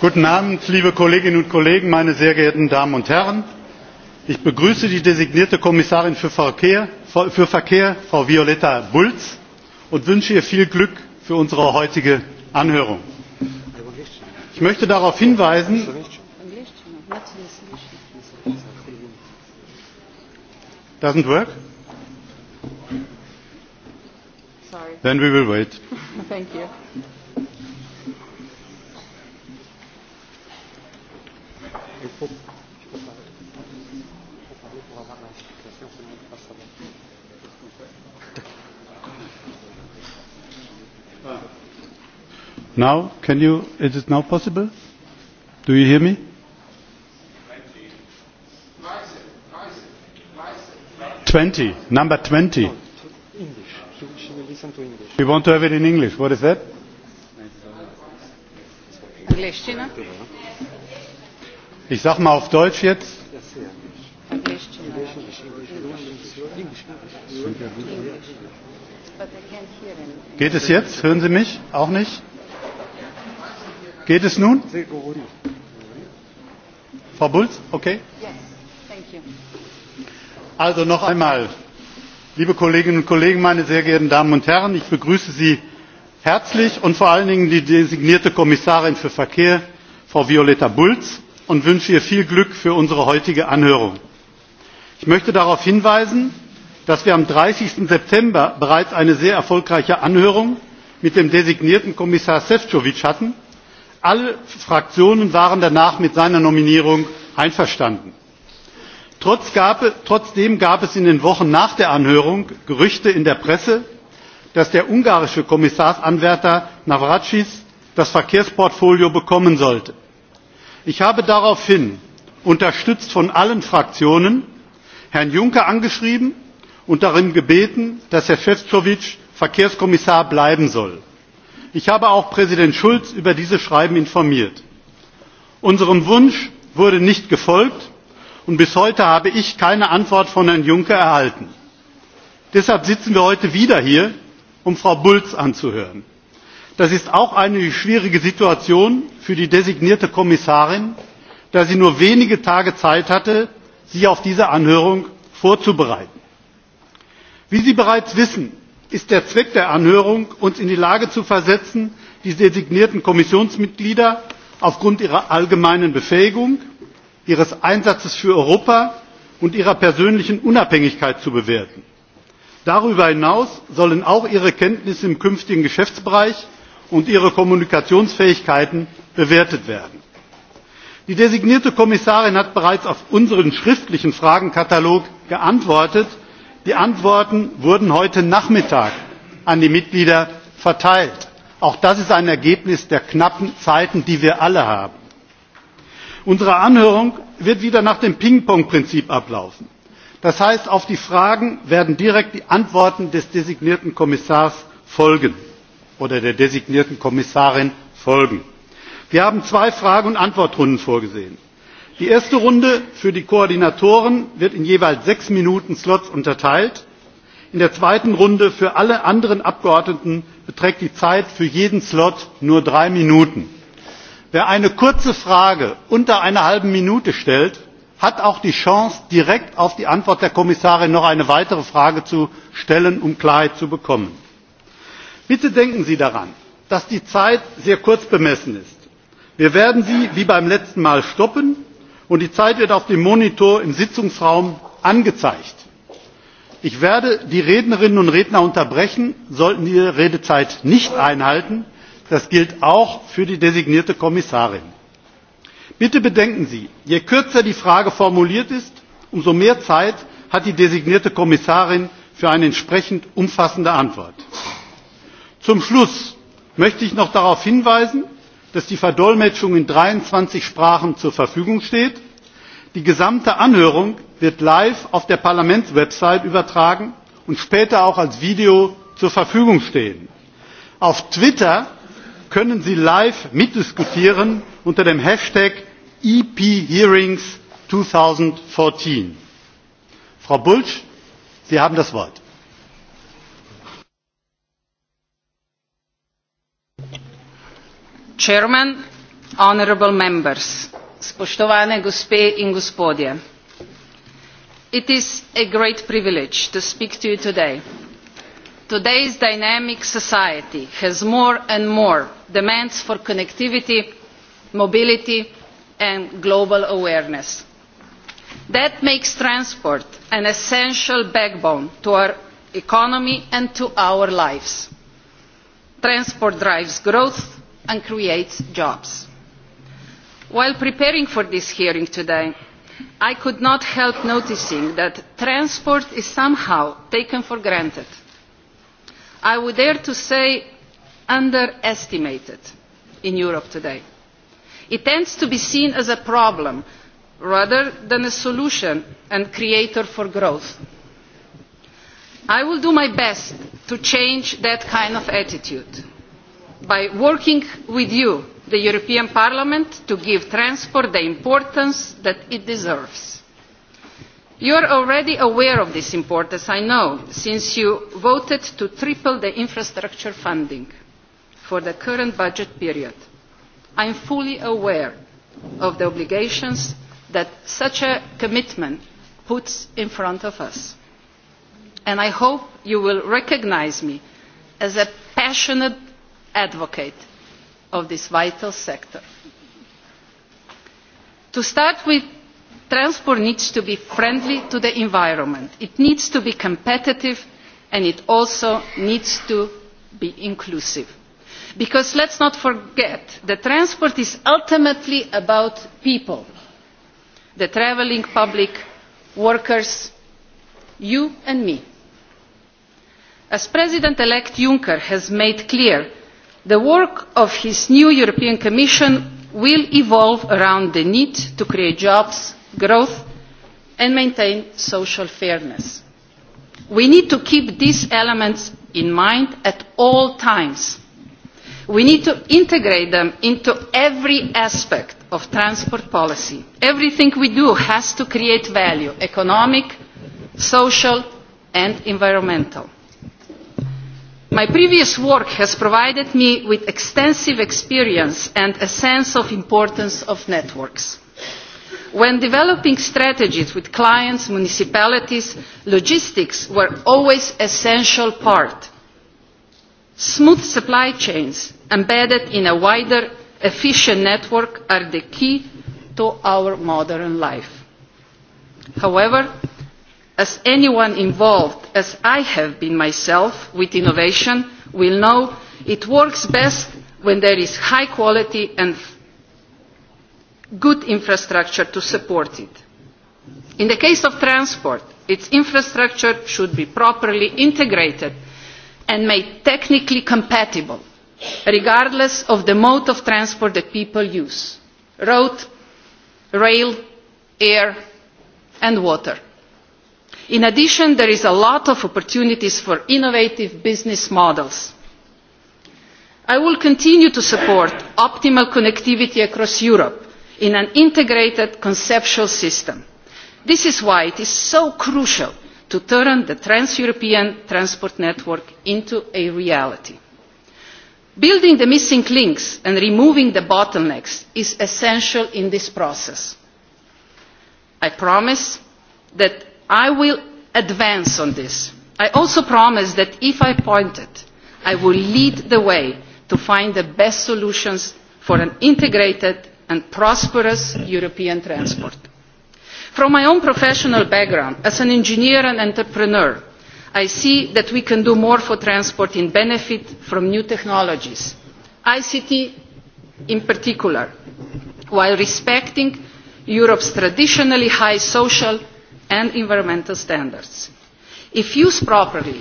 Guten Abend, liebe Kolleginnen und Kollegen, meine sehr geehrten Damen und Herren. Ich begrüße die designierte Kommissarin für Verkehr, Frau violeta Bulc, und wünsche ihr viel Glück für unsere heutige Anhörung. Ich möchte darauf hinweisen, doesn't work? Sorry. Then we will wait. Il faut, je peux parler, il faut parler pour avoir la sinon on ne peut pas savoir. Now, can you, is it now possible? Do you hear me? Twenty, number twenty. English. She, she will listen to English. We want to have it in English. What is that? English, you know? ich sage mal auf Deutsch jetzt. Geht es jetzt? Hören Sie mich? Auch nicht? Geht es nun? Frau Bulc, okay? Also noch einmal, liebe Kolleginnen und Kollegen, meine sehr geehrten Damen und Herren, ich begrüße Sie herzlich und vor allen Dingen die designierte Kommissarin für Verkehr, Frau Violeta Bulc und wünsche ihr viel glück für unsere heutige anhörung. ich möchte darauf hinweisen dass wir am. dreißig september bereits eine sehr erfolgreiche anhörung mit dem designierten kommissar efovi hatten. alle fraktionen waren danach mit seiner nominierung einverstanden. trotzdem gab es in den wochen nach der anhörung gerüchte in der presse dass der ungarische kommissarsanwärter navracsics das verkehrsportfolio bekommen sollte ich habe daraufhin unterstützt von allen fraktionen herrn juncker angeschrieben und darum gebeten dass herr efovi verkehrskommissar bleiben soll. ich habe auch präsident schulz über dieses schreiben informiert. unserem wunsch wurde nicht gefolgt und bis heute habe ich keine antwort von herrn juncker erhalten. deshalb sitzen wir heute wieder hier um frau bulc anzuhören das ist auch eine schwierige situation für die designierte kommissarin da sie nur wenige tage zeit hatte sich auf diese anhörung vorzubereiten. wie sie bereits wissen ist der zweck der anhörung uns in die lage zu versetzen die designierten kommissionsmitglieder aufgrund ihrer allgemeinen befähigung ihres einsatzes für europa und ihrer persönlichen unabhängigkeit zu bewerten. darüber hinaus sollen auch ihre kenntnisse im künftigen geschäftsbereich und ihre kommunikationsfähigkeiten bewertet werden. die designierte kommissarin hat bereits auf unseren schriftlichen fragenkatalog geantwortet. die antworten wurden heute nachmittag an die mitglieder verteilt. auch das ist ein ergebnis der knappen zeiten die wir alle haben. unsere anhörung wird wieder nach dem ping pong prinzip ablaufen. das heißt auf die fragen werden direkt die antworten des designierten kommissars folgen oder der designierten kommissarin folgen. wir haben zwei frage und antwortrunden vorgesehen. die erste runde für die koordinatoren wird in jeweils sechs minuten slots unterteilt. in der zweiten runde für alle anderen abgeordneten beträgt die zeit für jeden slot nur drei minuten. wer eine kurze frage unter einer halben minute stellt hat auch die chance direkt auf die antwort der kommissarin noch eine weitere frage zu stellen um klarheit zu bekommen bitte denken sie daran dass die zeit sehr kurz bemessen ist. wir werden sie wie beim letzten mal stoppen und die zeit wird auf dem monitor im sitzungsraum angezeigt. ich werde die rednerinnen und redner unterbrechen sollten sie ihre redezeit nicht einhalten. das gilt auch für die designierte kommissarin. bitte bedenken sie je kürzer die frage formuliert ist umso mehr zeit hat die designierte kommissarin für eine entsprechend umfassende antwort zum schluss möchte ich noch darauf hinweisen dass die verdolmetschung in dreiundzwanzig sprachen zur verfügung steht. die gesamte anhörung wird live auf der parlamentswebsite übertragen und später auch als video zur verfügung stehen. auf twitter können sie live mitdiskutieren unter dem hashtag ephearings zweitausendvierzehn frau bulc sie haben das wort. spoštovane gospe in gospodje it is a great privilege to speak to you today. today's dynamic society has more and more demands for connectivity mobility and global awareness. that makes transport an essential backbone to our economy and to our lives. transport drives growth and creates jobs. While preparing for this hearing today, I could not help noticing that transport is somehow taken for granted. I would dare to say underestimated in Europe today. It tends to be seen as a problem rather than a solution and creator for growth. I will do my best to change that kind of attitude by working with you the european parliament to give transport the importance that it deserves. you are already aware of this importance i know since you voted to triple the infrastructure funding for the current budget period. i am fully aware of the obligations that such a commitment puts in front of us and i hope you will recognise me as a passionate advocate of this vital sector. To start with, transport needs to be friendly to the environment. It needs to be competitive and it also needs to be inclusive. Because let's not forget that transport is ultimately about people, the travelling public, workers, you and me. As President-elect Juncker has made clear, the work of his new european commission will evolve around the need to create jobs growth and maintain social fairness. we need to keep these elements in mind at all times. we need to integrate them into every aspect of transport policy. everything we do has to create value economic social and environmental my previous work has provided me with extensive experience and a sense of the importance of networks. when developing strategies with clients and municipalities logistics were always an essential part. smooth supply chains embedded in a wider efficient network are the key to our modern life. however as anyone involved as i have been myself with innovation will know it works best when there is high quality and good infrastructure to support it. in the case of transport its infrastructure should be properly integrated and made technically compatible regardless of the mode of transport that people use road rail air and water in addition there are a lot of opportunities for innovative business models. i will continue to support optimal connectivity across europe in an integrated conceptual system. this is why it is so crucial to turn the trans european transport network into a reality. building the missing links and removing the bottlenecks is essential in this process. i promise that I will advance on this. I also promise that if I appointed, I will lead the way to find the best solutions for an integrated and prosperous European transport. From my own professional background, as an engineer and entrepreneur, I see that we can do more for transport in benefit from new technologies, ICT in particular, while respecting Europe's traditionally high social and environmental standards. if used properly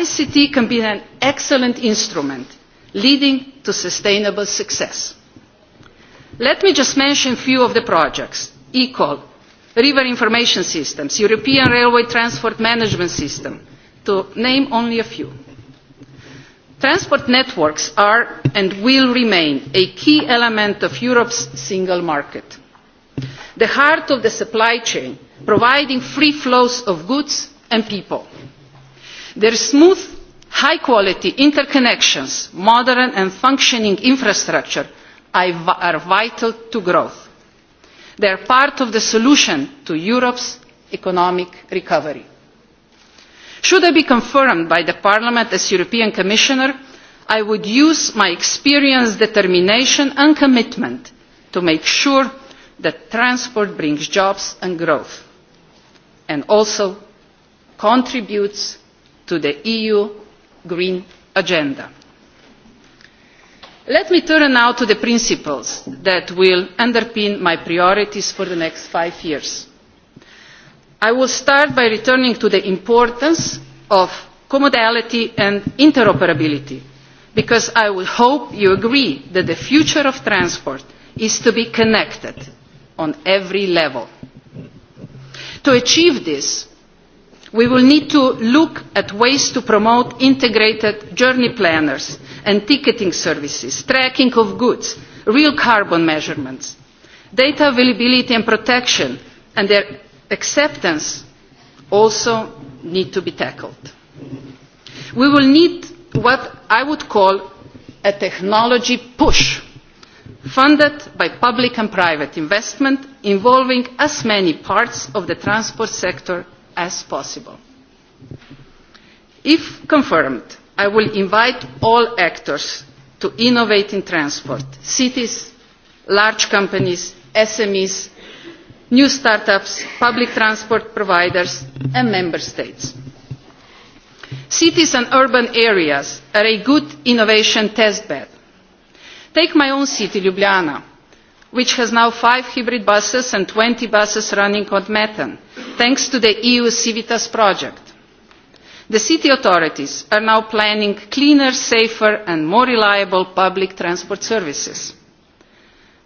ict can be an excellent instrument leading to sustainable success. let me just mention a few of the projects ecall river information systems european railway transport management system to name only a few. transport networks are and will remain a key element of europe's single market. the heart of the supply chain providing free flows of goods and people. their smooth high quality interconnections modern and functioning infrastructure are vital to growth. they are part of the solution to europe's economic recovery. should i be confirmed by parliament as european commissioner i would use my experience determination and commitment to make sure that transport brings jobs and growth and also contributes to the eu green agenda. let me turn now to the principles that will underpin my priorities for the next five years. i will start by returning to the importance of commodality and interoperability because i would hope you agree that the future of transport is to be connected on every level to achieve this we will need to look at ways to promote integrated journey planners and ticketing services tracking of goods real carbon measurements data availability and protection and their acceptance also need to be tackled. we will need what i would call a technology push' funded by public and private investment involving as many parts of the transport sector as possible. if confirmed i will invite all actors to innovate in transport cities large companies smes new start ups public transport providers and member states. cities and urban areas are a good innovation test take my own city ljubljana which has now five hybrid buses and twenty buses running on methane thanks to the eu civitas project. the city authorities are now planning cleaner safer and more reliable public transport services.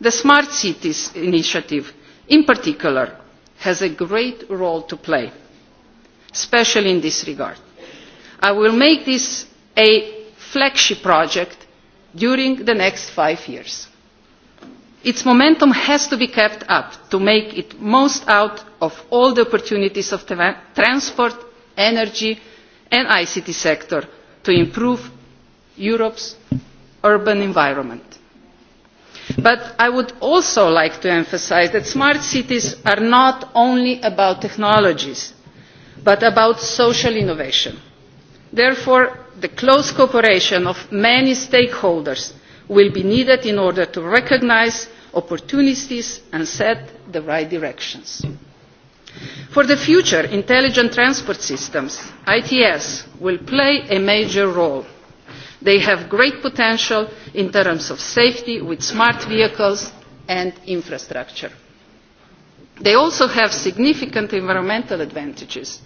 the smart cities initiative in particular has a great role to play especially in this regard. i will make this a flagship project during the next five years. Its momentum has to be kept up to make it most out of all the opportunities of the transport, energy and ICT sector to improve Europe's urban environment. But I would also like to emphasise that smart cities are not only about technologies, but about social innovation. Therefore, the close cooperation of many stakeholders will be needed in order to recognise opportunities and set the right directions. for the future intelligent transport systems its will play a major role. they have great potential in terms of safety with smart vehicles and infrastructure. they also have significant environmental advantages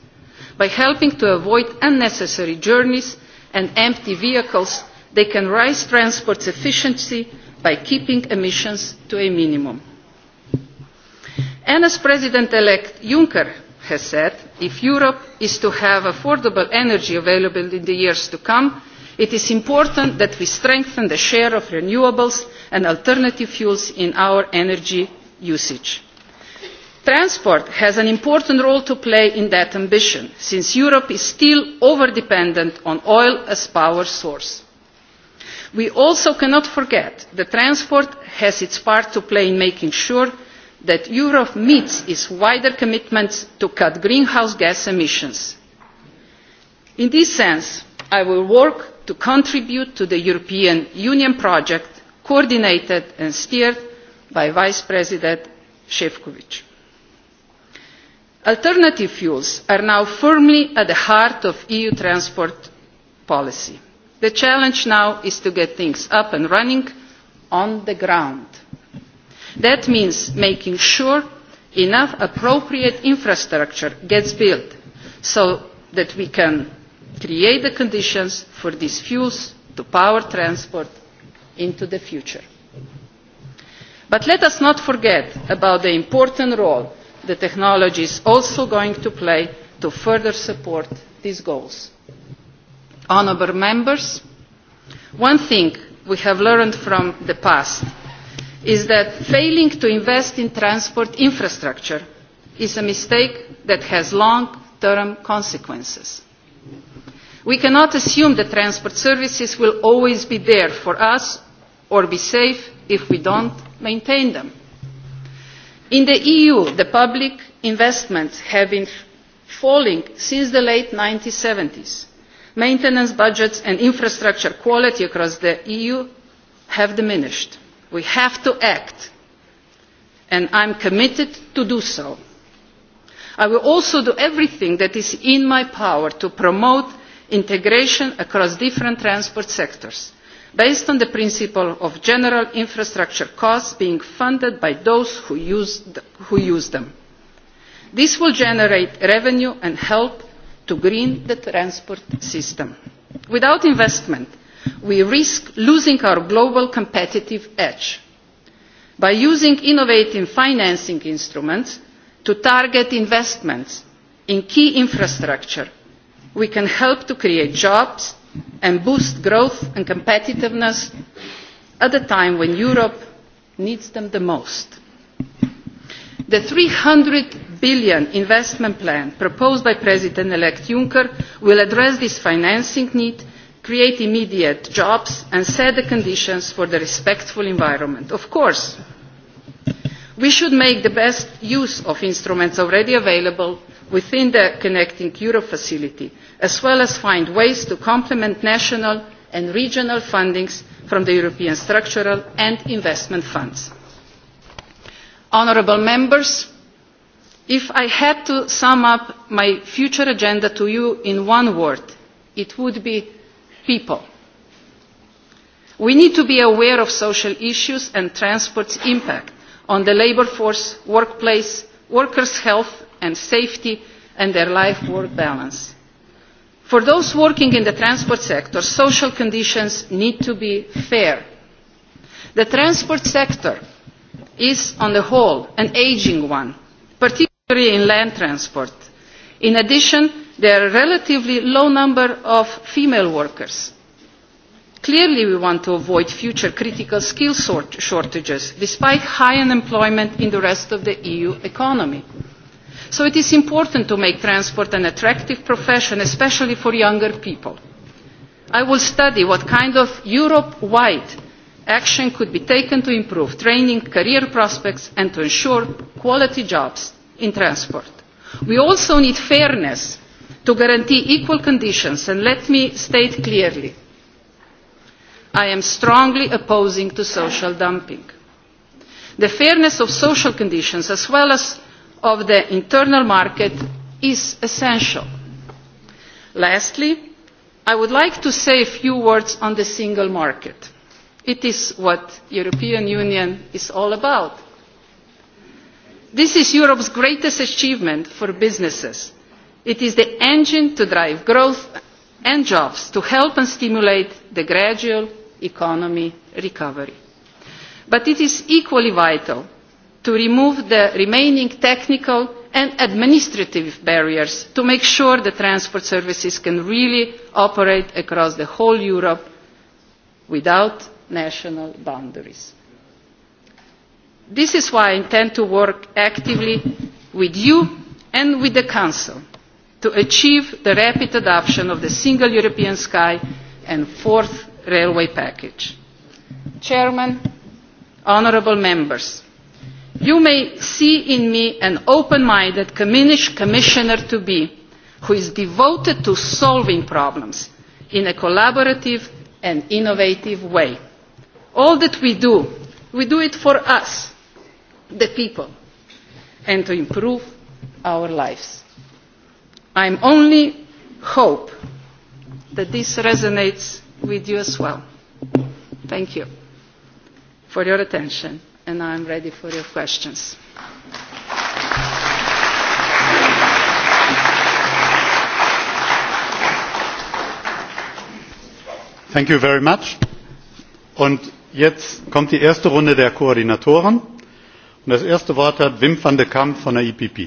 by helping to avoid unnecessary journeys and empty vehicles they can raise transport efficiency by keeping emissions to a minimum. And as President-elect Juncker has said, if Europe is to have affordable energy available in the years to come, it is important that we strengthen the share of renewables and alternative fuels in our energy usage transport has an important role to play in that ambition since europe is still over dependent on oil as a power source. we also cannot forget that transport has its part to play in making sure that europe meets its wider commitments to cut greenhouse gas emissions. in this sense i will work to contribute to the european union project coordinated and steered by vice president efovi alternative fuels are now firmly at the heart of eu transport policy. the challenge now is to get things up and running on the ground. that means making sure enough appropriate infrastructure gets built so that we can create the conditions for these fuels to power transport into the future. but let us not forget about the important role the technology is also going to play to further support these goals. honourable members one thing we have learned from the past is that failing to invest in transport infrastructure is a mistake that has long term consequences. we cannot assume that transport services will always be there for us or be safe if we do not maintain them in the eu the public investments have been falling since the late one thousand nine hundred and seventy s maintenance budgets and infrastructure quality across the eu have diminished. we have to act and i am committed to do so. i will also do everything that is in my power to promote integration across different transport sectors based on the principle of general infrastructure costs being funded by those who use, them. this will generate revenue and help to green the transport system. without investment we risk losing our global competitive edge. by using innovative financing instruments to target investments in key infrastructure we can help to create jobs and boost growth and competitiveness at a time when Europe needs them the most. The EUR three hundred billion investment plan proposed by President-elect Juncker will address this financing need, create immediate jobs and set the conditions for the respectful environment. Of course, we should make the best use of instruments already available within the Connecting Europe facility, as well as find ways to complement national and regional fundings from the European structural and investment funds. Honourable members, if I had to sum up my future agenda to you in one word, it would be people. We need to be aware of social issues and transport's impact on the labour force, workplace, workers' health and safety and their life work balance. For those working in the transport sector, social conditions need to be fair. The transport sector is, on the whole, an aging one, particularly in land transport. In addition, there are a relatively low number of female workers. Clearly, we want to avoid future critical skill shortages, despite high unemployment in the rest of the EU economy so it is important to make transport an attractive profession especially for younger people. i will study what kind of europe wide action could be taken to improve training career prospects and to ensure quality jobs in transport. we also need fairness to guarantee equal conditions and let me state clearly i am strongly opposed to social dumping. the fairness of social conditions as well of the internal market is essential. lastly i would like to say a few words on the single market. it is what the european union is all about. this is europe's greatest achievement for businesses. it is the engine to drive growth and jobs to help and stimulate the gradual economic recovery. but it is equally vital to remove the remaining technical and administrative barriers to make sure that transport services can really operate across the whole of Europe without national boundaries. This is why I intend to work actively with you and with the Council to achieve the rapid adoption of the single European sky and fourth railway package. Chairman, honourable members, you may see in me an open minded commissioner to be who is devoted to solving problems in a collaborative and innovative way. all that we do we do it for us the people and to improve our lives. i only hope that this resonates with you as well. thank you for your attention and I am ready for your questions. Thank you very much. Und jetzt kommt die erste Runde der Koordinatoren. Und das erste Wort hat Wim van de Kamp von der IPP.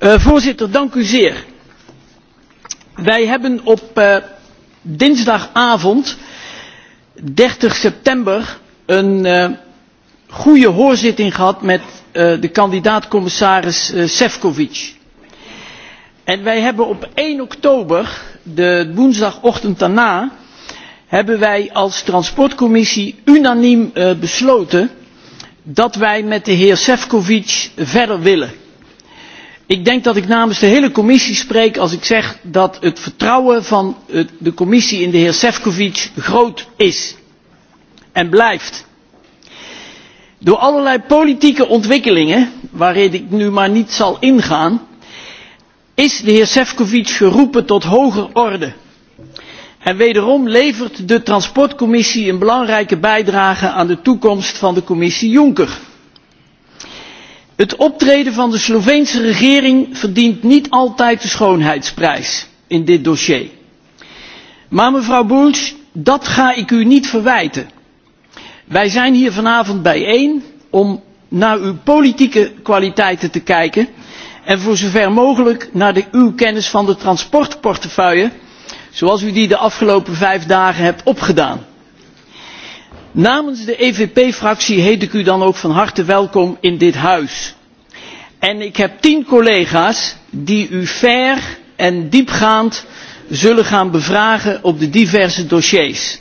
Uh, eh, voorzitter dank u zeer. wij hebben op uh, dinsdagavond dertig september een uh, goede hoorzitting gehad met uh, de kandidaat commissaris uh, eh, efovi en wij hebben op één oktober de woensdagochtend daarna hebben wij als transportcommissie unaniem besloten dat wij met de heer efovi verder willen ik denk dat ik namens de hele commissie spreek als ik zeg dat het vertrouwen van de commissie in de heer efovi groot is en blijft. door allerlei politieke ontwikkelingen waarop ik nu maar niet zal ingaan is de heer efovi geroepen tot hoger orde en wederom levert de transportcommissie een belangrijke bijdrage aan de toekomst van de commissie juncker het optreden van de sloveense regering verdient niet altijd de schoonheidsprijs in dit dossier. maar mevrouw bulc dat ga ik u niet verwijten. wij zijn hier vanavond bijeen om naar uw politieke kwaliteiten te kijken en voor zover mogelijk naar de, uw kennis van de transportportefeuille zoals u die de afgelopen vijf dagen hebt opgedaan namens de evp fractie heet ik u dan ook van harte welkom in dit huis en ik heb tien collega's die u fair en diepgaand zullen gaan bevragen op de diverse dossiers.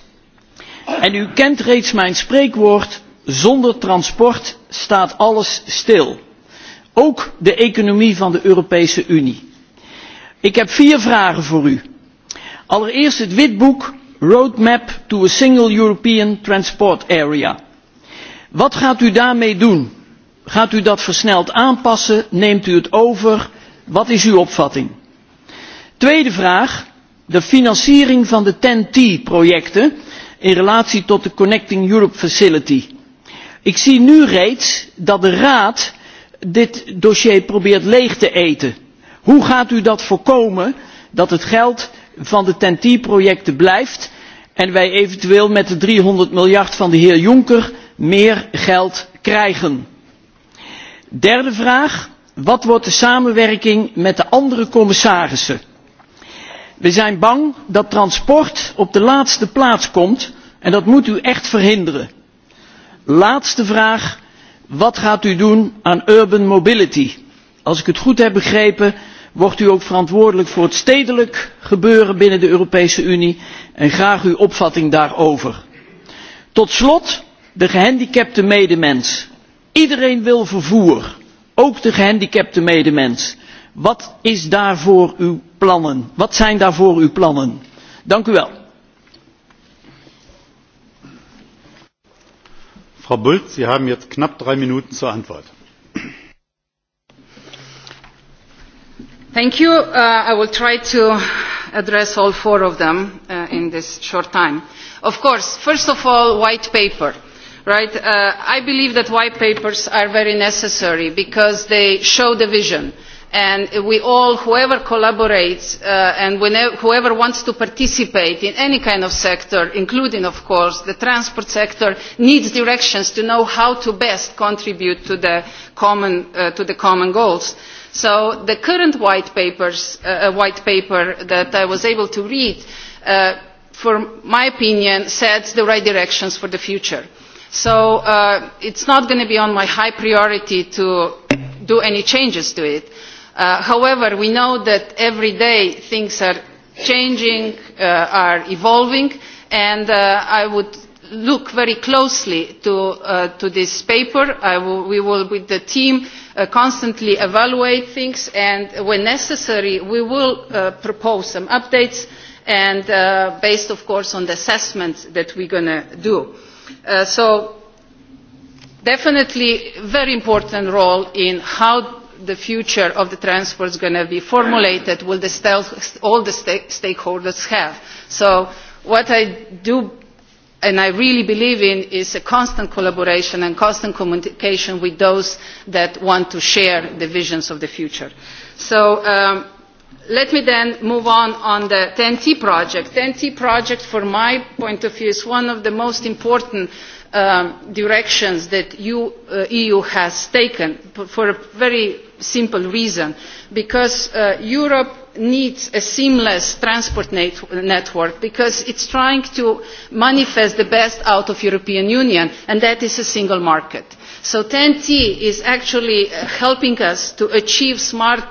en u kent reeds mijn spreekwoord zonder transport staat alles stil ook de economie van de europese unie. ik heb vier vragen voor u allereerst het witboek roadmap to a single European transport area. Wat gaat u daarmee doen? Gaat u dat versneld aanpassen? Neemt u het over? Wat is uw opvatting? Tweede vraag. De financiering van de TEN-T projecten in relatie tot de Connecting Europe Facility. Ik zie nu reeds dat de Raad dit dossier probeert leeg te eten. Hoe gaat u dat voorkomen dat het geld van de TEN-T projecten blijft en wij eventueel met de driehonderd miljard van de heer juncker meer geld krijgen. derde vraag wat wordt de samenwerking met de andere commissarissen? we zijn bang dat transport op de laatste plaats komt en dat moet u echt verhinderen. laatste vraag wat gaat u doen aan urban mobility? als ik het goed heb begrepen wordt u ook verantwoordelijk voor het stedelijk gebeuren binnen de europese unie en graag uw opvatting daarover. tot slot de gehandicapte medemens. iedereen wil vervoer ook de gehandicapte medemens. wat, zijn daarvoor uw plannen? wat zijn daarvoor uw plannen? dank u wel. frau bulc sie haben jetzt knapp drei minuten zur antwort. Thank you. Uh, I will try to address all four of them uh, in this short time. Of course, first of all, white paper. Right? Uh, I believe that white papers are very necessary because they show the vision. And we all, whoever collaborates uh, and whenever, whoever wants to participate in any kind of sector, including, of course, the transport sector, needs directions to know how to best contribute to the common, uh, to the common goals. Uh, so the current white, papers, uh, white paper that i was able to read uh, in my opinion sets the right direction for the future so uh, it is not going to be on my high priority to do any changes to it. Uh, however we know that every day things are changing uh, are evolving and uh, i would look very closely to, uh, to this paper. Will, we will with the team Uh, constantly evaluate things and when necessary we will uh, propose some updates uh, based of course on the assessment that we are going to do. so definitely a very important role in how the future of the transport is going to be formulated will all the stakeholders have. So what I do and i really believe in is a constant collaboration and constant communication with those that want to share the visions of the future. So um, let me then move on to the ten t project. ten t project from my point of view is one of the most important um, directions that you, uh, EU has taken for a very simple reason because uh, Europe needs a seamless transport network because it is trying to manifest the best out of the european union and that is a single market. so ten t is actually uh, helping us to achieve smart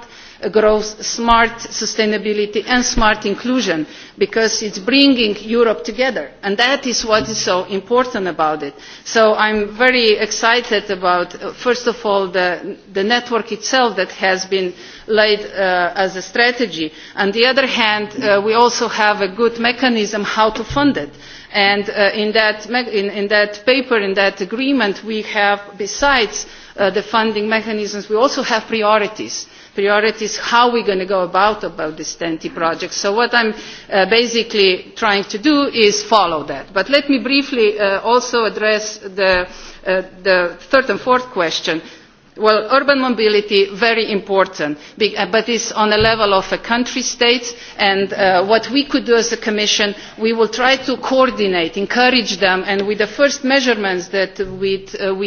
growth smart sustainability and smart inclusion because it is bringing europe together and that is what is so important about it. so i am very excited about uh, first of all the, network itself that has been laid uh, as a strategy. on the other hand uh, we also have a good mechanism on how to fund it and uh, in, that in, in that paper in that agreement we have besides uh, the funding mechanisms we also have priorities priorities how we are going to go about, about this ten t project. so what i am uh, basically trying to do is follow that. but let me briefly uh, also address the, uh, the third and fourth question well urban mobility is very important uh, but it is on the level of a country state and uh, what we could do as a commission we will try to coordinate encourage them and with the first measurements that we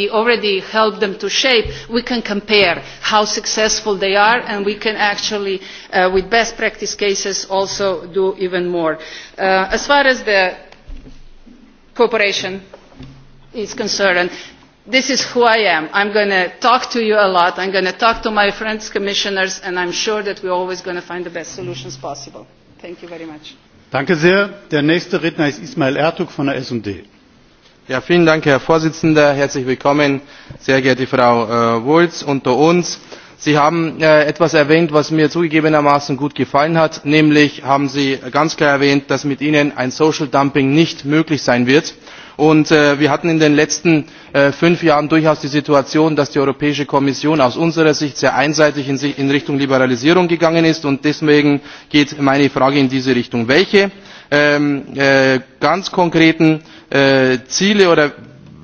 uh, already helped them to shape we can compare how successful they are and we can actually with best practice cases also do even more. as far as cooperation is concerned this is who i am i am going to talk to you a lot i am going to talk to my friends commissioners and i am sure that we are always going to find the best solutions possible. thank you very much. Danke sehr. Der nächste Redner ist Ismail Ertug von der S&D. Ja, vielen Dank, Herr Vorsitzender. Herzlich willkommen, sehr geehrte Frau äh, Wulz unter uns. Sie haben äh, etwas erwähnt, was mir zugegebenermaßen gut gefallen hat, nämlich haben Sie ganz klar erwähnt, dass mit Ihnen ein Social Dumping nicht möglich sein wird und äh, wir hatten in den letzten äh, fünf jahren durchaus die situation dass die europäische kommission aus unserer sicht sehr einseitig in richtung liberalisierung gegangen ist und deswegen geht meine frage in diese richtung welche ähm, äh, ganz konkreten ziele oder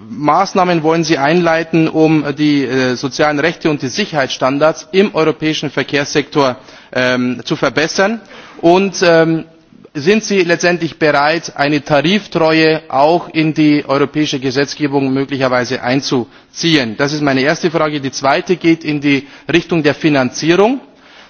maßnahmen wollen sie einleiten um die sozialen rechte und die sicherheitsstandards im europäischen verkehrssektor ähm, zu verbessern und ähm, sind sie letztendlich bereit eine tariftreue auch in die europäische gesetzgebung möglicherweise einzuziehen? das ist meine erste frage. die zweite geht in die richtung der finanzierung.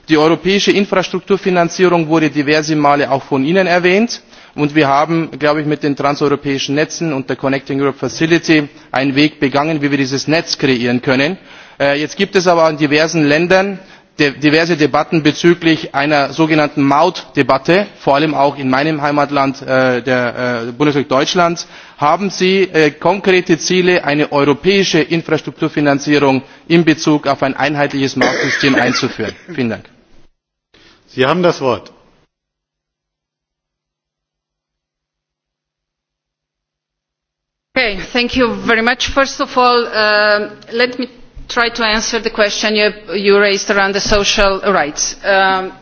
die europäische infrastrukturfinanzierung wurde diverse male auch von ihnen erwähnt und wir haben glaube ich mit den transeuropäischen netzen und der connecting europe facility einen weg begangen wie wir dieses netz kreieren können. Äh, jetzt gibt es aber in diversen ländern diverse debatten bezüglich einer sogenannten mautdebatte vor allem auch in meinem heimatland äh, der äh, bundesrepublik deutschland haben sie äh, konkrete ziele eine europäische infrastrukturfinanzierung in bezug auf ein einheitliches mautsystem einzuführen? sie haben das wort. first of all uh, let me try to answer the question you, raised around the social rights. Um,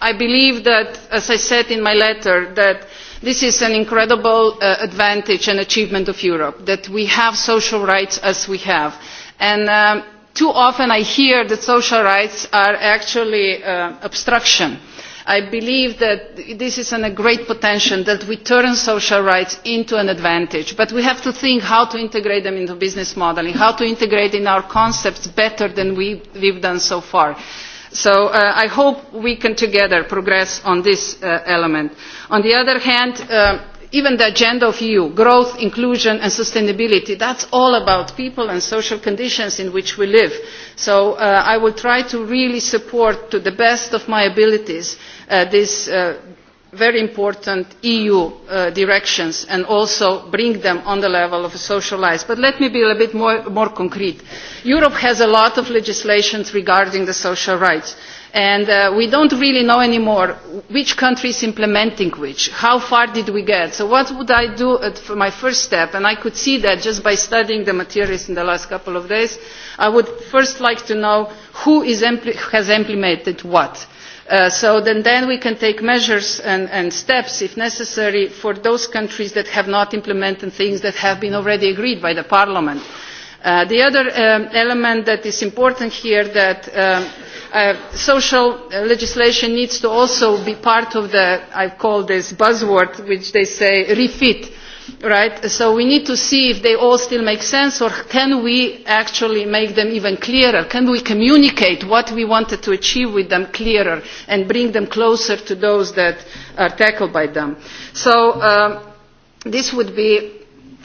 I believe that, as I said in my letter, that this is an incredible uh, advantage and achievement of Europe, that we have social rights as we have. And um, too often I hear that social rights are actually uh, obstruction I believe that this is a great potential that we turn social rights into an advantage. But we have to think how to integrate them into business modelling, how to integrate in our concepts better than we, we've done so far. So uh, I hope we can together progress on this uh, element. On the other hand, uh, even the agenda of eu growth inclusion and sustainability that's all about people and social conditions in which we live so i will try to really support to the best of my abilities Uh, these uh, very important eu uh, directions and also bring them to the level of the social life. but let me be a bit more, concrete. europe has a lot of legislation regarding social rights and we do not really know any more which country is implementing which how far did we get so what would i do at my first step and i could see that just by studying the materials in the last couple of days i would first like to know who has implemented what. Uh, so then, then we can take measures and, steps if necessary for those countries that have not implemented things that have been already agreed by parliament. Uh, the other um, element that is important here is that um, uh, social legislation needs to also be part of the i call this buzzword which they say refit' right? So we need to see if they all still make sense or can we actually make them even clearer? Can we communicate what we wanted to achieve with them clearer and bring them closer to those that are tackled by them? So um, this would be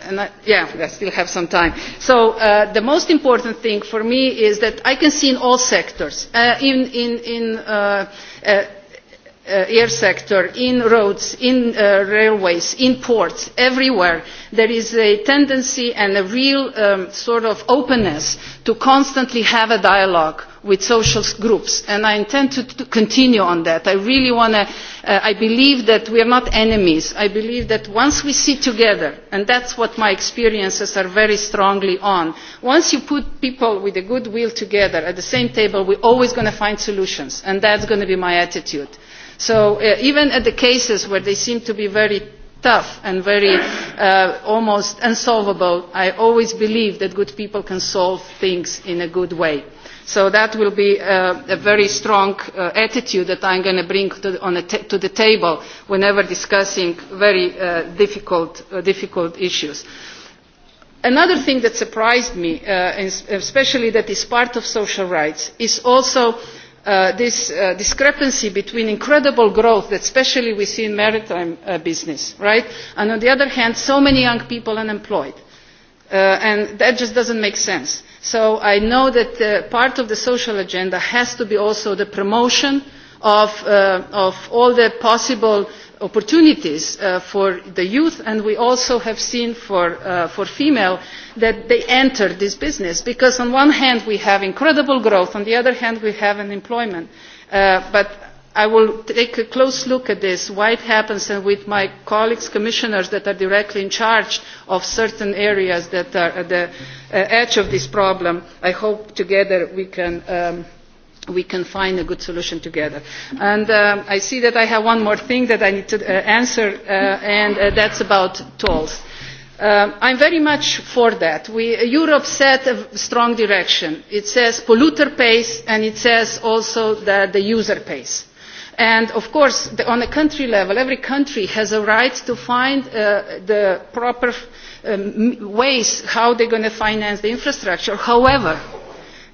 and I, yeah, I still have some time. So uh, the most important thing for me is that I can see in all sectors, uh, in, in, in uh, uh, Uh, air sector in roads in uh, railways in ports everywhere there is a tendency and a real um, sort of openness to constantly have a dialogue with social groups and i intend to, continue on that. i really want to uh, i believe that we are not enemies i believe that once we sit together and that's what my experiences are very strongly on once you put people with a good will together at the same table we're always going to find solutions and that's going to be my attitude. So uh, even at the cases where they seem to be very tough and very uh, almost unsolvable, I always believe that good people can solve things in a good way. So that will be uh, a very strong uh, attitude that I'm going to bring to, the table whenever discussing very uh, difficult, uh, difficult issues. Another thing that surprised me, uh, especially that is part of social rights, is also uh, Uh, this uh, discrepancy between incredible growth that especially we see in maritime uh, business right? and on the other hand so many young people unemployed and that just does not make sense. so i know that part of the social agenda has to be also the promotion of all the possible opportunities uh, for the youth and we also have seen for, uh, females that they enter this business because on one hand we have incredible growth on the other hand we have unemployment uh, but i will take a close look at this why it happens and with my colleagues commissioners that are directly in charge of certain areas that are at the edge of this problem i hope together we can um, we can find a good solution together. And uh, I see that I have one more thing that I need to uh, answer, uh, and uh, that's about tolls. Uh, I'm very much for that. We, Europe set a strong direction. It says polluter pays, and it says also that the user pays. And of course, the, on a country level, every country has a right to find uh, the proper um, ways how they're going to finance the infrastructure. However,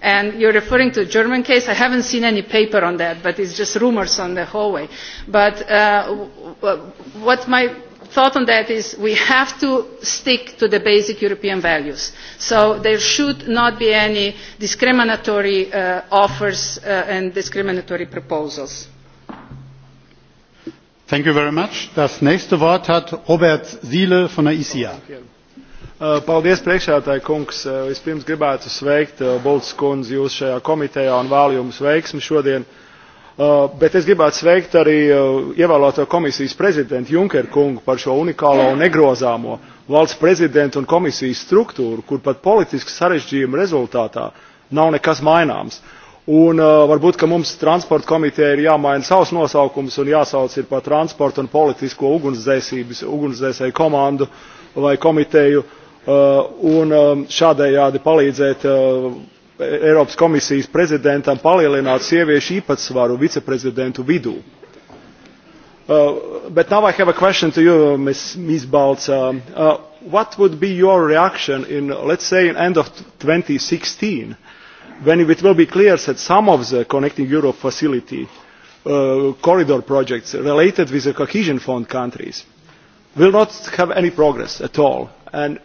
and you're referring to the german case i haven't seen any paper on that but it's just rumours on the hallway but uh, what my thought on that is we have to stick to the basic european values so there should not be any discriminatory uh, offers uh, and discriminatory proposals Thank you very much. Robert Paldies, priekšētāji kungs. Vispirms gribētu sveikt Bolts kundzi jūs šajā komitejā un vēlu jums veiksmi šodien. Bet es gribētu sveikt arī ievēlēto komisijas prezidentu Junkeru kungu par šo unikālo un negrozāmo valsts prezidentu un komisijas struktūru, kur pat politiski sarežģījuma rezultātā nav nekas maināms. Un uh, varbūt, ka mums transporta komiteja ir jāmaina savs nosaukums un jāsauc ir par transporta un politisko ugunsdzēsības, ugunsdzēsēju komandu vai komiteju, Uh, un um, šādējādi palīdzēt uh, Eiropas komisijas prezidentam palielināt sieviešu īpatsvaru viceprezidentu vidū. Uh, but now I have a question to you, Ms. Ms. Baltz. uh, what would be your reaction in, let's say, in end of 2016, when it will be clear that some of the Connecting Europe facility uh, corridor projects related with the cohesion fund countries will not have any progress at all? And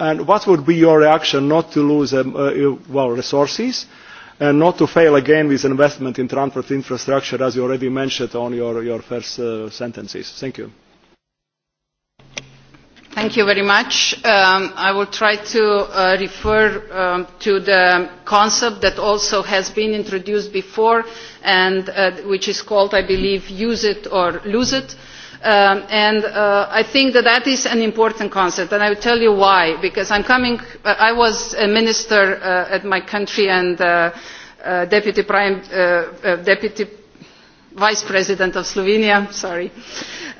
and what would be your reaction not to lose um, uh, well, resources and not to fail again with investment in transport infrastructure as you already mentioned on your, your first uh, sentences? Thank you. Thank you very much. Um, I will try to uh, refer um, to the concept that also has been introduced before and uh, which is called, I believe, use it or lose it Um, and uh, I think that that is an important concept, and I will tell you why. Because I'm coming, uh, I was a minister uh, at my country and uh, uh, deputy prime, uh, uh, deputy vice president of Slovenia, sorry.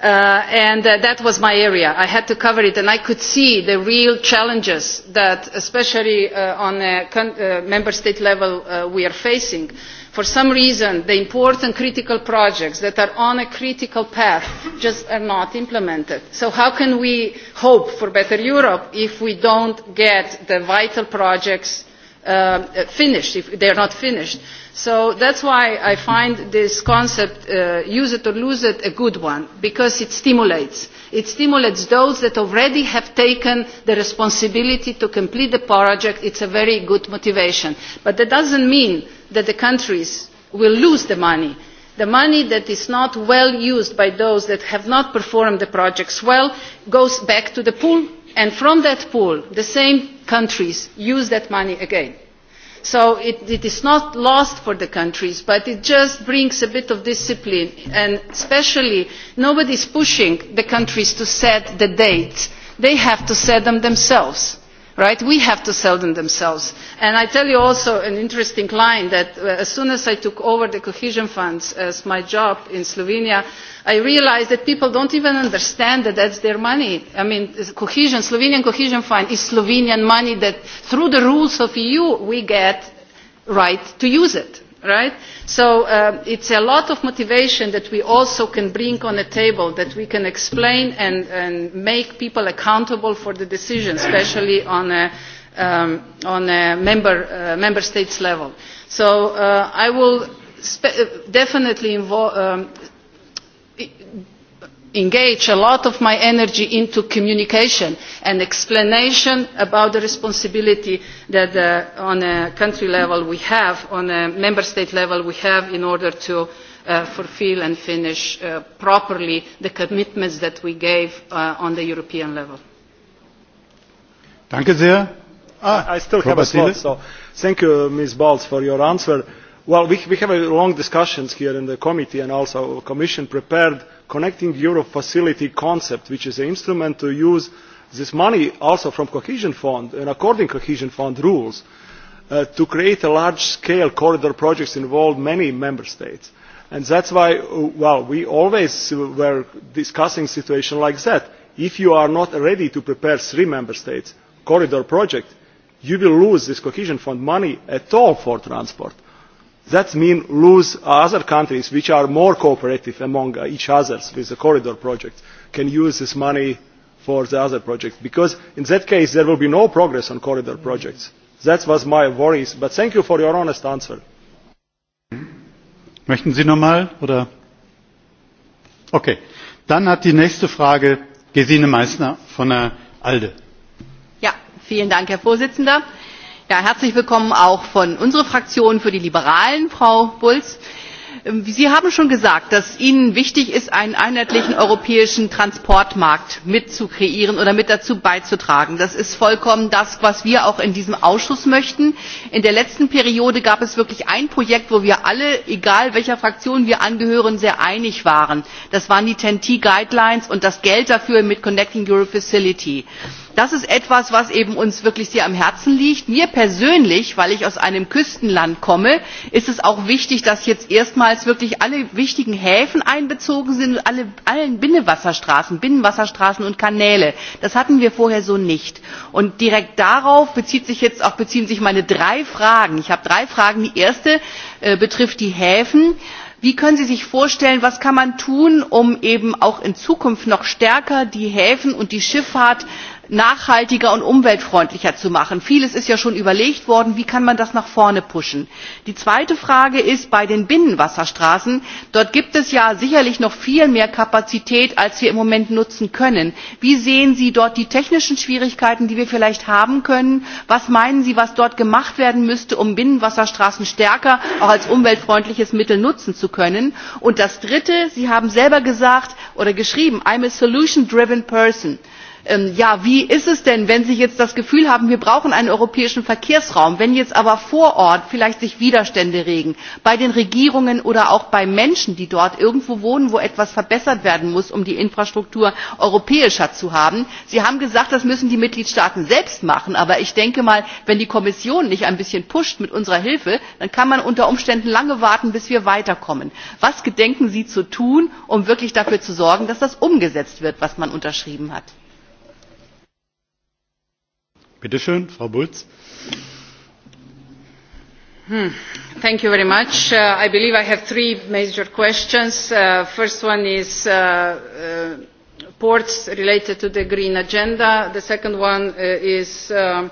Uh, and uh, that was my area. I had to cover it, and I could see the real challenges that, especially uh, on a uh, member state level, uh, we are facing. Uh, for some reason the important critical projects that are on a critical path just are not implemented. so how can we hope for better europe if we do not get the vital projects uh, finished if they are not finished. So that's why I find this concept uh, use it or lose it a good one because it stimulates. It stimulates those that already have taken the responsibility to complete the project. It's a very good motivation. But that doesn't mean that the countries will lose the money. The money that is not well used by those that have not performed the projects well goes back to the pool and from that pool the same countries use that money again. so it, it is not lost for the countries but it just brings a bit of discipline and especially nobody is pushing the countries to set the dates they have to set them themselves right? We have to sell them themselves. And I tell you also an interesting line that uh, as soon as I took over the cohesion funds as my job in Slovenia, I realized that people don't even understand that that's their money. I mean, cohesion, Slovenian cohesion fund is Slovenian money that through the rules of EU we get right to use it right? So um, it's a lot of motivation that we also can bring on the table, that we can explain and, and make people accountable for the decision, especially on a, um, on a member, uh, member states level. So uh, I will uh, definitely involve. Um, engage a lot of my energy into communication and explanation about the responsibility that have uh, on a country level we have, on a member state level we have in order to uh, fulfil and finish uh, properly the commitments that we gave on the European level. I still have a so thank you, Ms. Balz, for your answer. Well, we, have long discussions here in the committee and also the Commission prepared the Connecting Europe facility concept, which is an instrument to use this money also from the cohesion fund and according to cohesion fund rules uh, to create large scale corridor projects involving many member states and that's why uh, well we always were discussing situation like that if you are not ready to prepare three member states corridor project you will lose this cohesion fund money at all for transport that means lose other countries which are more cooperative among each other with the corridor project can use this money for the other projects because in that case there will be no progress on corridor projects. That was my worries, but thank you for your honest answer. Möchten Sie nochmal oder? Okay, dann hat die nächste Frage Gesine Meissner von der ALDE. Ja, vielen Dank, Herr Vorsitzender herzlich willkommen auch von unserer Fraktion für die Liberalen, Frau bulc. Ähm, Sie haben schon gesagt, dass Ihnen wichtig ist, einen einheitlichen europäischen Transportmarkt mitzukreieren oder mit dazu beizutragen. Das ist vollkommen das, was wir auch in diesem Ausschuss möchten. In der letzten Periode gab es wirklich ein Projekt, wo wir alle, egal welcher Fraktion wir angehören, sehr einig waren. Das waren die TEN-T-Guidelines und das Geld dafür mit Connecting Europe Facility das ist etwas was uns wirklich sehr am herzen liegt. mir persönlich weil ich aus einem küstenland komme ist es auch wichtig dass jetzt erstmals wirklich alle wichtigen häfen einbezogen sind und alle, binnenwasserstraßen binnenwasserstraßen und kanäle. das hatten wir vorher so nicht. und direkt darauf beziehen sich jetzt auch meine drei fragen. ich habe drei fragen. die erste äh, betrifft die häfen wie können sie sich vorstellen was kann man tun um eben auch in zukunft noch stärker die häfen und die schifffahrt nachhaltiger und umweltfreundlicher zu machen. vieles ist ja schon überlegt worden wie kann man das nach vorne pushen? die zweite frage ist bei den binnenwasserstraßen dort gibt es ja sicherlich noch viel mehr kapazität als wir im moment nutzen können. wie sehen sie dort die technischen schwierigkeiten die wir vielleicht haben können? was meinen sie was dort gemacht werden müsste um binnenwasserstraßen stärker auch als umweltfreundliches mittel nutzen zu können? und das dritte sie haben selber gesagt oder geschrieben i'm a solution driven person. Ähm, ja wie ist es denn wenn sie jetzt das gefühl haben wir brauchen einen europäischen verkehrsraum wenn jetzt aber vor ort vielleicht sich widerstände regen bei den regierungen oder auch bei menschen die dort irgendwo wohnen wo etwas verbessert werden muss um die infrastruktur europäischer zu haben? sie haben gesagt das müssen die mitgliedstaaten selbst machen aber ich denke mal wenn die kommission nicht ein bisschen pusht mit unserer hilfe dann kann man unter umständen lange warten bis wir weiterkommen. was gedenken sie zu tun um wirklich dafür zu sorgen dass das umgesetzt wird was man unterschrieben hat? Frau Bulc. Hmm. Thank you very much. Uh, I believe I have three major questions. the uh, first one is uh, ports related to the green agenda. The second one uh, is um,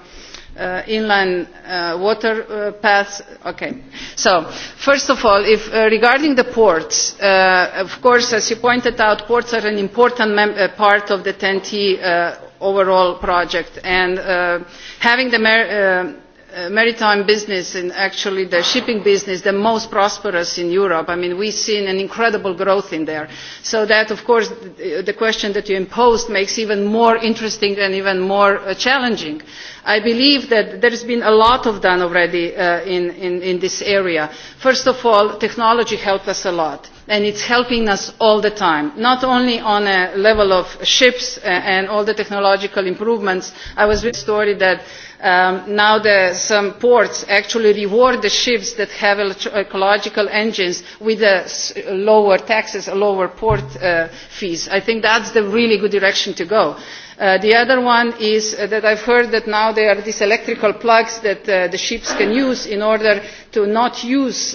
uh, inland uh, water uh, paths. Okay. So, first of all, if, uh, regarding the ports, uh, of course, as you pointed out, ports are an important mem- uh, part of the TEN-T uh, overall project. And uh, having the mer- uh, Uh, maritime business and actually the shipping business the most prosperous in europe. i mean we've seen an incredible growth in there so that of course the question that you imposed makes even more interesting and even more uh, challenging i believe that there has been a lot done already uh, in, this area. first of all technology helped us a lot and it is helping us all the time not only on the level of ships uh, and all the technological improvements. i was reading a story that um, now some ports actually reward the ships that have ecological engines with lower taxes lower port uh, fees. i think that is the really good direction to go in Uh, the other one is uh, that i have heard that now there are these electrical plugs that uh, the ships can use in order to not use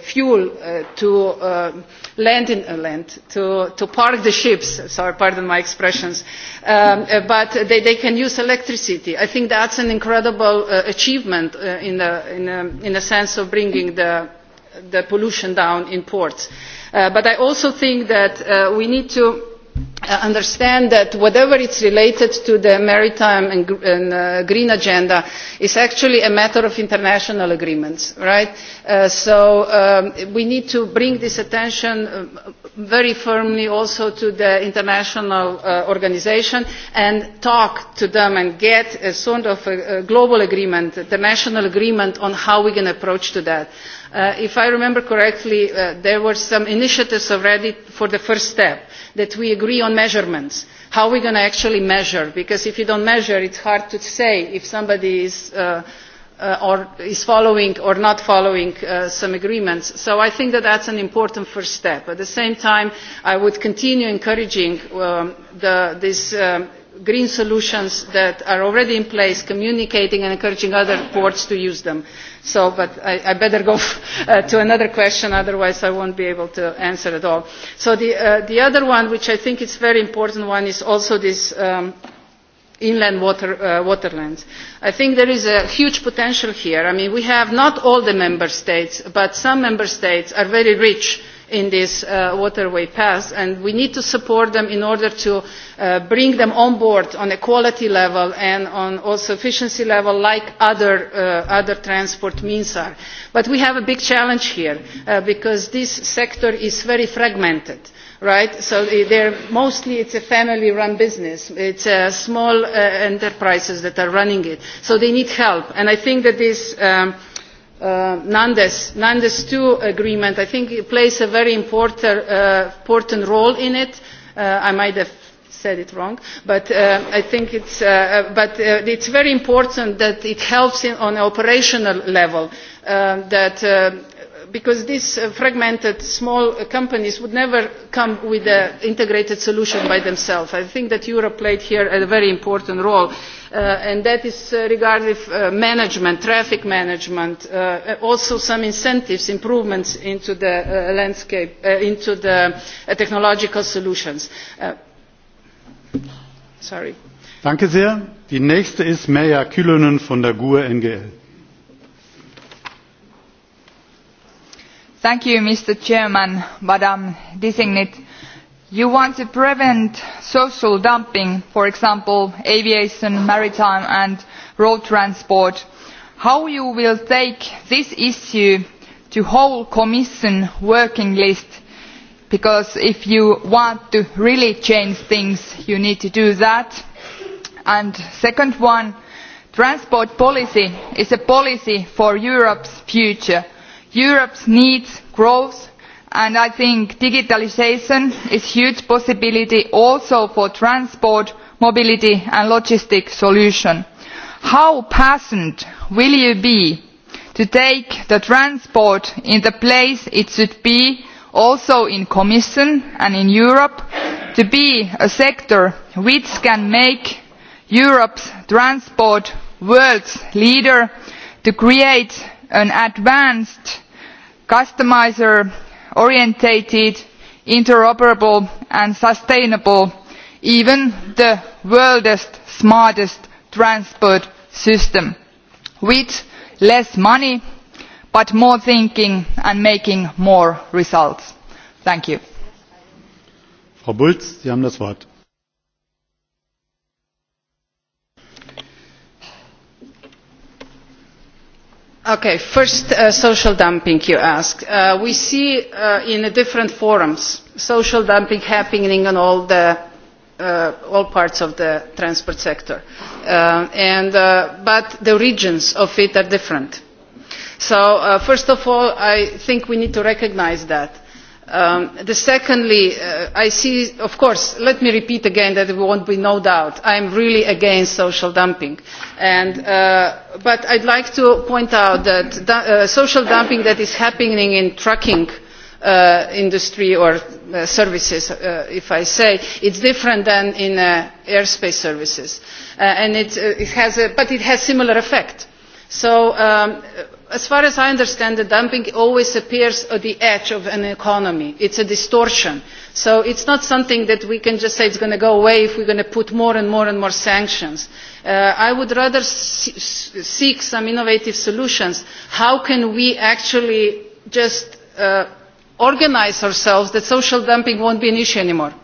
fuel to land to, park the ships sorry pardon my expressions um, but they, can use electricity i think that is an incredible achievement in the sense of bringing the pollution down in ports but i also think that we need Uh, understand that whatever is related to the maritime and, uh, green agenda is actually a matter of international agreements right? Uh, so um, we need to bring this attention very firmly also to the international uh, organisation and talk to them and get a sort of a, a global agreement, a national agreement on how we can approach to that. Uh, if I remember correctly, uh, there were some initiatives already for the first step, that we agree on measurements. How are we going to actually measure? Because if you don't measure, it's hard to say if somebody is uh, Uh, or is following or not following uh, some agreements. So I think that that's an important first step. At the same time, I would continue encouraging um, the, this um, green solutions that are already in place, communicating and encouraging other ports to use them. So, but I, I better go uh, to another question, otherwise I won't be able to answer at all. So the, uh, the other one, which I think is very important one, is also this um, inland water, uh, waterlands. I think there is a huge potential here. I mean, we have not all the member states, but some member states are very rich in this uh, waterway path, and we need to support them in order to uh, bring them on board on a quality level and on also efficiency level like other, uh, other transport means are. But we have a big challenge here uh, because this sector is very fragmented right? So they're mostly it's a family-run business. It's uh, small uh, enterprises that are running it. So they need help, and I think that this. Um, uh, Nandes, Nandes II agreement, I think it plays a very important, uh, important role in it. Uh, I might have said it wrong, but uh, I think it's, uh, uh but, uh, it's very important that it helps in, on an operational level, uh, that uh, because these uh, fragmented small uh, companies would never come with an integrated solution by themselves. i think that europe played here a very important role uh, and that is regarding management traffic management also some incentives improvements into the landscape into the technological solutions. sorry. Thank you, Mr. president Madam Designate. You want to prevent social dumping, for example, aviation, maritime and road transport. How will you take this issue to the whole Commission working list? Because if you want to really change things, you need to do that. And secondly transport policy is a policy for Europe's future europe needs growth and i think digitalisation is a huge possibility also for transport mobility and logistics solutions. how passionate will you be to take transport in the place it should be also in the commission and in europe to be a sector which can make europe's transport world world's leader to create an advanced customiser orientated interoperable and sustainable even the world's smartest transport system with less money but more thinking and making more results. thank you. frau bulc sie haben das wort. Okay, first uh, social dumping you ask. Uh, we see uh, in the different forums social dumping happening in all the uh, all parts of the transport sector, uh, and uh, but the regions of it are different. So uh, first of all, I think we need to recognize that Um, secondly uh, of course let me repeat again that there won't be no doubt i am really against social dumping uh, but i would like to point out that the, uh, social dumping that is happening in the trucking industry or services, if I say, is different than in uh, airspace services, but it, has a, similar effect. So um, as far as i understand it dumping always appears at the edge of an economy it is a distortion so it is not something that we can just say is going to go away if we going to put more and more and more sanctions. Uh, i would rather seek some innovative solutions. how can we actually just uh, organise ourselves so that social dumping will not be an issue anymore?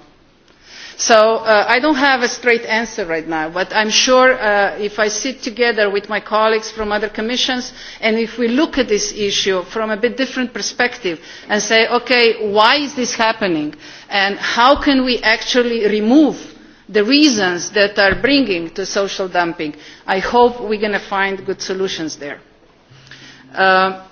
so uh, i do not have a straight answer right now but i am sure uh, if i sit together with my colleagues from other commissions and if we look at this issue from a different perspective and say ok why is this happening and how can we actually remove the reasons that are bringing about social dumping i hope we are going to find good solutions there. Uh,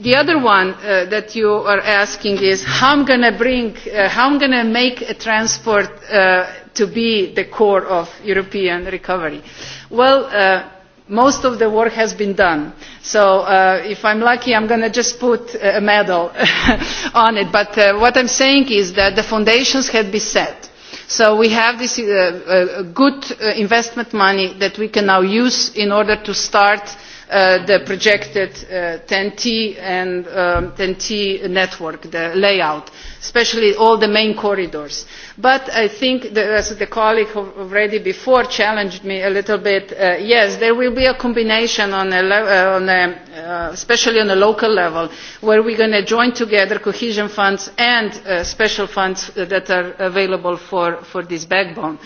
the other one uh, that you are asking is how I'm going to bring, uh, how I'm going to make a transport uh, to be the core of European recovery. Well, uh, most of the work has been done. So uh, if I'm lucky, I'm going to just put a medal on it. But uh, what I'm saying is that the foundations had been set. So we have this uh, uh, good investment money that we can now use in order to start uh, Uh, the projected uh, TEN-T and um, TEN-T network, the layout, especially all the main corridors. But I think, that, as the colleague already before challenged me a little bit, uh, yes, there will be a combination, on a uh, on a, uh, especially on a local level, where we're going to join together cohesion funds and uh, special funds uh, that are available for, for this backbone.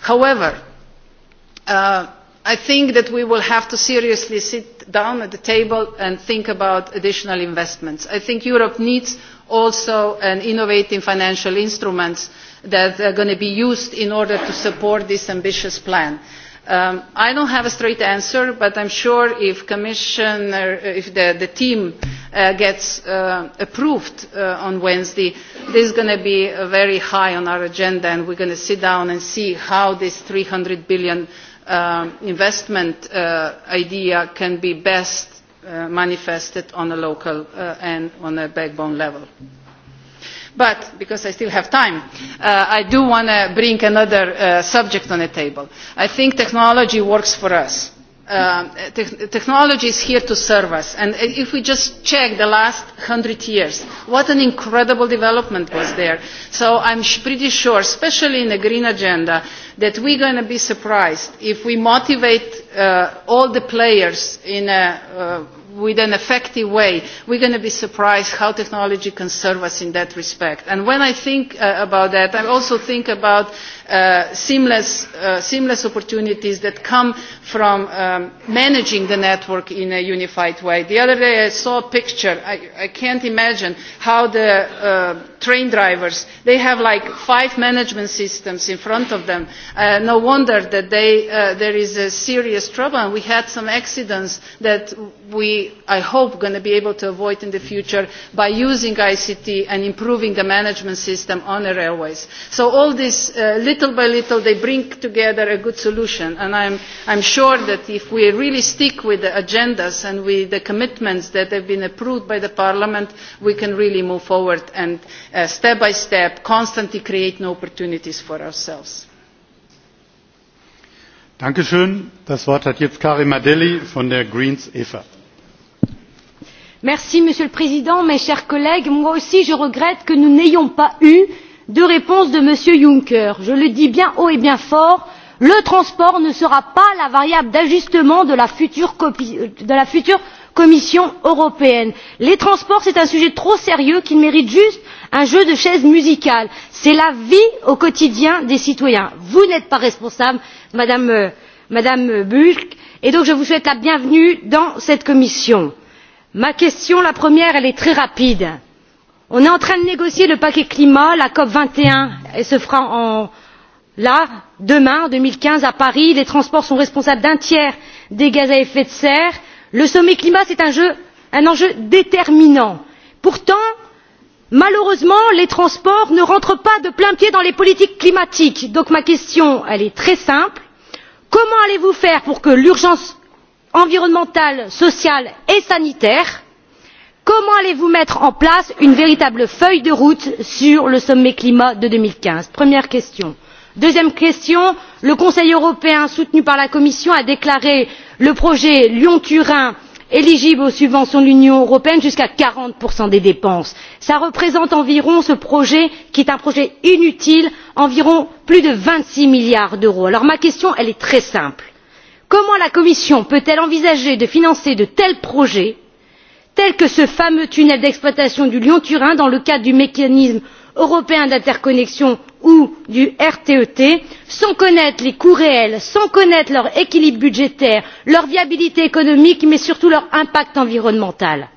However, uh, i think that we will have to seriously sit down at the table and think about additional investments. i think europe needs also an innovative financial instruments that are going to be used in order to support this ambitious plan. Um, i do not have a straight answer but i am sure if, if the, the team uh, gets uh, approved uh, on wednesday this is going to be very high on our agenda and we are going to sit down and see how this eur three hundred billion Um, investment uh, idea can be best uh, manifested on a local uh, and on a backbone level but because i still have time uh, i do want to bring another uh, subject on the table. i think technology works for us. Uh, te technology is here to serve us. And if we just check the last hundred years, what an incredible development was there. So I'm sh pretty sure, especially in the green agenda, that we're going to be surprised if we motivate uh, all the players in a uh, with an effective way, we're going to be surprised how technology can serve us in that respect. And when I think uh, about that, I also think about uh, seamless, uh, seamless opportunities that come from um, managing the network in a unified way. The other day I saw a picture. I, I can't imagine how the uh, train drivers, they have like five management systems in front of them. Uh, no wonder that they, uh, there is a serious trouble. And we had some accidents that we i hope going to be able to avoid in the future by using ict and improving the management system on the railways. so all this uh, little by little they bring together a good solution and i am sure that if we really stick with the agendas and with the commitments that have been approved by parliament we can really move forward and uh, step by step constantly create new opportunities for ourselves. Dankeschön. Das Wort hat jetzt Karim Adeli von der Greens EFA monsieur le président mes chers collègues moi aussi je regrette que nous n'ayons pas eu de réponse de m. juncker. je le dis bien haut et bien fort le transport ne sera pas la variable d'ajustement de la future euh, commission européenne. les transports c'est un sujet trop sérieux qui mérite juste un jeu de chaises musicales. c'est la vie au quotidien des citoyens. vous n'êtes pas responsable madame euh, bulc et donc je vous souhaite la bienvenue dans cette commission ma question la première est très rapide on est en train de négocier le paquet climat la cop vingt et un elle se fera demain en deux mille quinze à paris les transports sont responsables d'un tiers des gaz à effet de serre le sommet climat c'est un, un enjeu déterminant. pourtant malheureusement les transports ne rentrent pas de plain pied dans les politiques climatiques. donc ma question est très simple comment allez vous faire pour que l'urgence environnementale sociale et sanitaire comment allez vous mettre en place une véritable feuille de route sur le sommet climat de? deux mille quinze première question. deuxième question le conseil européen soutenu par la commission a déclaré le projet lyon turin éligible aux subventions de l'union européenne jusqu'à quarante des dépenses. cela représente environ ce projet qui est un projet inutile plus de vingt six milliards d'euros. alors ma question est très simple comment la commission peut elle envisager de financer de tels projets tels que ce fameux tunnel d'exploitation du lyon turin dans le cadre du mécanisme européen d'interconnexion ou du rte t sans connaître les coûts réels sans connaître leur équilibre budgétaire leur viabilité économique mais surtout leur impact environnemental?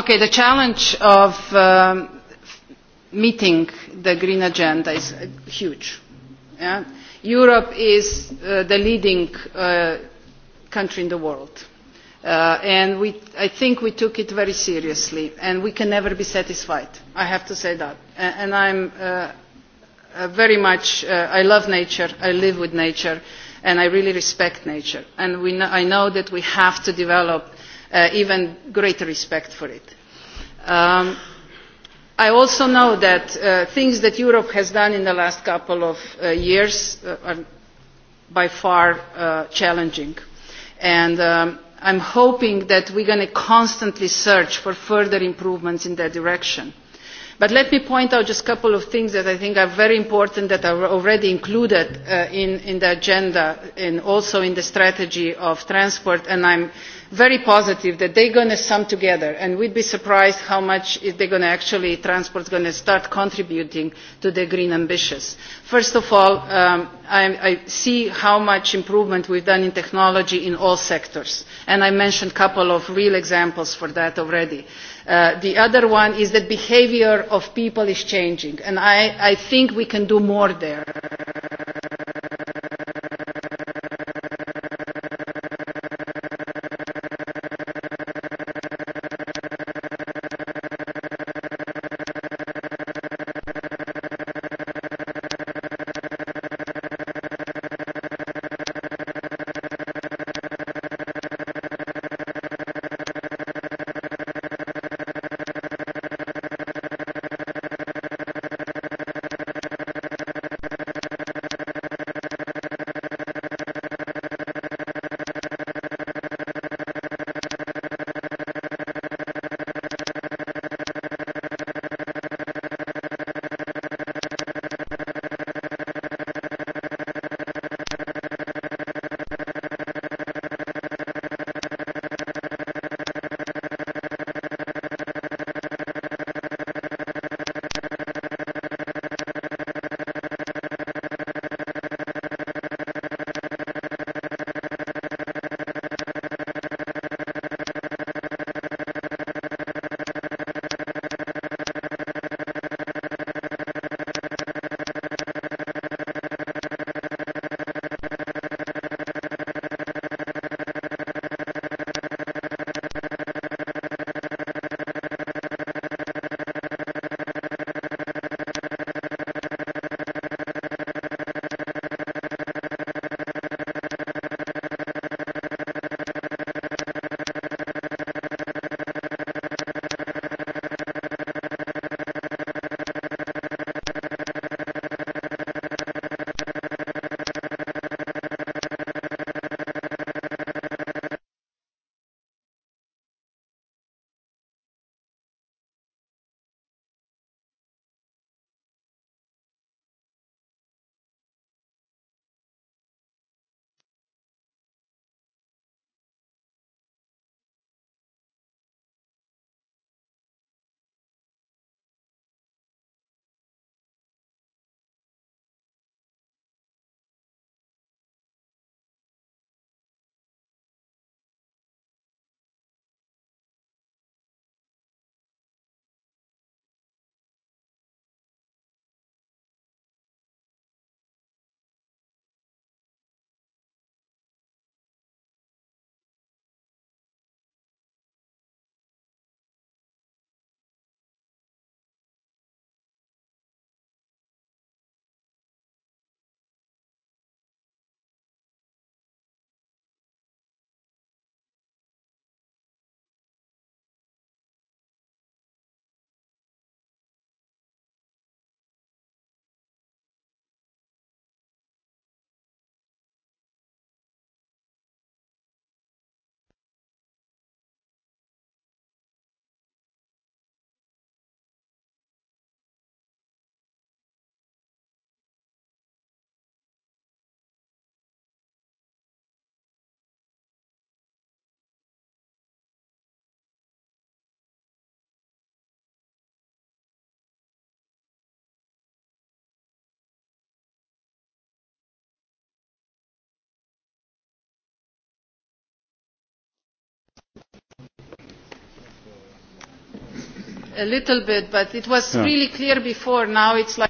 Okay, the challenge of um, meeting the green agenda is uh, huge. Yeah? Europe is uh, the leading uh, country in the world. Uh, and we, I think we took it very seriously, and we can never be satisfied. I have to say that. And, and I'm uh, uh, very much, uh, I love nature, I live with nature, and I really respect nature. And we know, I know that we have to develop uh, even greater respect for it. Um, I also know that uh, things that Europe has done in the last couple of uh, years uh, are by far uh, challenging. And um, I'm hoping that we're going to constantly search for further improvements in that direction but let me point out just a couple of things that i think are very important that are already included uh, in, the agenda and also in the strategy of transport and i am very positive that they are going to come together and we would be surprised how much actually transport is going to start contributing to the green ambitions. first of all um, I, i see how much improvement we have done in technology in all sectors and i mentioned a couple of real examples for that already Uh, the other one is that behaviour of people is changing, and I think we can do more there.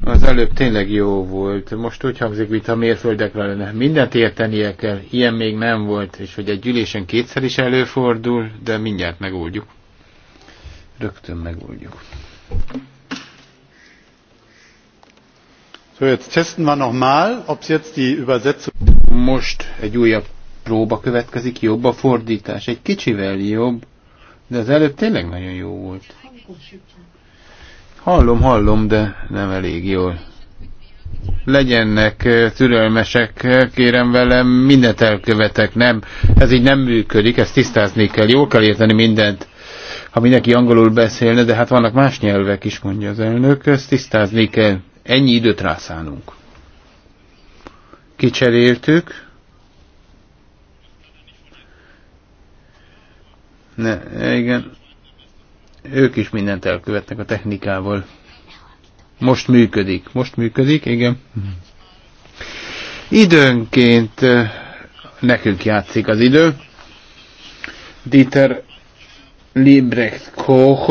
Az előbb tényleg jó volt. Most úgy hangzik, mintha mérföldekre lenne. Mindent értenie kell. Ilyen még nem volt, és hogy egy gyűlésen kétszer is előfordul, de mindjárt megoldjuk. Rögtön megoldjuk. So, jetzt testen wir nochmal, ob es jetzt die Übersetzung... Most egy újabb próba következik, jobb a fordítás, egy kicsivel jobb, de az előbb tényleg nagyon jó volt. Hallom, hallom, de nem elég jól. Legyennek eh, türelmesek, eh, kérem velem, mindent elkövetek, nem. Ez így nem működik, ezt tisztázni kell, jól kell érteni mindent. Ha mindenki angolul beszélne, de hát vannak más nyelvek is, mondja az elnök, ezt tisztázni kell. Ennyi időt rászánunk. Kicseréltük, Ne, igen. Ők is mindent elkövetnek a technikával. Most működik. Most működik, igen. Időnként eh, nekünk játszik az idő. Dieter Liebrecht Koch,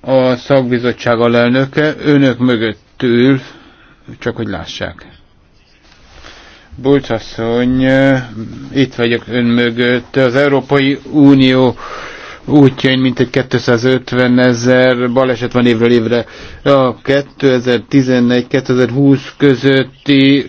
a szakbizottság alelnöke, önök mögött ül, csak hogy lássák. Bulcsasszony, eh, itt vagyok ön mögött. Az Európai Unió útjain egy 250 ezer baleset van évről évre. A 2011-2020 közötti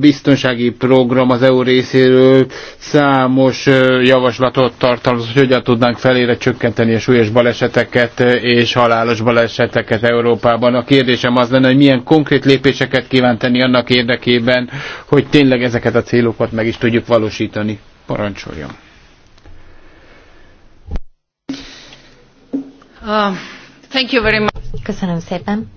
biztonsági program az EU részéről számos javaslatot tartalmaz, hogy hogyan tudnánk felére csökkenteni a súlyos baleseteket és halálos baleseteket Európában. A kérdésem az lenne, hogy milyen konkrét lépéseket kíván tenni annak érdekében, hogy tényleg ezeket a célokat meg is tudjuk valósítani. Parancsoljon! Uh, thank you very much. Köszönöm szépen.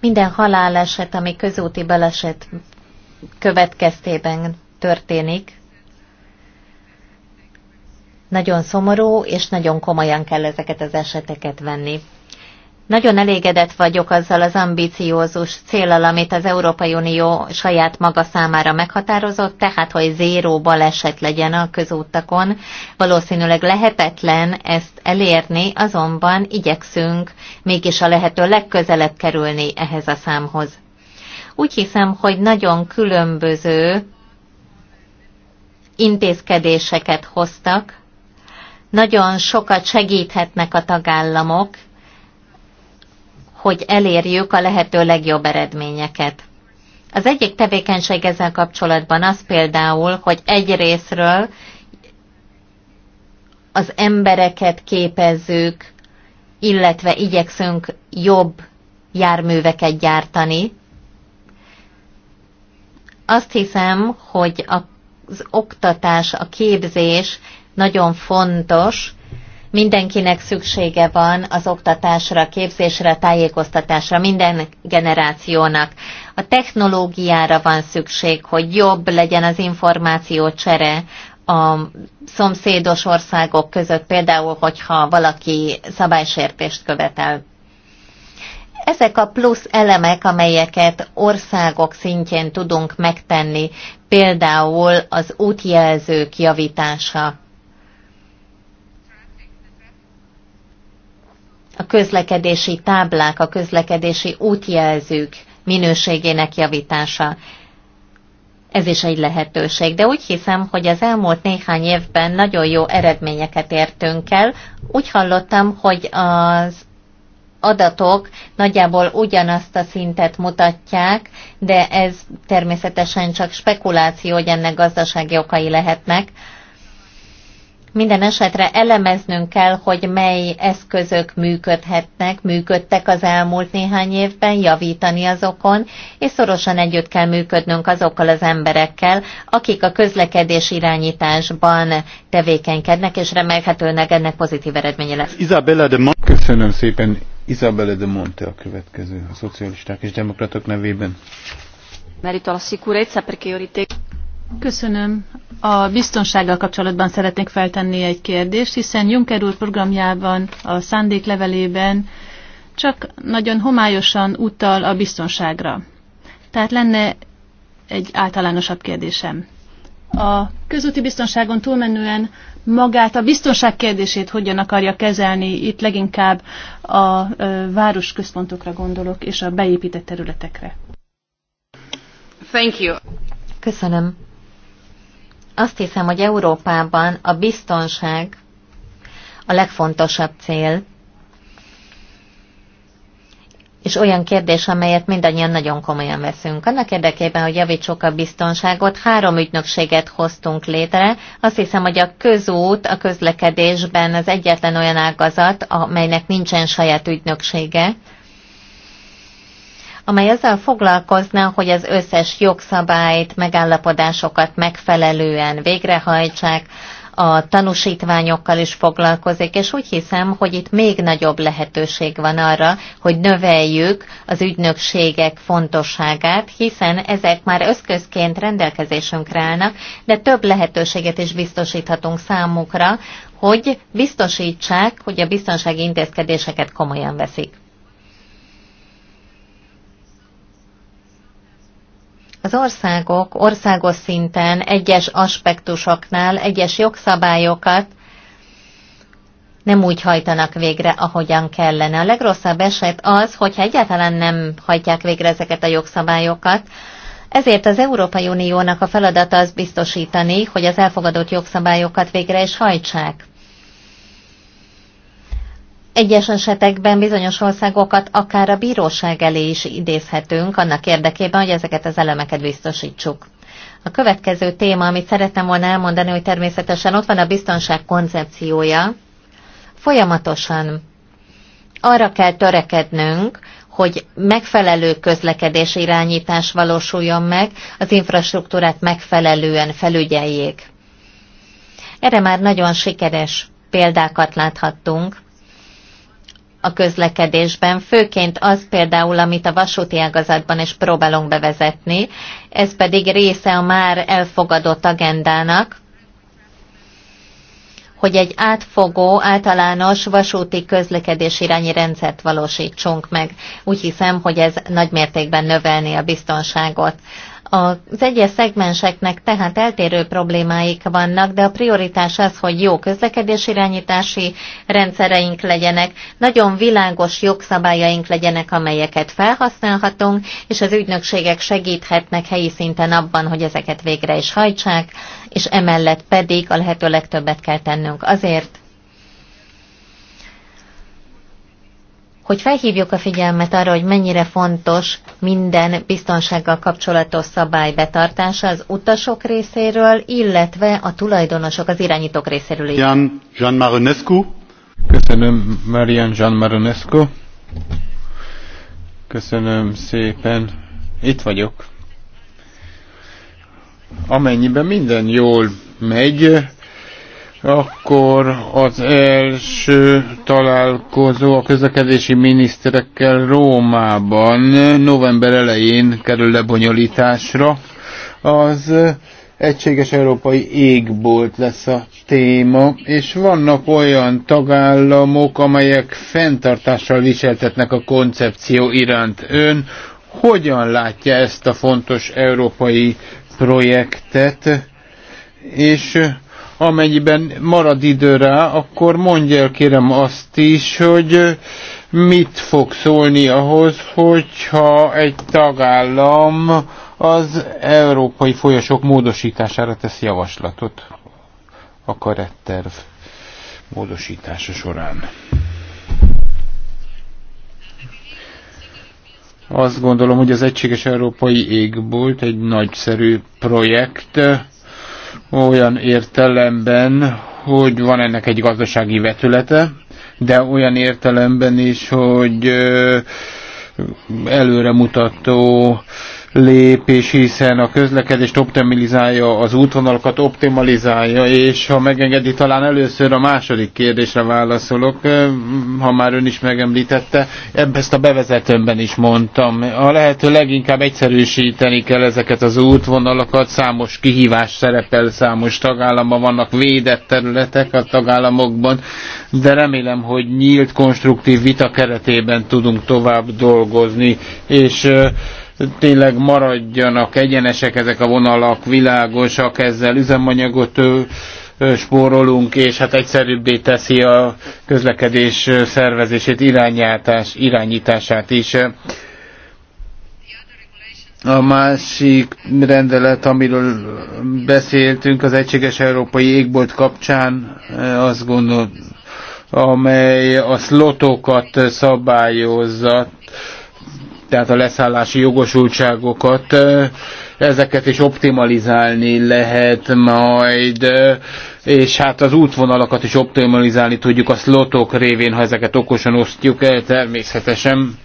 Minden haláleset, ami közúti baleset következtében történik, nagyon szomorú, és nagyon komolyan kell ezeket az eseteket venni. Nagyon elégedett vagyok azzal az ambíciózus célral, amit az Európai Unió saját maga számára meghatározott, tehát hogy zéró baleset legyen a közútakon. Valószínűleg lehetetlen ezt elérni, azonban igyekszünk mégis a lehető legközelebb kerülni ehhez a számhoz. Úgy hiszem, hogy nagyon különböző intézkedéseket hoztak, nagyon sokat segíthetnek a tagállamok, hogy elérjük a lehető legjobb eredményeket. Az egyik tevékenység ezzel kapcsolatban az például, hogy egy részről az embereket képezzük, illetve igyekszünk jobb járműveket gyártani. Azt hiszem, hogy az oktatás, a képzés nagyon fontos, Mindenkinek szüksége van az oktatásra, képzésre, tájékoztatásra, minden generációnak. A technológiára van szükség, hogy jobb legyen az információ csere a szomszédos országok között, például, hogyha valaki szabálysértést követel. Ezek a plusz elemek, amelyeket országok szintjén tudunk megtenni, például az útjelzők javítása a közlekedési táblák, a közlekedési útjelzők minőségének javítása. Ez is egy lehetőség, de úgy hiszem, hogy az elmúlt néhány évben nagyon jó eredményeket értünk el. Úgy hallottam, hogy az adatok nagyjából ugyanazt a szintet mutatják, de ez természetesen csak spekuláció, hogy ennek gazdasági okai lehetnek. Minden esetre elemeznünk kell, hogy mely eszközök működhetnek, működtek az elmúlt néhány évben, javítani azokon, és szorosan együtt kell működnünk azokkal az emberekkel, akik a közlekedés irányításban tevékenykednek, és remélhetőleg ennek pozitív eredménye lesz. Isabella de Mont. Köszönöm szépen. Isabella de Monte a következő, a szocialisták és demokratok nevében. Merito la sicurezza perché io ritengo Köszönöm. A biztonsággal kapcsolatban szeretnék feltenni egy kérdést, hiszen Juncker úr programjában, a szándéklevelében csak nagyon homályosan utal a biztonságra. Tehát lenne egy általánosabb kérdésem. A közúti biztonságon túlmenően magát a biztonság kérdését hogyan akarja kezelni, itt leginkább a városközpontokra gondolok, és a beépített területekre. Thank you. Köszönöm. Azt hiszem, hogy Európában a biztonság a legfontosabb cél, és olyan kérdés, amelyet mindannyian nagyon komolyan veszünk. Annak érdekében, hogy javítsuk a biztonságot, három ügynökséget hoztunk létre. Azt hiszem, hogy a közút a közlekedésben az egyetlen olyan ágazat, amelynek nincsen saját ügynöksége amely azzal foglalkozna, hogy az összes jogszabályt, megállapodásokat megfelelően végrehajtsák, a tanúsítványokkal is foglalkozik, és úgy hiszem, hogy itt még nagyobb lehetőség van arra, hogy növeljük az ügynökségek fontosságát, hiszen ezek már összközként rendelkezésünkre állnak, de több lehetőséget is biztosíthatunk számukra, hogy biztosítsák, hogy a biztonsági intézkedéseket komolyan veszik. Az országok országos szinten egyes aspektusoknál egyes jogszabályokat nem úgy hajtanak végre, ahogyan kellene. A legrosszabb eset az, hogyha egyáltalán nem hajtják végre ezeket a jogszabályokat, ezért az Európai Uniónak a feladata az biztosítani, hogy az elfogadott jogszabályokat végre is hajtsák egyes esetekben bizonyos országokat akár a bíróság elé is idézhetünk, annak érdekében, hogy ezeket az elemeket biztosítsuk. A következő téma, amit szeretném volna elmondani, hogy természetesen ott van a biztonság koncepciója. Folyamatosan arra kell törekednünk, hogy megfelelő közlekedés irányítás valósuljon meg, az infrastruktúrát megfelelően felügyeljék. Erre már nagyon sikeres példákat láthattunk a közlekedésben, főként az például, amit a vasúti ágazatban is próbálunk bevezetni, ez pedig része a már elfogadott agendának, hogy egy átfogó, általános vasúti közlekedés irányi rendszert valósítsunk meg. Úgy hiszem, hogy ez nagymértékben növelni a biztonságot. Az egyes szegmenseknek tehát eltérő problémáik vannak, de a prioritás az, hogy jó közlekedésirányítási rendszereink legyenek, nagyon világos jogszabályaink legyenek, amelyeket felhasználhatunk, és az ügynökségek segíthetnek helyi szinten abban, hogy ezeket végre is hajtsák, és emellett pedig a lehető legtöbbet kell tennünk azért, hogy felhívjuk a figyelmet arra, hogy mennyire fontos minden biztonsággal kapcsolatos szabály betartása az utasok részéről, illetve a tulajdonosok, az irányítók részéről. Jan, Jean Marunescu. Köszönöm, Marian Jean Marunescu. Köszönöm szépen. Itt vagyok. Amennyiben minden jól megy, akkor az első találkozó a közlekedési miniszterekkel Rómában november elején kerül lebonyolításra. Az egységes európai égbolt lesz a téma, és vannak olyan tagállamok, amelyek fenntartással viseltetnek a koncepció iránt. Ön hogyan látja ezt a fontos európai projektet, és amennyiben marad idő rá, akkor mondj el kérem azt is, hogy mit fog szólni ahhoz, hogyha egy tagállam az európai folyosok módosítására tesz javaslatot a karetterv módosítása során. Azt gondolom, hogy az Egységes Európai Égbolt egy nagyszerű projekt, olyan értelemben, hogy van ennek egy gazdasági vetülete, de olyan értelemben is, hogy előremutató lépés, hiszen a közlekedést optimalizálja, az útvonalakat optimalizálja, és ha megengedi, talán először a második kérdésre válaszolok, ha már ön is megemlítette, ebben ezt a bevezetőmben is mondtam. A lehető leginkább egyszerűsíteni kell ezeket az útvonalakat, számos kihívás szerepel, számos tagállamban vannak védett területek a tagállamokban, de remélem, hogy nyílt, konstruktív vita keretében tudunk tovább dolgozni, és tényleg maradjanak egyenesek ezek a vonalak, világosak, ezzel üzemanyagot spórolunk, és hát egyszerűbbé teszi a közlekedés szervezését, irányítás, irányítását is. A másik rendelet, amiről beszéltünk az Egységes Európai Égbolt kapcsán, azt gondolom, amely a szlotokat szabályozza, tehát a leszállási jogosultságokat, ezeket is optimalizálni lehet majd, és hát az útvonalakat is optimalizálni tudjuk a slotok révén, ha ezeket okosan osztjuk el természetesen,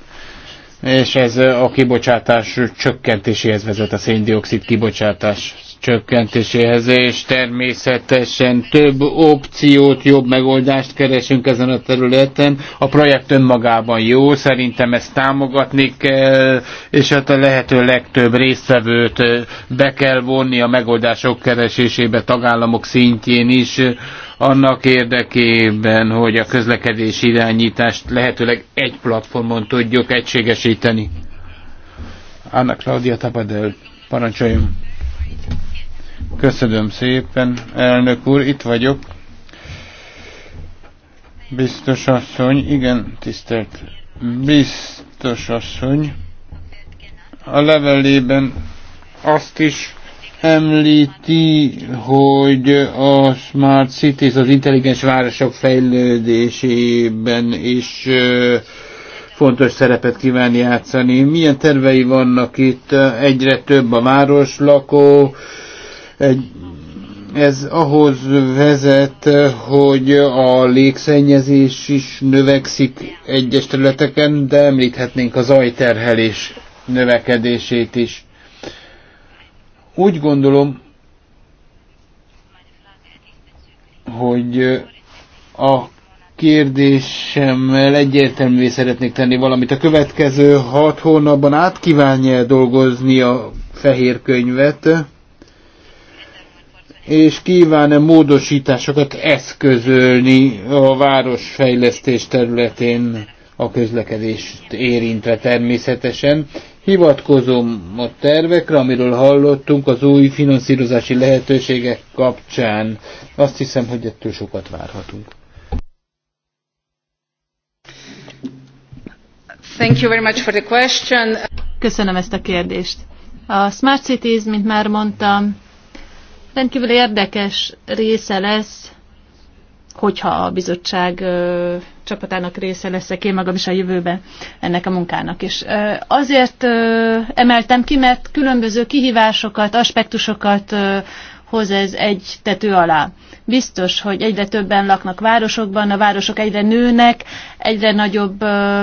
és ez a kibocsátás csökkentéséhez vezet a széndiokszid kibocsátás csökkentéséhez, és természetesen több opciót, jobb megoldást keresünk ezen a területen. A projekt önmagában jó, szerintem ezt támogatni kell, és hát a lehető legtöbb résztvevőt be kell vonni a megoldások keresésébe tagállamok szintjén is, annak érdekében, hogy a közlekedés irányítást lehetőleg egy platformon tudjuk egységesíteni. Anna Claudia Tapadel, parancsoljon! Köszönöm szépen, elnök úr, itt vagyok. Biztos asszony, igen, tisztelt biztos asszony. A levelében azt is említi, hogy a Smart Cities, az intelligens városok fejlődésében is fontos szerepet kíván játszani. Milyen tervei vannak itt? Egyre több a városlakó, egy, ez ahhoz vezet, hogy a légszennyezés is növekszik egyes területeken, de említhetnénk a zajterhelés növekedését is. Úgy gondolom, hogy a kérdésemmel egyértelművé szeretnék tenni valamit. A következő hat hónapban át kívánja dolgozni a fehér könyvet, és kíván-e módosításokat eszközölni a városfejlesztés területén a közlekedést érintve természetesen. Hivatkozom a tervekre, amiről hallottunk az új finanszírozási lehetőségek kapcsán. Azt hiszem, hogy ettől sokat várhatunk. Thank you very much for the question. Köszönöm ezt a kérdést. A Smart Cities, mint már mondtam, rendkívül érdekes része lesz, hogyha a bizottság ö, csapatának része leszek én magam is a jövőben ennek a munkának. És ö, azért ö, emeltem ki, mert különböző kihívásokat, aspektusokat ö, hoz ez egy tető alá. Biztos, hogy egyre többen laknak városokban, a városok egyre nőnek, egyre nagyobb ö,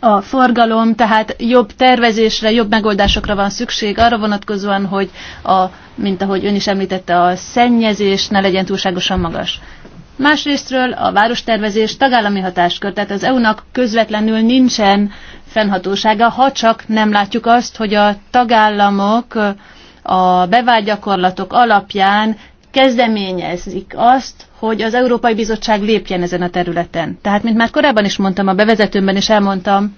a forgalom, tehát jobb tervezésre, jobb megoldásokra van szükség arra vonatkozóan, hogy a, mint ahogy ön is említette, a szennyezés ne legyen túlságosan magas. Másrésztről a várostervezés tagállami hatáskör, tehát az EU-nak közvetlenül nincsen fennhatósága, ha csak nem látjuk azt, hogy a tagállamok a bevált gyakorlatok alapján kezdeményezik azt, hogy az Európai Bizottság lépjen ezen a területen. Tehát, mint már korábban is mondtam, a bevezetőmben is elmondtam,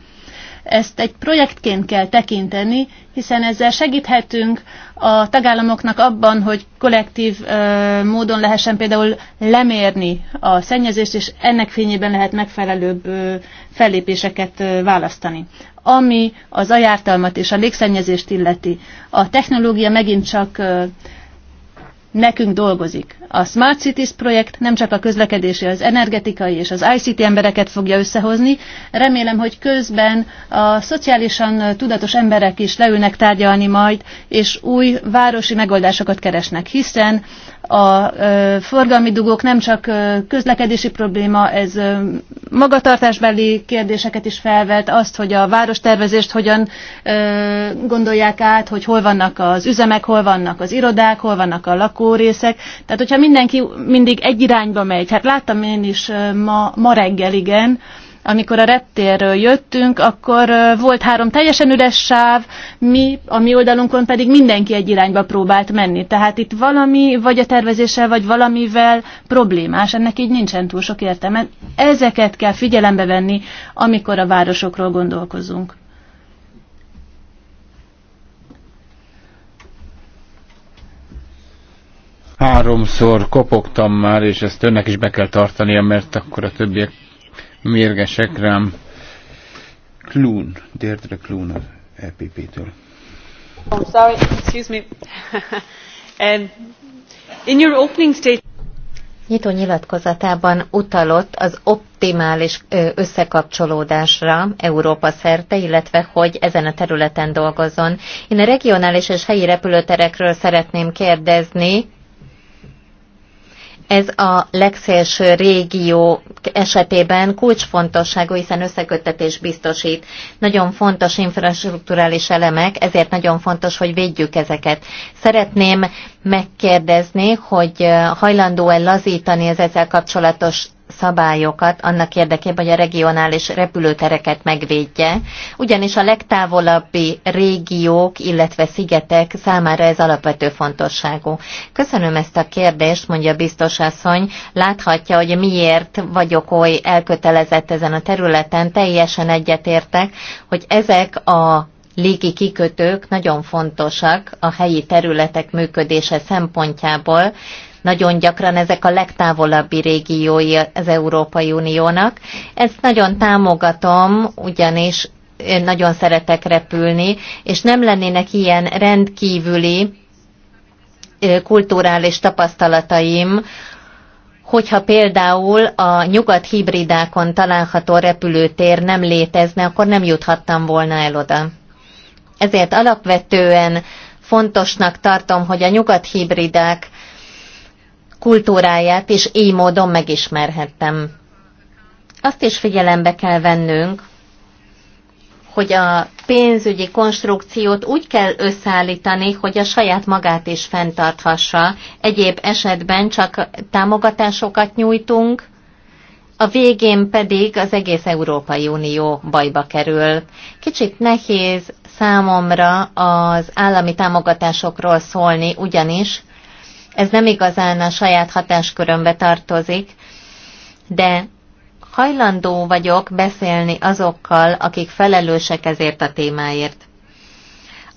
ezt egy projektként kell tekinteni, hiszen ezzel segíthetünk a tagállamoknak abban, hogy kollektív ö, módon lehessen például lemérni a szennyezést, és ennek fényében lehet megfelelőbb ö, fellépéseket ö, választani. Ami az ajártalmat és a légszennyezést illeti, a technológia megint csak ö, nekünk dolgozik. A Smart Cities projekt nem csak a közlekedési, az energetikai és az ICT embereket fogja összehozni. Remélem, hogy közben a szociálisan tudatos emberek is leülnek tárgyalni majd, és új városi megoldásokat keresnek, hiszen a forgalmi dugók nem csak közlekedési probléma, ez magatartásbeli kérdéseket is felvet, azt, hogy a várostervezést hogyan gondolják át, hogy hol vannak az üzemek, hol vannak az irodák, hol vannak a lakórészek. Tehát, hogyha mindenki mindig egy irányba megy. Hát láttam én is ma, ma reggel, igen, amikor a reptérről jöttünk, akkor volt három teljesen üres sáv, mi a mi oldalunkon pedig mindenki egy irányba próbált menni. Tehát itt valami, vagy a tervezéssel, vagy valamivel problémás, ennek így nincsen túl sok értelme. Ezeket kell figyelembe venni, amikor a városokról gondolkozunk. háromszor kopogtam már, és ezt önnek is be kell tartania, mert akkor a többiek mérgesek rám. Klún, Dérdre Klún az EPP-től. Oh, sorry, excuse me. And um, in your opening statement, Nyitó nyilatkozatában utalott az optimális összekapcsolódásra Európa szerte, illetve hogy ezen a területen dolgozzon. Én a regionális és helyi repülőterekről szeretném kérdezni, ez a legszélső régió esetében kulcsfontosságú, hiszen összeköttetés biztosít. Nagyon fontos infrastruktúrális elemek, ezért nagyon fontos, hogy védjük ezeket. Szeretném megkérdezni, hogy eh, hajlandó-e lazítani az ezzel kapcsolatos szabályokat annak érdekében, hogy a regionális repülőtereket megvédje, ugyanis a legtávolabbi régiók, illetve szigetek számára ez alapvető fontosságú. Köszönöm ezt a kérdést, mondja biztos asszony, láthatja, hogy miért vagyok oly elkötelezett ezen a területen, teljesen egyetértek, hogy ezek a légi kikötők nagyon fontosak a helyi területek működése szempontjából, nagyon gyakran ezek a legtávolabbi régiói az Európai Uniónak. Ezt nagyon támogatom, ugyanis én nagyon szeretek repülni, és nem lennének ilyen rendkívüli kulturális tapasztalataim, hogyha például a nyugat hibridákon található repülőtér nem létezne, akkor nem juthattam volna el oda. Ezért alapvetően fontosnak tartom, hogy a nyugat hibridák kultúráját is így módon megismerhettem. Azt is figyelembe kell vennünk, hogy a pénzügyi konstrukciót úgy kell összeállítani, hogy a saját magát is fenntarthassa. Egyéb esetben csak támogatásokat nyújtunk, a végén pedig az egész Európai Unió bajba kerül. Kicsit nehéz számomra az állami támogatásokról szólni, ugyanis ez nem igazán a saját hatáskörömbe tartozik, de hajlandó vagyok beszélni azokkal, akik felelősek ezért a témáért.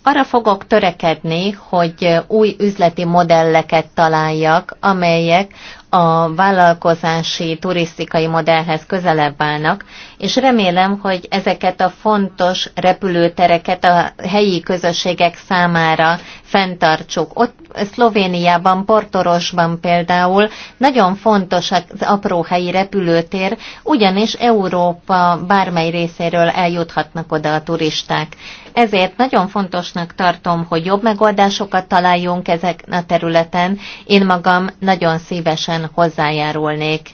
Arra fogok törekedni, hogy új üzleti modelleket találjak, amelyek a vállalkozási, turisztikai modellhez közelebb állnak, és remélem, hogy ezeket a fontos repülőtereket a helyi közösségek számára fenntartsuk. Ott Szlovéniában, Portorosban például nagyon fontos az apró helyi repülőtér, ugyanis Európa bármely részéről eljuthatnak oda a turisták. Ezért nagyon fontosnak tartom, hogy jobb megoldásokat találjunk ezek a területen. Én magam nagyon szívesen hozzájárulnék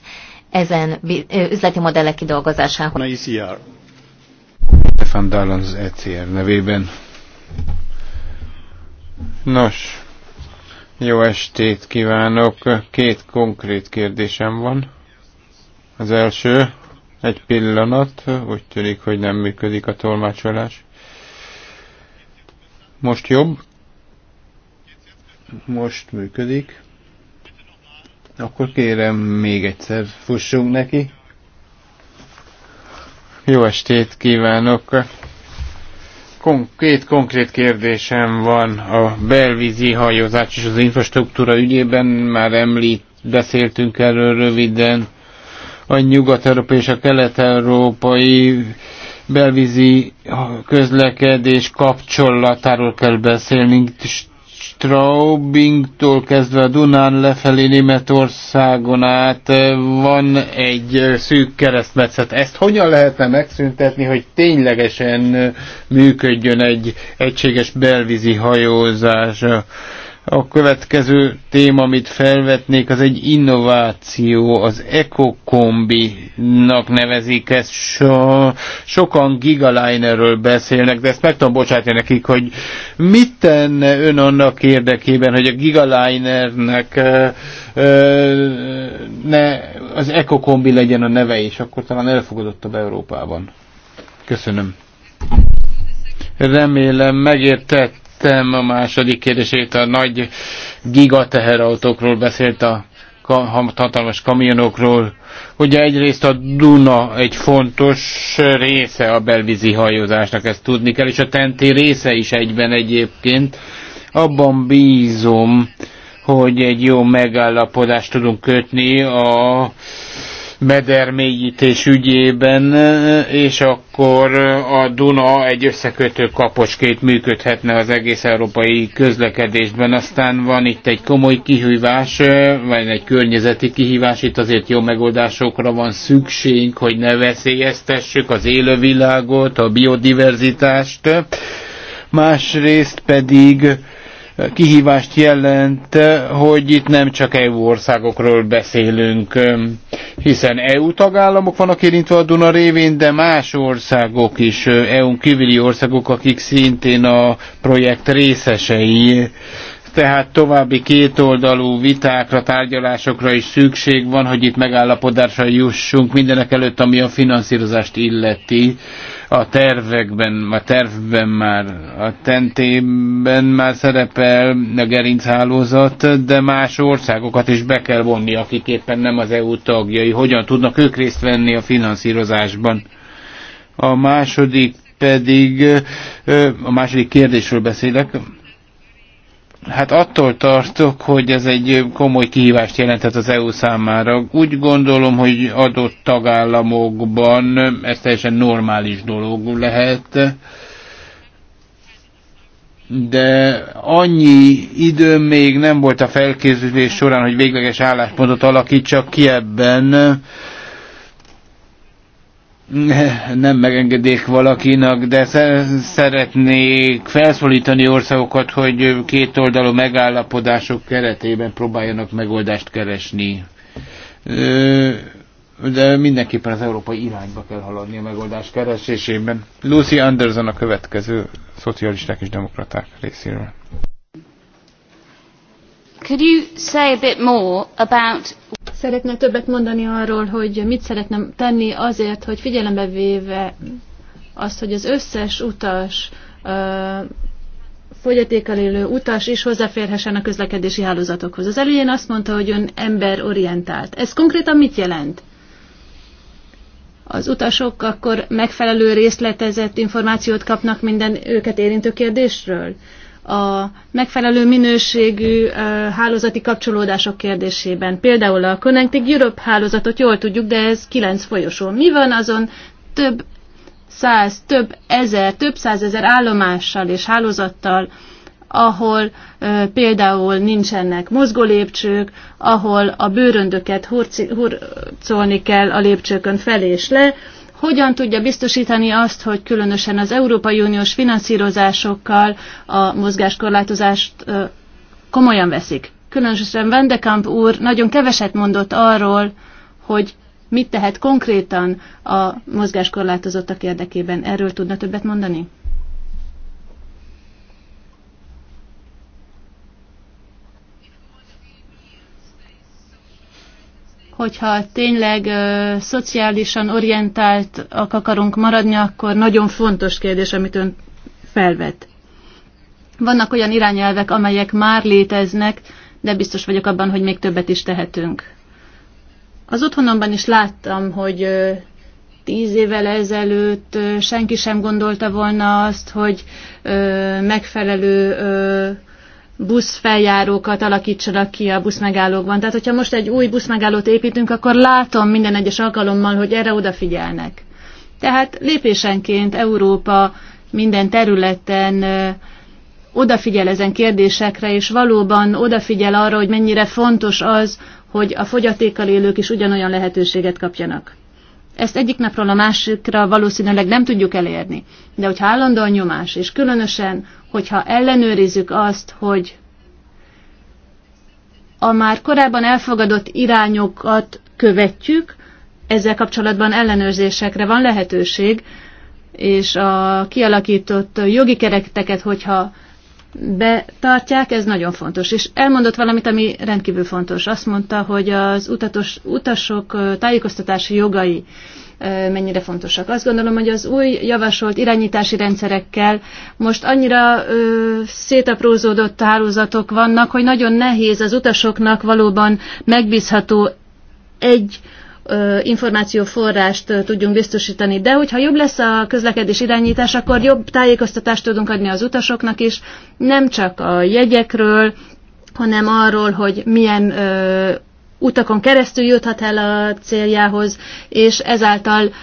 ezen üzleti modellek kidolgozásához. ICR. E Stefan Dallon az ECR nevében. Nos, jó estét kívánok! Két konkrét kérdésem van. Az első, egy pillanat, úgy tűnik, hogy nem működik a tolmácsolás. Most jobb? Most működik. Akkor kérem, még egyszer fussunk neki. Jó estét kívánok! Kon- két konkrét kérdésem van a belvízi hajózás és az infrastruktúra ügyében. Már említ, beszéltünk erről röviden. A nyugat-európai és a kelet-európai belvízi közlekedés kapcsolatáról kell beszélni. Straubingtól kezdve a Dunán lefelé Németországon át eh, van egy eh, szűk keresztmetszet. Ezt hogyan lehetne megszüntetni, hogy ténylegesen eh, működjön egy egységes belvízi hajózás? A következő téma, amit felvetnék, az egy innováció, az ekokombinak nevezik ezt. So, sokan gigalinerről beszélnek, de ezt meg tudom bocsátani nekik, hogy mit tenne ön annak érdekében, hogy a gigalinernek ne, az ekokombi legyen a neve, és akkor talán elfogadottabb Európában. Köszönöm. Remélem megértett értettem a második kérdését, a nagy gigateherautókról beszélt a hatalmas kamionokról. Ugye egyrészt a Duna egy fontos része a belvízi hajózásnak, ezt tudni kell, és a Tenti része is egyben egyébként. Abban bízom, hogy egy jó megállapodást tudunk kötni a medermélyítés ügyében, és akkor a Duna egy összekötő kapocskét működhetne az egész európai közlekedésben. Aztán van itt egy komoly kihívás, vagy egy környezeti kihívás, itt azért jó megoldásokra van szükség, hogy ne veszélyeztessük az élővilágot, a biodiverzitást. Másrészt pedig kihívást jelent, hogy itt nem csak EU országokról beszélünk, hiszen EU tagállamok vannak érintve a Duna révén, de más országok is, EU-n kívüli országok, akik szintén a projekt részesei tehát további kétoldalú vitákra, tárgyalásokra is szükség van, hogy itt megállapodásra jussunk mindenek előtt, ami a finanszírozást illeti a tervekben, a tervben már, a tentében már szerepel a gerinchálózat, de más országokat is be kell vonni, akik éppen nem az EU tagjai. Hogyan tudnak ők részt venni a finanszírozásban? A második pedig, a második kérdésről beszélek, Hát attól tartok, hogy ez egy komoly kihívást jelentett az EU számára. Úgy gondolom, hogy adott tagállamokban ez teljesen normális dolog lehet, de annyi időm még nem volt a felkészülés során, hogy végleges álláspontot alakítsak ki ebben nem megengedik valakinak, de szeretnék felszólítani országokat, hogy kétoldalú megállapodások keretében próbáljanak megoldást keresni. De mindenképpen az európai irányba kell haladni a megoldás keresésében. Lucy Anderson a következő szocialisták és demokraták részéről. Could you say a bit more about... Szeretne többet mondani arról, hogy mit szeretne tenni azért, hogy figyelembe véve azt, hogy az összes utas, fogyatékkal élő utas is hozzáférhessen a közlekedési hálózatokhoz. Az elején azt mondta, hogy ön emberorientált. Ez konkrétan mit jelent? Az utasok akkor megfelelő részletezett információt kapnak minden őket érintő kérdésről? a megfelelő minőségű hálózati kapcsolódások kérdésében. Például a Connecting Europe hálózatot jól tudjuk, de ez kilenc folyosó. Mi van azon több száz, több ezer, több százezer állomással és hálózattal, ahol e, például nincsenek mozgó lépcsők, ahol a bőröndöket hurcolni kell a lépcsőkön fel és le, hogyan tudja biztosítani azt, hogy különösen az Európai Uniós finanszírozásokkal a mozgáskorlátozást komolyan veszik. Különösen Vendekamp úr nagyon keveset mondott arról, hogy mit tehet konkrétan a mozgáskorlátozottak érdekében. Erről tudna többet mondani? hogyha tényleg ö, szociálisan orientált akarunk maradni, akkor nagyon fontos kérdés, amit ön felvet. Vannak olyan irányelvek, amelyek már léteznek, de biztos vagyok abban, hogy még többet is tehetünk. Az otthonomban is láttam, hogy ö, tíz évvel ezelőtt ö, senki sem gondolta volna azt, hogy ö, megfelelő ö, buszfeljárókat alakítsanak ki a buszmegállókban. Tehát, hogyha most egy új buszmegállót építünk, akkor látom minden egyes alkalommal, hogy erre odafigyelnek. Tehát lépésenként Európa minden területen odafigyel ezen kérdésekre, és valóban odafigyel arra, hogy mennyire fontos az, hogy a fogyatékkal élők is ugyanolyan lehetőséget kapjanak. Ezt egyik napról a másikra valószínűleg nem tudjuk elérni. De hogyha állandóan nyomás, és különösen, hogyha ellenőrizzük azt, hogy a már korábban elfogadott irányokat követjük, ezzel kapcsolatban ellenőrzésekre van lehetőség, és a kialakított jogi kereteket, hogyha betartják, ez nagyon fontos. És elmondott valamit, ami rendkívül fontos. Azt mondta, hogy az utatos, utasok tájékoztatási jogai mennyire fontosak. Azt gondolom, hogy az új javasolt irányítási rendszerekkel most annyira ö, szétaprózódott hálózatok vannak, hogy nagyon nehéz az utasoknak valóban megbízható egy információforrást tudjunk biztosítani. De hogyha jobb lesz a közlekedés irányítás, akkor jobb tájékoztatást tudunk adni az utasoknak is, nem csak a jegyekről, hanem arról, hogy milyen ö, utakon keresztül juthat el a céljához, és ezáltal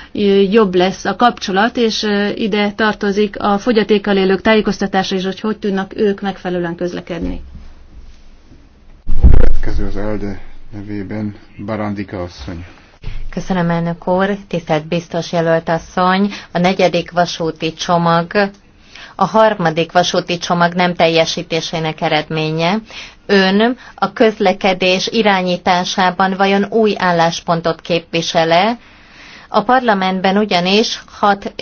jobb lesz a kapcsolat, és ide tartozik a fogyatékkal élők tájékoztatása is, hogy hogy tudnak ők megfelelően közlekedni. Következő az Elde nevében Barandika asszony. Köszönöm, elnök úr. Tisztelt biztos jelölt asszony, a negyedik vasúti csomag a harmadik vasúti csomag nem teljesítésének eredménye. Ön a közlekedés irányításában vajon új álláspontot képvisele, a parlamentben ugyanis hat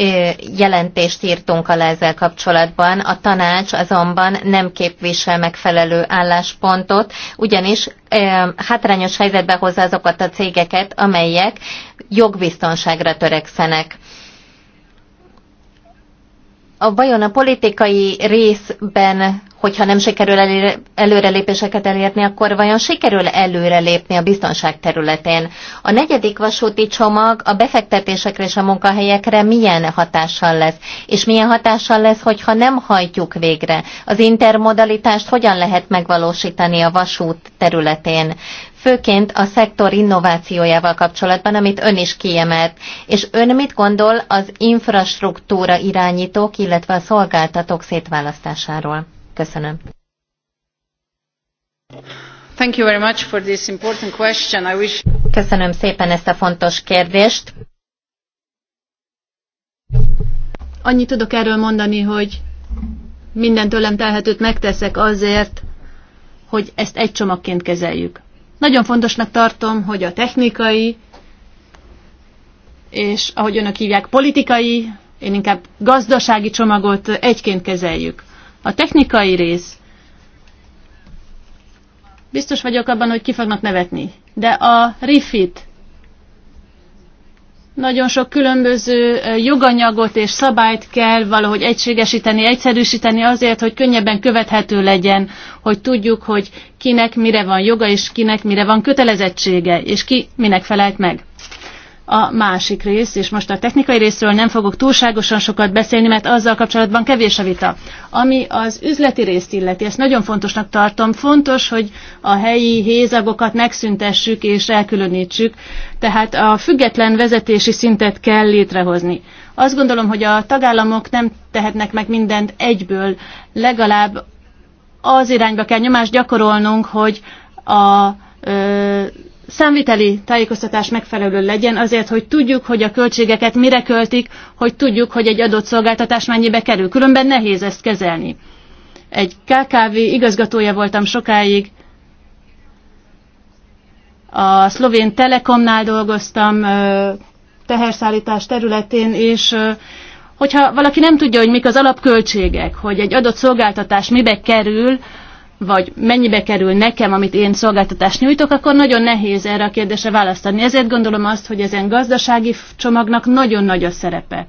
jelentést írtunk alá ezzel kapcsolatban, a tanács azonban nem képvisel megfelelő álláspontot, ugyanis hátrányos helyzetbe hozza azokat a cégeket, amelyek jogbiztonságra törekszenek a, vajon a politikai részben, hogyha nem sikerül előrelépéseket elérni, akkor vajon sikerül előrelépni a biztonság területén? A negyedik vasúti csomag a befektetésekre és a munkahelyekre milyen hatással lesz? És milyen hatással lesz, hogyha nem hajtjuk végre? Az intermodalitást hogyan lehet megvalósítani a vasút területén? főként a szektor innovációjával kapcsolatban, amit ön is kiemelt. És ön mit gondol az infrastruktúra irányítók, illetve a szolgáltatók szétválasztásáról? Köszönöm. Thank you very much for this important question. I wish... Köszönöm szépen ezt a fontos kérdést. Annyit tudok erről mondani, hogy minden tőlem telhetőt megteszek azért, hogy ezt egy csomagként kezeljük. Nagyon fontosnak tartom, hogy a technikai, és ahogy önök hívják, politikai, én inkább gazdasági csomagot egyként kezeljük. A technikai rész, biztos vagyok abban, hogy ki fognak nevetni, de a refit nagyon sok különböző joganyagot és szabályt kell valahogy egységesíteni, egyszerűsíteni azért, hogy könnyebben követhető legyen, hogy tudjuk, hogy kinek mire van joga és kinek mire van kötelezettsége, és ki minek felelt meg a másik rész, és most a technikai részről nem fogok túlságosan sokat beszélni, mert azzal kapcsolatban kevés a vita. Ami az üzleti részt illeti, ezt nagyon fontosnak tartom. Fontos, hogy a helyi hézagokat megszüntessük és elkülönítsük, tehát a független vezetési szintet kell létrehozni. Azt gondolom, hogy a tagállamok nem tehetnek meg mindent egyből, legalább az irányba kell nyomást gyakorolnunk, hogy a ö, számviteli tájékoztatás megfelelő legyen azért, hogy tudjuk, hogy a költségeket mire költik, hogy tudjuk, hogy egy adott szolgáltatás mennyibe kerül. Különben nehéz ezt kezelni. Egy KKV igazgatója voltam sokáig, a szlovén Telekomnál dolgoztam, teherszállítás területén, és hogyha valaki nem tudja, hogy mik az alapköltségek, hogy egy adott szolgáltatás mibe kerül, vagy mennyibe kerül nekem, amit én szolgáltatást nyújtok, akkor nagyon nehéz erre a kérdésre választani. Ezért gondolom azt, hogy ezen gazdasági csomagnak nagyon nagy a szerepe.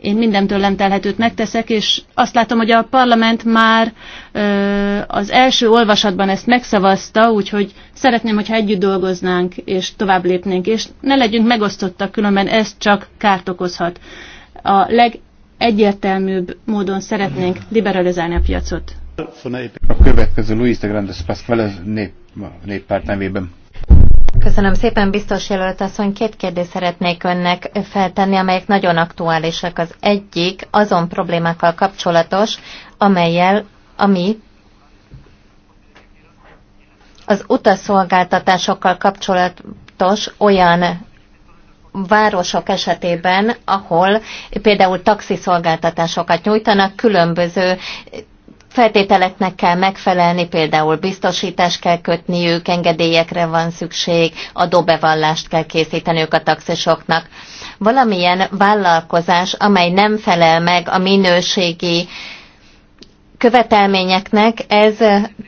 Én minden tőlem telhetőt megteszek, és azt látom, hogy a parlament már ö, az első olvasatban ezt megszavazta, úgyhogy szeretném, hogyha együtt dolgoznánk, és tovább lépnénk, és ne legyünk megosztottak, különben ez csak kárt okozhat. A legegyértelműbb módon szeretnénk liberalizálni a piacot. A következő Luis de Grandes Pascual nép, néppárt nevében. Köszönöm szépen, biztos jelölt asszony. Két kérdést szeretnék önnek feltenni, amelyek nagyon aktuálisak. Az egyik azon problémákkal kapcsolatos, amelyel, ami az utaszolgáltatásokkal kapcsolatos olyan városok esetében, ahol például taxiszolgáltatásokat nyújtanak, különböző feltételeknek kell megfelelni, például biztosítást kell kötniük, engedélyekre van szükség, adóbevallást kell készíteniük a taxisoknak. Valamilyen vállalkozás, amely nem felel meg a minőségi követelményeknek ez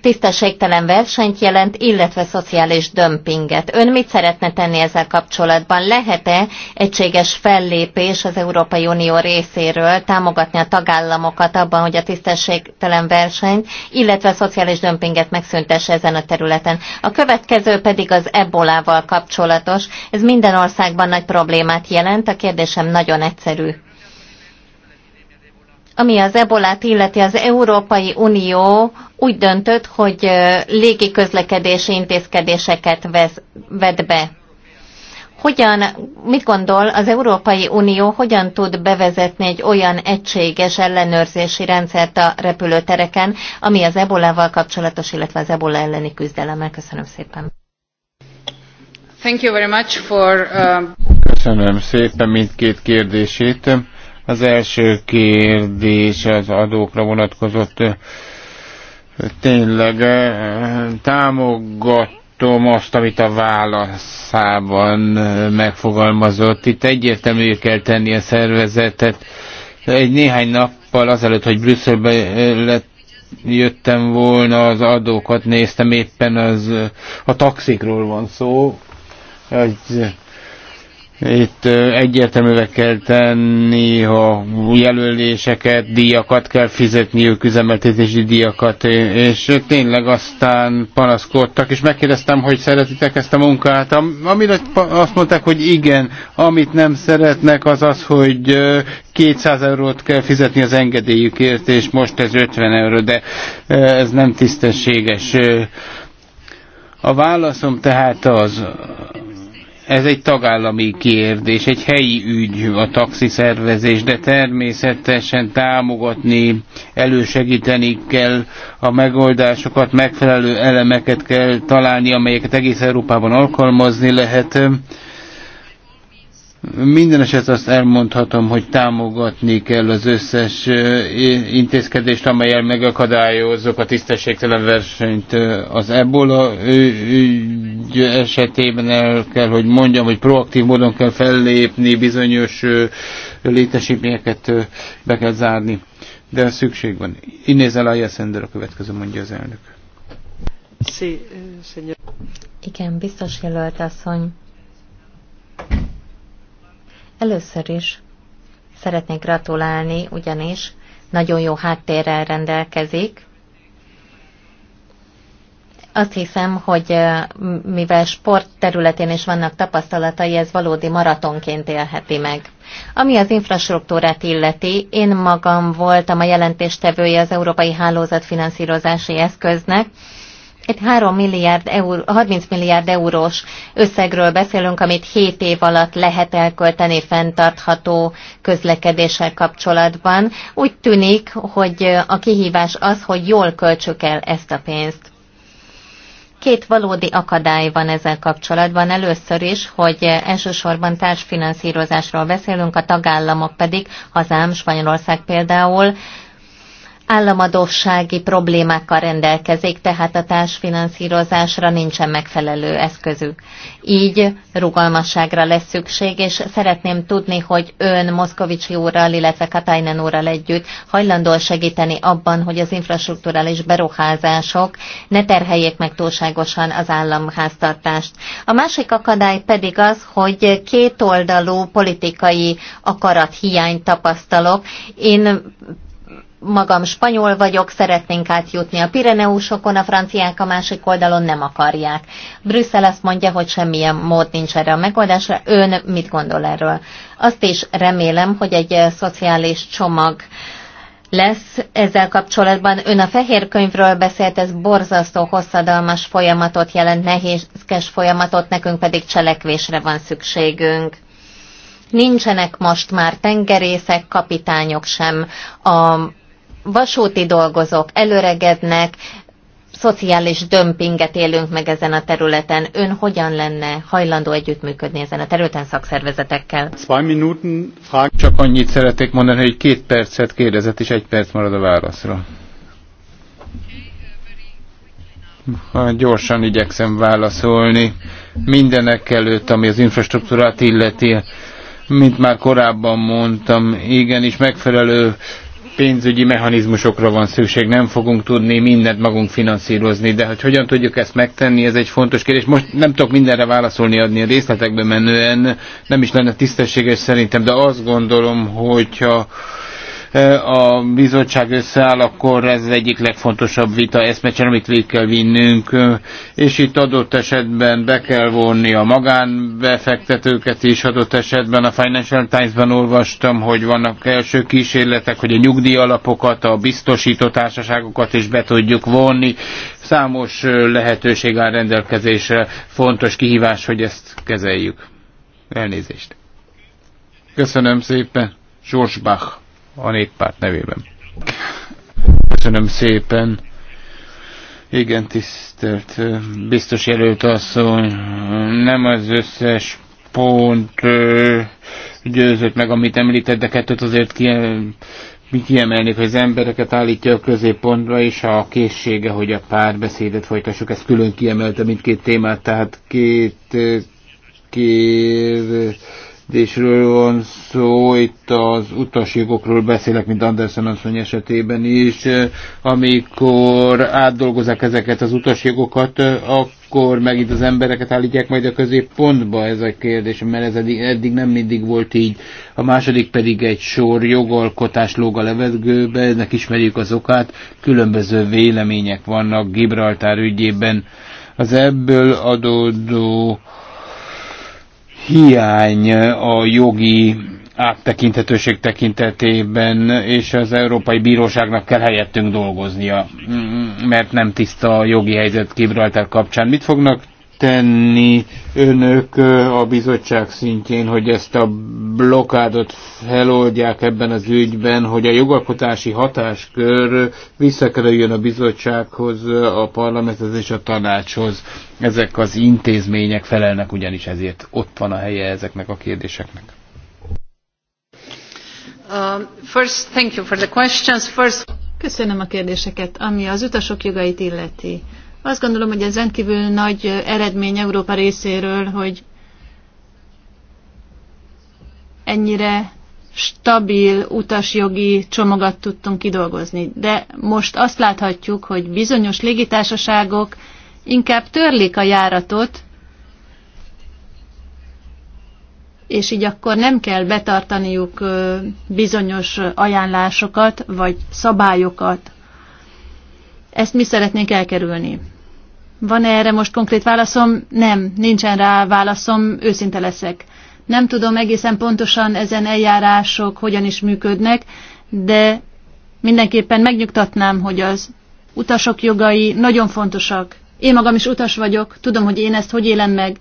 tisztességtelen versenyt jelent, illetve szociális dömpinget. Ön mit szeretne tenni ezzel kapcsolatban? Lehet-e egységes fellépés az Európai Unió részéről támogatni a tagállamokat abban, hogy a tisztességtelen versenyt, illetve a szociális dömpinget megszüntesse ezen a területen? A következő pedig az ebolával kapcsolatos. Ez minden országban nagy problémát jelent. A kérdésem nagyon egyszerű. Ami az ebolát illeti, az Európai Unió úgy döntött, hogy légi közlekedési intézkedéseket vesz, vet be. Hogyan, mit gondol az Európai Unió, hogyan tud bevezetni egy olyan egységes ellenőrzési rendszert a repülőtereken, ami az ebolával kapcsolatos, illetve az ebola elleni küzdelemmel? Köszönöm szépen. Thank you very much for, uh... Köszönöm szépen mindkét kérdését. Az első kérdés az adókra vonatkozott. Tényleg eh, támogatom azt, amit a válaszában megfogalmazott. Itt egyértelmű kell tenni a szervezetet. Egy néhány nappal azelőtt, hogy Brüsszelbe eh, lett, jöttem volna, az adókat néztem, éppen az, eh, a taxikról van szó. Egy itt egyértelművé kell tenni ha jelöléseket, díjakat kell fizetniük, üzemeltetési díjakat, és tényleg aztán panaszkodtak, és megkérdeztem, hogy szeretitek ezt a munkát, amire azt mondták, hogy igen, amit nem szeretnek, az az, hogy 200 eurót kell fizetni az engedélyükért, és most ez 50 euró, de ez nem tisztességes. A válaszom tehát az, ez egy tagállami kérdés, egy helyi ügy a taxiszervezés, de természetesen támogatni, elősegíteni kell a megoldásokat, megfelelő elemeket kell találni, amelyeket egész Európában alkalmazni lehet minden esetre azt elmondhatom, hogy támogatni kell az összes intézkedést, amelyel megakadályozzuk a tisztességtelen versenyt. Az ebola ügy esetében el kell, hogy mondjam, hogy proaktív módon kell fellépni, bizonyos létesítményeket be kell zárni. De szükség van. Inés Elája Szender a következő, mondja az elnök. Sí, eh, Igen, biztos jelölt asszony. Először is szeretnék gratulálni, ugyanis nagyon jó háttérrel rendelkezik. Azt hiszem, hogy mivel sport területén is vannak tapasztalatai, ez valódi maratonként élheti meg. Ami az infrastruktúrát illeti, én magam voltam a jelentéstevője az Európai Hálózat finanszírozási eszköznek, egy 3 milliárd euró, 30 milliárd eurós összegről beszélünk, amit 7 év alatt lehet elkölteni fenntartható közlekedéssel kapcsolatban. Úgy tűnik, hogy a kihívás az, hogy jól költsük el ezt a pénzt. Két valódi akadály van ezzel kapcsolatban. Először is, hogy elsősorban társfinanszírozásról beszélünk, a tagállamok pedig, hazám, Spanyolország például, államadossági problémákkal rendelkezik, tehát a társfinanszírozásra nincsen megfelelő eszközük. Így rugalmasságra lesz szükség, és szeretném tudni, hogy ön Moszkovicsi úrral, illetve Katajnen úrral együtt hajlandó segíteni abban, hogy az infrastruktúrális beruházások ne terheljék meg túlságosan az államháztartást. A másik akadály pedig az, hogy kétoldalú politikai akarat hiány tapasztalok. Én magam spanyol vagyok, szeretnénk átjutni a Pireneusokon, a franciák a másik oldalon nem akarják. Brüsszel azt mondja, hogy semmilyen mód nincs erre a megoldásra. Ön mit gondol erről? Azt is remélem, hogy egy eh, szociális csomag lesz ezzel kapcsolatban. Ön a fehér könyvről beszélt, ez borzasztó hosszadalmas folyamatot jelent, nehézkes folyamatot, nekünk pedig cselekvésre van szükségünk. Nincsenek most már tengerészek, kapitányok sem a vasúti dolgozók előregednek, szociális dömpinget élünk meg ezen a területen. Ön hogyan lenne hajlandó együttműködni ezen a területen szakszervezetekkel? Minuten, Csak annyit szeretnék mondani, hogy két percet kérdezett, és egy perc marad a válaszra. Ha gyorsan igyekszem válaszolni. Mindenek előtt, ami az infrastruktúrát illeti, mint már korábban mondtam, igenis megfelelő pénzügyi mechanizmusokra van szükség, nem fogunk tudni mindent magunk finanszírozni, de hogy hogyan tudjuk ezt megtenni, ez egy fontos kérdés. Most nem tudok mindenre válaszolni adni a részletekbe menően, nem is lenne tisztességes szerintem, de azt gondolom, hogyha a bizottság összeáll, akkor ez az egyik legfontosabb vita eszmecsen, amit végig kell vinnünk, és itt adott esetben be kell vonni a magánbefektetőket is, adott esetben a Financial Times-ben olvastam, hogy vannak első kísérletek, hogy a nyugdíjalapokat, a biztosító társaságokat is be tudjuk vonni. Számos lehetőség áll rendelkezésre, fontos kihívás, hogy ezt kezeljük. Elnézést. Köszönöm szépen. George Bach a néppárt nevében. Köszönöm szépen. Igen, tisztelt biztos jelölt asszony, nem az összes pont győzött meg, amit említett, de kettőt azért kiemelnék, hogy az embereket állítja a középpontra, és a készsége, hogy a párbeszédet folytassuk, ezt külön kiemelte mindkét témát, tehát két két kérdésről van szó, itt az utasjogokról beszélek, mint Anderson asszony esetében is, amikor átdolgozák ezeket az utasjogokat, akkor megint az embereket állítják majd a középpontba ez a kérdés, mert ez eddig, eddig nem mindig volt így. A második pedig egy sor jogalkotás lóg a levegőbe, ennek ismerjük az okát, különböző vélemények vannak Gibraltár ügyében. Az ebből adódó hiány a jogi áttekinthetőség tekintetében, és az Európai Bíróságnak kell helyettünk dolgoznia, mert nem tiszta a jogi helyzet Gibraltar kapcsán. Mit fognak tenni önök a bizottság szintjén, hogy ezt a blokádot feloldják ebben az ügyben, hogy a jogalkotási hatáskör visszakerüljön a bizottsághoz, a parlamenthez és a tanácshoz. Ezek az intézmények felelnek ugyanis ezért. Ott van a helye ezeknek a kérdéseknek. Um, first, thank you for the questions. First... Köszönöm a kérdéseket, ami az utasok jogait illeti. Azt gondolom, hogy ez rendkívül nagy eredmény Európa részéről, hogy ennyire stabil utasjogi csomagot tudtunk kidolgozni. De most azt láthatjuk, hogy bizonyos légitársaságok inkább törlik a járatot, és így akkor nem kell betartaniuk bizonyos ajánlásokat vagy szabályokat, ezt mi szeretnénk elkerülni. Van -e erre most konkrét válaszom? Nem, nincsen rá válaszom, őszinte leszek. Nem tudom egészen pontosan ezen eljárások hogyan is működnek, de mindenképpen megnyugtatnám, hogy az utasok jogai nagyon fontosak. Én magam is utas vagyok, tudom, hogy én ezt hogy élem meg,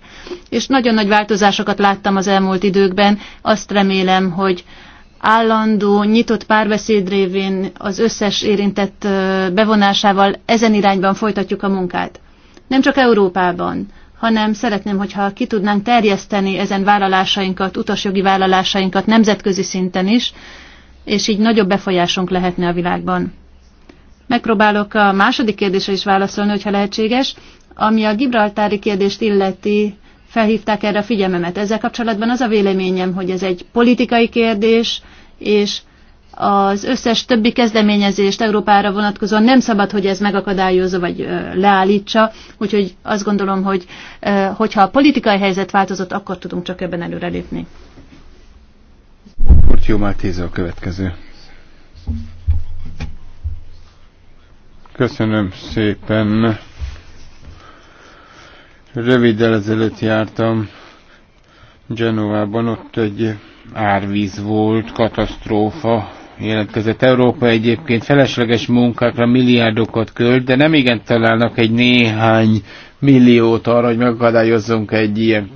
és nagyon nagy változásokat láttam az elmúlt időkben. Azt remélem, hogy állandó, nyitott párbeszéd révén az összes érintett bevonásával ezen irányban folytatjuk a munkát. Nem csak Európában, hanem szeretném, hogyha ki tudnánk terjeszteni ezen vállalásainkat, utasjogi vállalásainkat nemzetközi szinten is, és így nagyobb befolyásunk lehetne a világban. Megpróbálok a második kérdésre is válaszolni, hogyha lehetséges. Ami a gibraltári kérdést illeti, felhívták erre a figyelmemet. Ezzel kapcsolatban az a véleményem, hogy ez egy politikai kérdés, és az összes többi kezdeményezést Európára vonatkozóan nem szabad, hogy ez megakadályozza vagy leállítsa, úgyhogy azt gondolom, hogy hogyha a politikai helyzet változott, akkor tudunk csak ebben előrelépni. Kurtyó Mártéza a következő. Köszönöm szépen. Röviddel ezelőtt jártam Genovában, ott egy árvíz volt, katasztrófa jelentkezett. Európa egyébként felesleges munkákra milliárdokat költ, de nem igen találnak egy néhány milliót arra, hogy megakadályozzunk egy ilyen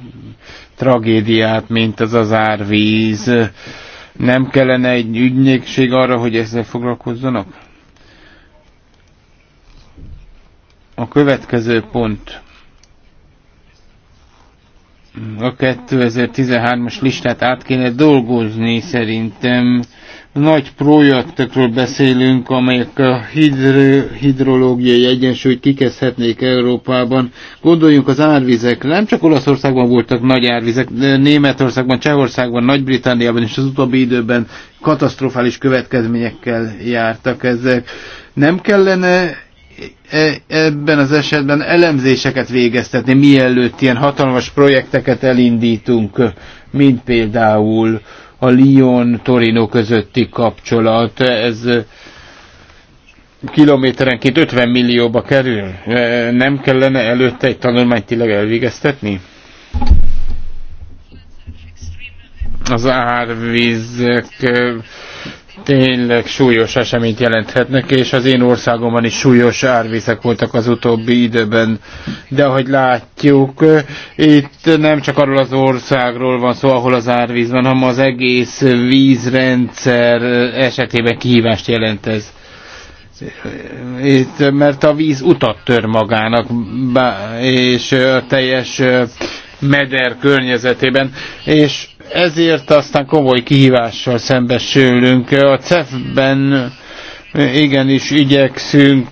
tragédiát, mint az az árvíz. Nem kellene egy ügynökség arra, hogy ezzel foglalkozzanak? A következő pont a 2013-as listát át kéne dolgozni szerintem. Nagy projektekről beszélünk, amelyek a hidro, hidrológiai egyensúlyt kikezdhetnék Európában. Gondoljunk az árvizekre. Nem csak Olaszországban voltak nagy árvizek, de Németországban, Csehországban, Nagy-Britanniában és az utóbbi időben katasztrofális következményekkel jártak ezek. Nem kellene E, ebben az esetben elemzéseket végeztetni, mielőtt ilyen hatalmas projekteket elindítunk, mint például a Lyon-Torino közötti kapcsolat. Ez kilométerenként 50 millióba kerül. E, nem kellene előtte egy tanulmányt tényleg elvégeztetni? Az árvizek tényleg súlyos eseményt jelenthetnek, és az én országomban is súlyos árvizek voltak az utóbbi időben. De ahogy látjuk, itt nem csak arról az országról van szó, ahol az árvíz van, hanem az egész vízrendszer esetében kihívást jelent ez. Itt, mert a víz utat tör magának, és a teljes meder környezetében, és ezért aztán komoly kihívással szembesülünk. A CEF-ben igenis igyekszünk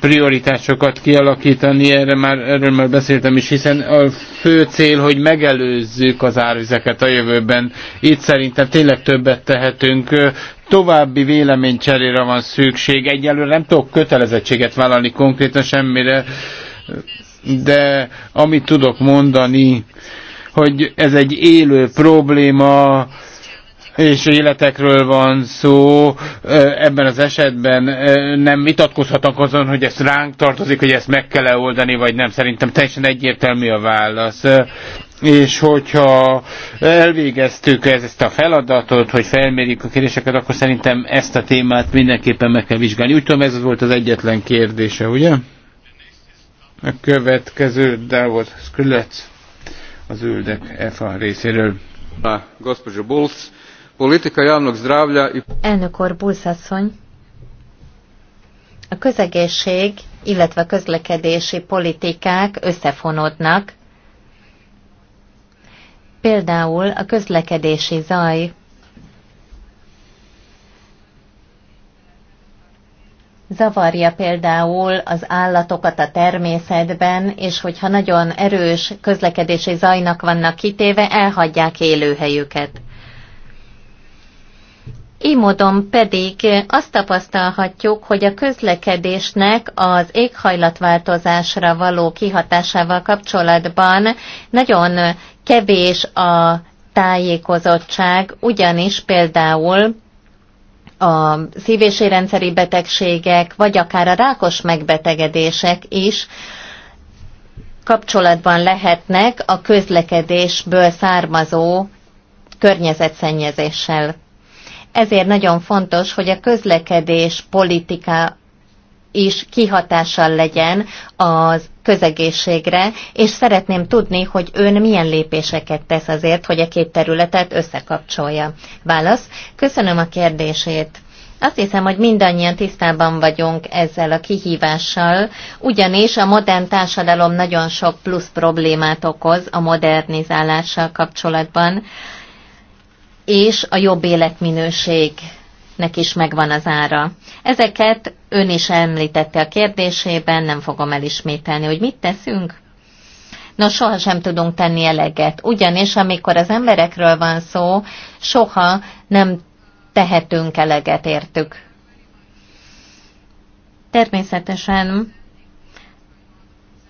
prioritásokat kialakítani, erre már, erről már beszéltem is, hiszen a fő cél, hogy megelőzzük az árvizeket a jövőben. Itt szerintem tényleg többet tehetünk, további véleménycserére van szükség. Egyelőre nem tudok kötelezettséget vállalni konkrétan semmire, de amit tudok mondani, hogy ez egy élő probléma, és életekről van szó, ebben az esetben nem vitatkozhatunk azon, hogy ezt ránk tartozik, hogy ezt meg kell -e oldani, vagy nem. Szerintem teljesen egyértelmű a válasz. És hogyha elvégeztük ezt a feladatot, hogy felmérjük a kérdéseket, akkor szerintem ezt a témát mindenképpen meg kell vizsgálni. Úgy tudom, ez volt az egyetlen kérdése, ugye? A következő, de volt a zöldek EFA részéről. Gospođo Bulc, politika javnog zdravlja... Elnök úr, Bulc asszony, a közegészség, illetve közlekedési politikák összefonódnak. Például a közlekedési zaj zavarja például az állatokat a természetben, és hogyha nagyon erős közlekedési zajnak vannak kitéve, elhagyják élőhelyüket. Így módon pedig azt tapasztalhatjuk, hogy a közlekedésnek az éghajlatváltozásra való kihatásával kapcsolatban nagyon kevés a tájékozottság, ugyanis például a szív- és érrendszeri betegségek, vagy akár a rákos megbetegedések is kapcsolatban lehetnek a közlekedésből származó környezetszennyezéssel. Ezért nagyon fontos, hogy a közlekedés politika is kihatással legyen az közegészségre, és szeretném tudni, hogy ön milyen lépéseket tesz azért, hogy a két területet összekapcsolja. Válasz. Köszönöm a kérdését. Azt hiszem, hogy mindannyian tisztában vagyunk ezzel a kihívással, ugyanis a modern társadalom nagyon sok plusz problémát okoz a modernizálással kapcsolatban, és a jobb életminőség nek is megvan az ára. Ezeket ön is említette a kérdésében, nem fogom elismételni, hogy mit teszünk. No, soha sem tudunk tenni eleget, ugyanis amikor az emberekről van szó, soha nem tehetünk eleget értük. Természetesen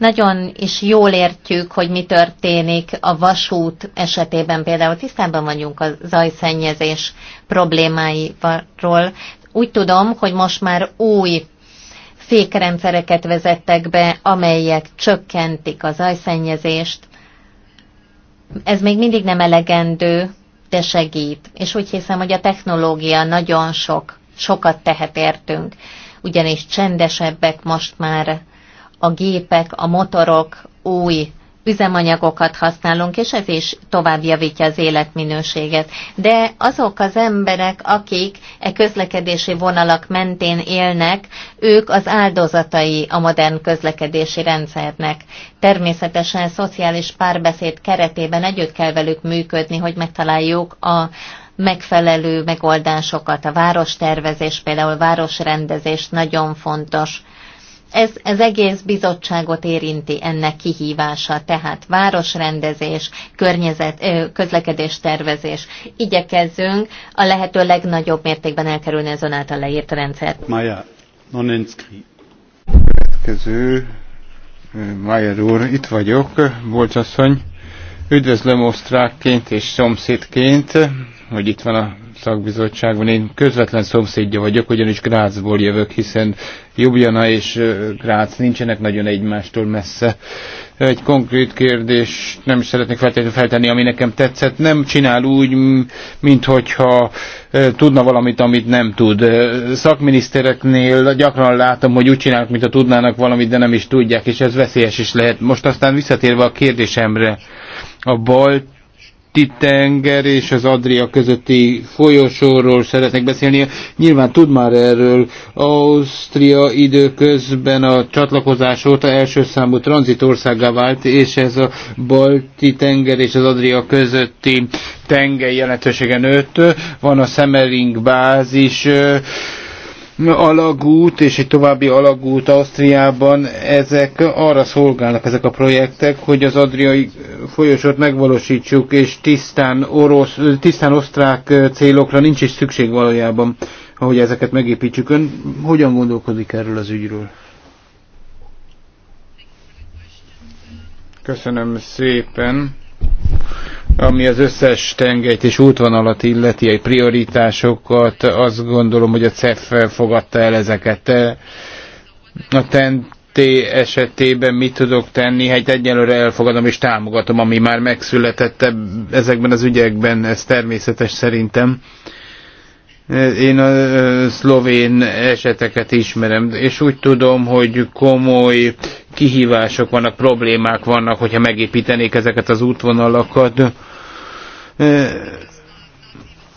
nagyon is jól értjük, hogy mi történik a vasút esetében. Például tisztában vagyunk a zajszennyezés problémáiról. Úgy tudom, hogy most már új fékrendszereket vezettek be, amelyek csökkentik a zajszennyezést. Ez még mindig nem elegendő, de segít. És úgy hiszem, hogy a technológia nagyon sok, sokat tehet értünk, ugyanis csendesebbek most már a gépek, a motorok új üzemanyagokat használunk, és ez is tovább javítja az életminőséget. De azok az emberek, akik e közlekedési vonalak mentén élnek, ők az áldozatai a modern közlekedési rendszernek. Természetesen szociális párbeszéd keretében együtt kell velük működni, hogy megtaláljuk a megfelelő megoldásokat. A várostervezés, például városrendezés nagyon fontos ez ez egész bizottságot érinti ennek kihívása, tehát városrendezés, környezet, közlekedés tervezés. Igyekezzünk a lehető legnagyobb mértékben elkerülni az által leírt rendszert. Maja, Nonenszkri. Következő, Mayer úr, itt vagyok, Bolcsasszony. Üdvözlöm osztrákként és szomszédként, hogy itt van a szakbizottságban. Én közvetlen szomszédja vagyok, ugyanis Grácsból jövök, hiszen Jubjana és Grác nincsenek nagyon egymástól messze. Egy konkrét kérdés nem is szeretnék feltétlenül feltenni, ami nekem tetszett. Nem csinál úgy, minthogyha tudna valamit, amit nem tud. Szakminisztereknél gyakran látom, hogy úgy csinálnak, mintha tudnának valamit, de nem is tudják, és ez veszélyes is lehet. Most aztán visszatérve a kérdésemre, a bal tenger és az Adria közötti folyosóról szeretnék beszélni. Nyilván tud már erről. Ausztria időközben a csatlakozás óta első számú tranzitországá vált, és ez a balti tenger és az Adria közötti tenger jelentősége nőtt. Van a Semmering bázis, alagút és egy további alagút Ausztriában, ezek arra szolgálnak ezek a projektek, hogy az adriai folyosót megvalósítsuk, és tisztán, orosz, tisztán osztrák célokra nincs is szükség valójában, ahogy ezeket megépítsük. Ön hogyan gondolkodik erről az ügyről? Köszönöm szépen ami az összes tengelyt és útvonalat illeti, egy prioritásokat, azt gondolom, hogy a CEF fogadta el ezeket. A TNT esetében mit tudok tenni? Hát egyelőre elfogadom és támogatom, ami már megszületett ezekben az ügyekben, ez természetes szerintem. Én a szlovén eseteket ismerem, és úgy tudom, hogy komoly kihívások vannak, problémák vannak, hogyha megépítenék ezeket az útvonalakat.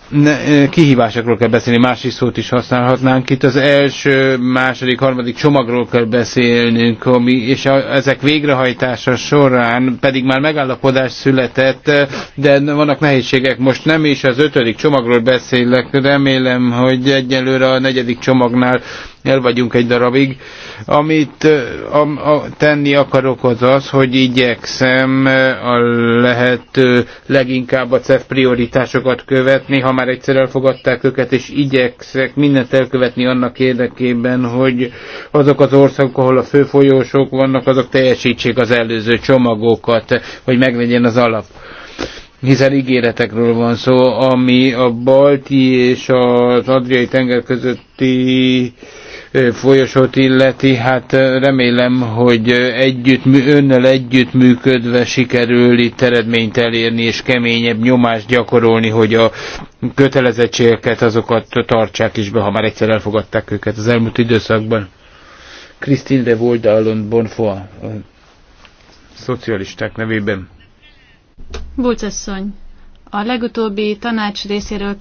Ne, kihívásokról kell beszélni, másik szót is használhatnánk. Itt az első, második, harmadik csomagról kell beszélnünk, ami, és a, ezek végrehajtása során pedig már megállapodás született, de vannak nehézségek. Most nem is az ötödik csomagról beszélek, remélem, hogy egyelőre a negyedik csomagnál el vagyunk egy darabig. Amit a, a, tenni akarok az az, hogy igyekszem a lehető leginkább a CEF prioritásokat követni, ha már egyszer elfogadták őket, és igyekszek mindent elkövetni annak érdekében, hogy azok az országok, ahol a fő folyósok vannak, azok teljesítsék az előző csomagokat, hogy meglegyen az alap hiszen ígéretekről van szó, ami a balti és az adriai tenger közötti folyosót illeti, hát remélem, hogy együtt, önnel együttműködve sikerül itt eredményt elérni, és keményebb nyomást gyakorolni, hogy a kötelezettségeket azokat tartsák is be, ha már egyszer elfogadták őket az elmúlt időszakban. Christine de Voldalon Bonfoy, a szocialisták nevében. Bulcasszony, a legutóbbi tanács részéről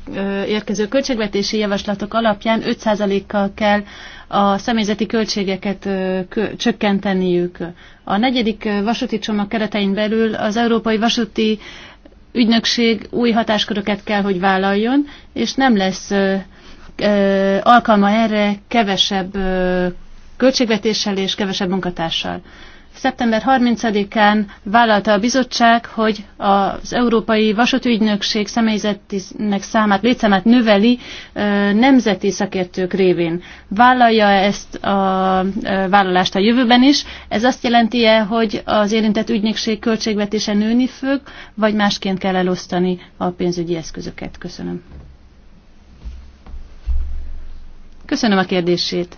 érkező költségvetési javaslatok alapján 5%-kal kell a személyzeti költségeket csökkenteniük. A negyedik vasúti csomag keretein belül az Európai Vasúti Ügynökség új hatásköröket kell, hogy vállaljon, és nem lesz alkalma erre kevesebb költségvetéssel és kevesebb munkatársal. Szeptember 30-án vállalta a bizottság, hogy az Európai Vasútügynökség személyzetének számát, létszámát növeli nemzeti szakértők révén. Vállalja ezt a vállalást a jövőben is? Ez azt jelenti -e, hogy az érintett ügynökség költségvetése nőni fog, vagy másként kell elosztani a pénzügyi eszközöket? Köszönöm. Köszönöm a kérdését.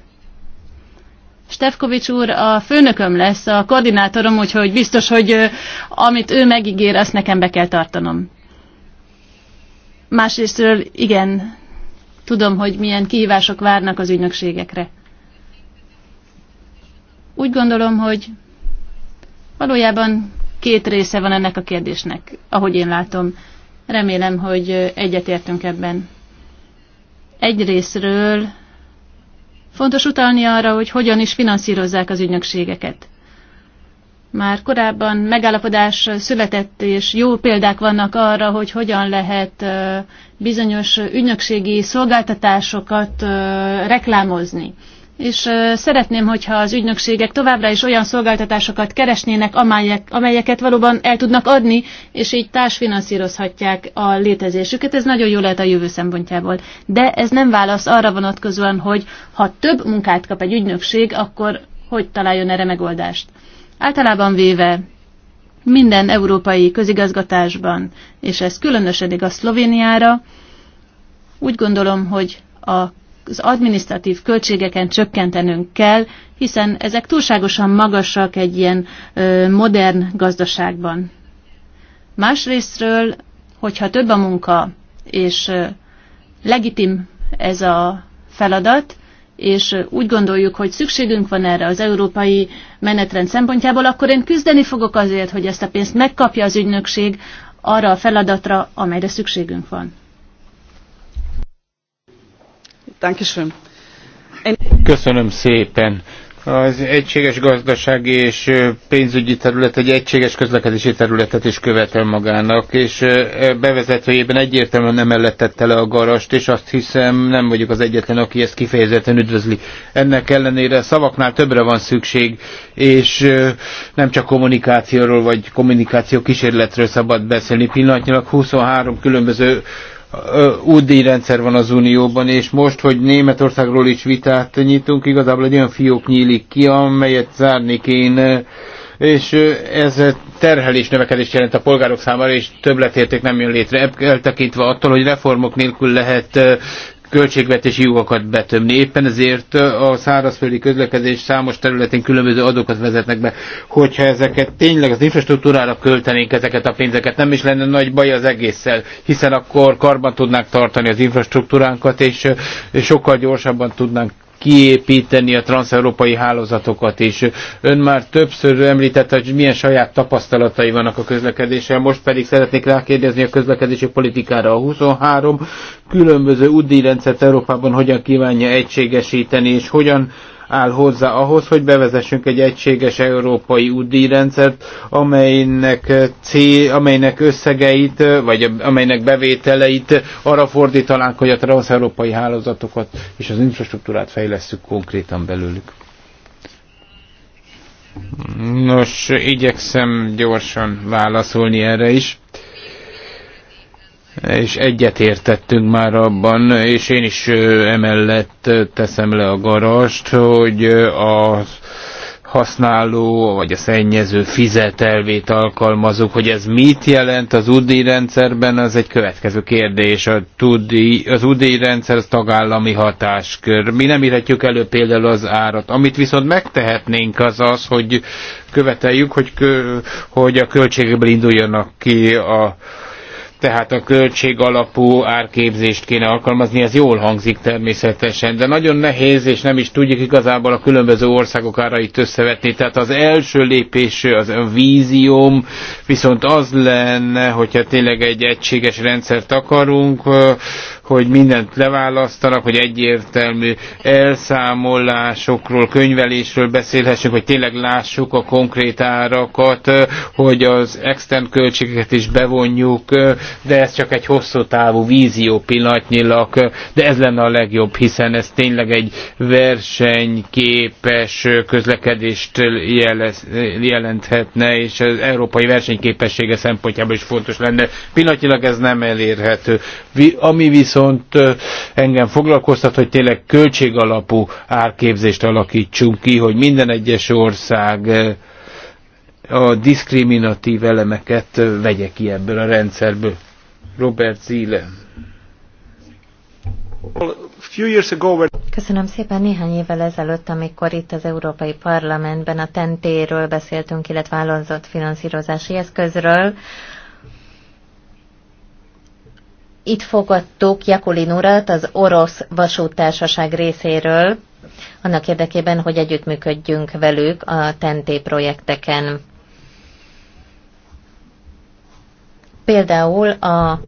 Stefkovics úr a főnököm lesz, a koordinátorom, úgyhogy biztos, hogy amit ő megígér, azt nekem be kell tartanom. Másrésztről igen, tudom, hogy milyen kihívások várnak az ügynökségekre. Úgy gondolom, hogy valójában két része van ennek a kérdésnek, ahogy én látom. Remélem, hogy egyetértünk ebben. Egy részről Fontos utalni arra, hogy hogyan is finanszírozzák az ügynökségeket. Már korábban megállapodás született, és jó példák vannak arra, hogy hogyan lehet bizonyos ügynökségi szolgáltatásokat reklámozni és szeretném, hogyha az ügynökségek továbbra is olyan szolgáltatásokat keresnének, amelyek, amelyeket valóban el tudnak adni, és így társfinanszírozhatják a létezésüket. Ez nagyon jó lehet a jövő szempontjából. De ez nem válasz arra vonatkozóan, hogy ha több munkát kap egy ügynökség, akkor hogy találjon erre megoldást. Általában véve minden európai közigazgatásban, és ez különösen a Szlovéniára, úgy gondolom, hogy a az adminisztratív költségeken csökkentenünk kell, hiszen ezek túlságosan magasak egy ilyen modern gazdaságban. Másrésztről, hogyha több a munka, és legitim ez a feladat, és úgy gondoljuk, hogy szükségünk van erre az európai menetrend szempontjából, akkor én küzdeni fogok azért, hogy ezt a pénzt megkapja az ügynökség arra a feladatra, amelyre szükségünk van. Köszönöm szépen. Az egységes gazdasági és pénzügyi terület egy egységes közlekedési területet is követel magának, és bevezetőjében egyértelműen nem tette le a garast, és azt hiszem nem vagyok az egyetlen, aki ezt kifejezetten üdvözli. Ennek ellenére szavaknál többre van szükség, és nem csak kommunikációról vagy kommunikáció kísérletről szabad beszélni. Pillanatnyilag 23 különböző rendszer van az Unióban, és most, hogy Németországról is vitát nyitunk, igazából egy olyan fiók nyílik ki, amelyet zárni kéne, és ez terhelés növekedést jelent a polgárok számára, és többletérték nem jön létre. Eltekintve attól, hogy reformok nélkül lehet költségvetési jogokat betömni. Éppen ezért a szárazföldi közlekedés számos területén különböző adókat vezetnek be. Hogyha ezeket tényleg az infrastruktúrára költenénk ezeket a pénzeket, nem is lenne nagy baj az egésszel, hiszen akkor karban tudnánk tartani az infrastruktúránkat, és sokkal gyorsabban tudnánk kiépíteni a transeurópai hálózatokat is. Ön már többször említette, hogy milyen saját tapasztalatai vannak a közlekedéssel, most pedig szeretnék rákérdezni a közlekedési politikára. A 23 különböző útdíjrendszert Európában hogyan kívánja egységesíteni, és hogyan áll hozzá ahhoz, hogy bevezessünk egy egységes európai útdíjrendszert, amelynek, eh, cél, amelynek összegeit, eh, vagy amelynek bevételeit arra fordítanánk, hogy a európai hálózatokat és az infrastruktúrát fejlesszük konkrétan belőlük. Nos, igyekszem gyorsan válaszolni erre is és egyetértettünk már abban, és én is emellett teszem le a garast, hogy a használó vagy a szennyező fizetelvét alkalmazunk, hogy ez mit jelent az UDI rendszerben, az egy következő kérdés. A tudi, az UDI rendszer az tagállami hatáskör. Mi nem írhatjuk elő például az árat. Amit viszont megtehetnénk az az, hogy követeljük, hogy, kö, hogy a költségekből induljanak ki a tehát a költség alapú árképzést kéne alkalmazni, ez jól hangzik természetesen, de nagyon nehéz, és nem is tudjuk igazából a különböző országok árait összevetni. Tehát az első lépés, az a vízióm, viszont az lenne, hogyha tényleg egy egységes rendszert akarunk, hogy mindent leválasztanak, hogy egyértelmű elszámolásokról, könyvelésről beszélhessünk, hogy tényleg lássuk a konkrét árakat, hogy az extern költségeket is bevonjuk, de ez csak egy hosszú távú vízió pillanatnyilag, de ez lenne a legjobb, hiszen ez tényleg egy versenyképes közlekedést jelez, jelenthetne, és az európai versenyképessége szempontjából is fontos lenne. Pillanatnyilag ez nem elérhető. Ami viszont engem foglalkoztat, hogy tényleg költségalapú árképzést alakítsunk ki, hogy minden egyes ország a diszkriminatív elemeket vegye ki ebből a rendszerből. Robert Zile. Köszönöm szépen. Néhány évvel ezelőtt, amikor itt az Európai Parlamentben a tentéről beszéltünk, illetve vállalzott finanszírozási eszközről, itt fogadtuk Jakulin urat az orosz vasútársaság részéről, annak érdekében, hogy együttműködjünk velük a TNT projekteken. Például a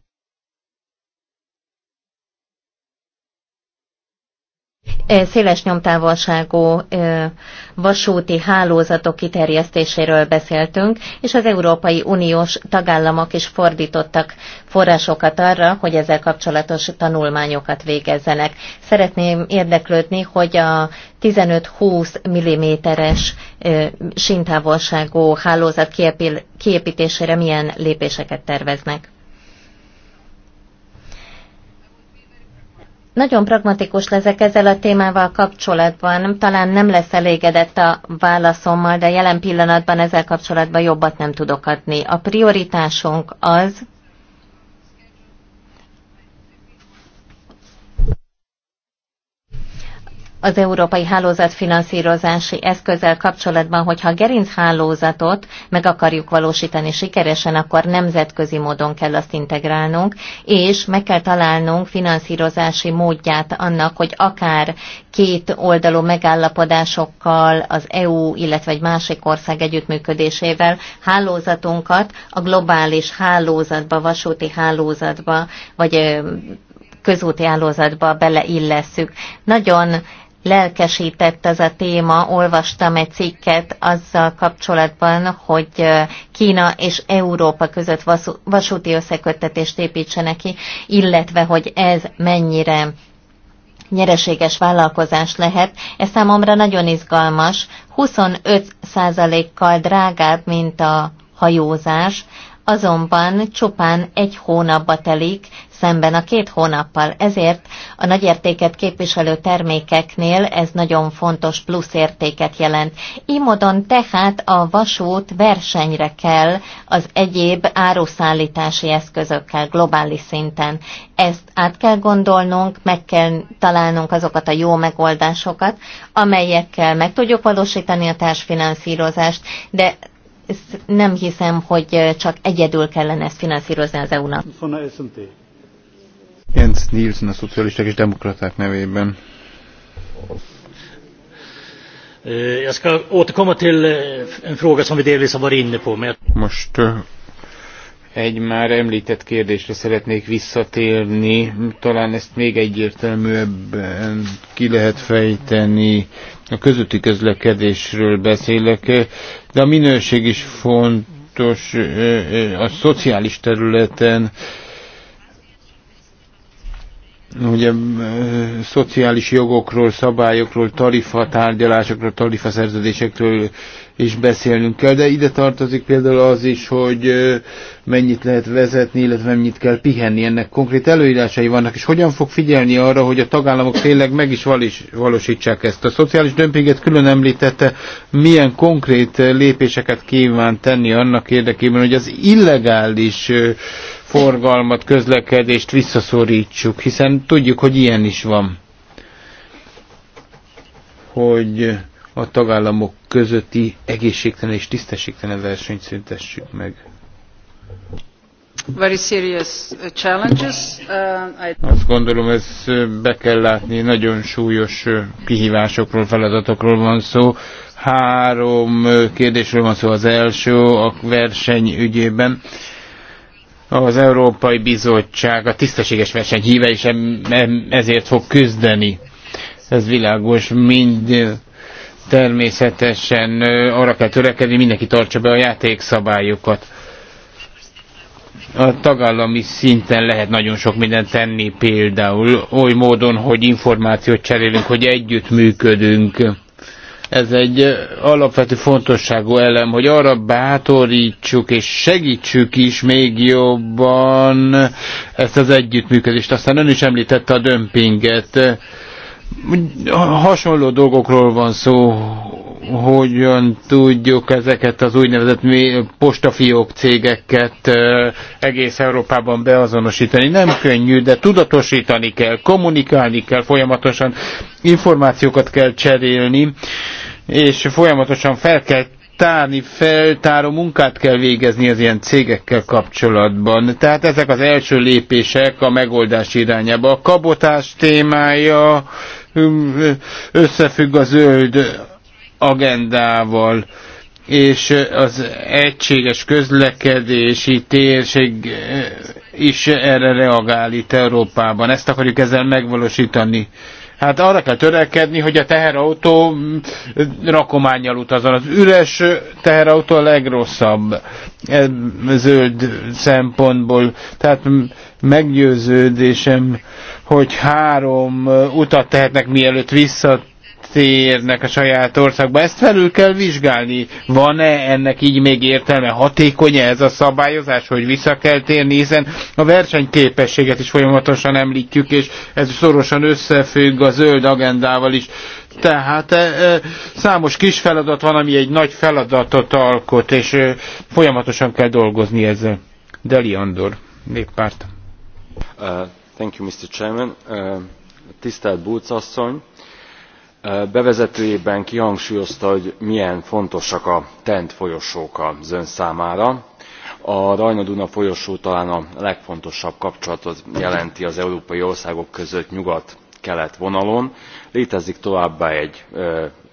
széles nyomtávolságú vasúti hálózatok kiterjesztéséről beszéltünk, és az Európai Uniós tagállamok is fordítottak forrásokat arra, hogy ezzel kapcsolatos tanulmányokat végezzenek. Szeretném érdeklődni, hogy a 15-20 mm-es síntávolságú hálózat kiepítésére milyen lépéseket terveznek. Nagyon pragmatikus leszek ezzel a témával kapcsolatban. Talán nem lesz elégedett a válaszommal, de jelen pillanatban ezzel kapcsolatban jobbat nem tudok adni. A prioritásunk az, az európai hálózat finanszírozási eszközzel kapcsolatban, hogyha a gerinchálózatot meg akarjuk valósítani sikeresen, akkor nemzetközi módon kell azt integrálnunk, és meg kell találnunk finanszírozási módját annak, hogy akár két oldalú megállapodásokkal, az EU, illetve egy másik ország együttműködésével hálózatunkat a globális hálózatba, vasúti hálózatba, vagy közúti hálózatba beleillesszük. Nagyon lelkesített ez a téma, olvastam egy cikket azzal kapcsolatban, hogy Kína és Európa között vasúti összeköttetést építsenek ki, illetve hogy ez mennyire nyereséges vállalkozás lehet. Ez számomra nagyon izgalmas, 25%-kal drágább, mint a hajózás, azonban csupán egy hónapba telik, szemben a két hónappal. Ezért a nagyértéket képviselő termékeknél ez nagyon fontos plusz értéket jelent. Így módon tehát a vasút versenyre kell az egyéb áruszállítási eszközökkel globális szinten. Ezt át kell gondolnunk, meg kell találnunk azokat a jó megoldásokat, amelyekkel meg tudjuk valósítani a társfinanszírozást, de nem hiszem, hogy csak egyedül kellene ezt finanszírozni az EU-nak. Jens Nielsen a szocialisták és demokraták nevében. Eh, jag ska återkomma till eh, en fråga som vi delvis har varit inne på. Most eh, egy már említett kérdésre szeretnék visszatérni. Talán ezt még egyértelműebben ki lehet fejteni. A közötti közlekedésről beszélek, de a minőség is fontos a szociális területen ugye szociális jogokról, szabályokról, tarifa tárgyalásokról, tarifa szerződésekről is beszélnünk kell, de ide tartozik például az is, hogy mennyit lehet vezetni, illetve mennyit kell pihenni. Ennek konkrét előírásai vannak, és hogyan fog figyelni arra, hogy a tagállamok tényleg meg is valósítsák ezt. A szociális dömpinget külön említette, milyen konkrét lépéseket kíván tenni annak érdekében, hogy az illegális forgalmat, közlekedést visszaszorítsuk, hiszen tudjuk, hogy ilyen is van, hogy a tagállamok közötti egészségtelen és tisztességtelen versenyt szüntessük meg. Very serious uh, challenges. Uh, I... Azt gondolom, ez be kell látni, nagyon súlyos kihívásokról, feladatokról van szó. Három kérdésről van szó az első a verseny ügyében. Uh, az Európai Bizottság a tisztességes verseny híve, és ezért fog küzdeni. Ez világos, mind természetesen arra kell törekedni, mindenki tartsa be a játékszabályokat a tagállami szinten lehet nagyon sok mindent tenni, például oly módon, hogy információt cserélünk, hogy együttműködünk ez egy alapvető fontosságú elem, hogy arra bátorítsuk és segítsük is még jobban ezt az együttműködést. Aztán ön is említette a dömpinget. Hasonló dolgokról van szó, hogyan tudjuk ezeket az úgynevezett postafiók cégeket egész Európában beazonosítani. Nem könnyű, de tudatosítani kell, kommunikálni kell folyamatosan, információkat kell cserélni, és folyamatosan fel kell tárni, feltáró munkát kell végezni az ilyen cégekkel kapcsolatban. Tehát ezek az első lépések a megoldás irányába. A kabotás témája hm, összefügg a zöld agendával és az egységes közlekedési térség eh, is erre reagál itt Európában. Ezt akarjuk ezzel megvalósítani. Hát arra kell törekedni, hogy a teherautó mm, rakományjal utazon. Az üres teherautó a legrosszabb eh, zöld szempontból. Tehát meggyőződésem, hogy három eh, utat tehetnek, mielőtt vissza térnek a saját országba. Ezt felül kell vizsgálni. Van-e ennek így még értelme? hatékony -e ez a szabályozás, hogy vissza kell térni, hiszen a versenyképességet is folyamatosan említjük, és ez szorosan összefügg a zöld agendával is. Tehát e, e, számos kis feladat van, ami egy nagy feladatot alkot, és e, folyamatosan kell dolgozni ezzel. Deli Andor, néppárt. Uh, thank you, Mr. Chairman. Uh, tisztelt Bulc asszony! bevezetőjében kihangsúlyozta hogy milyen fontosak a ten t folyosók az ön számára. a rajna duna folyosó talán a legfontosabb kapcsolatot jelenti az európai országok között nyugat kelet vonalon. létezik továbbá egy,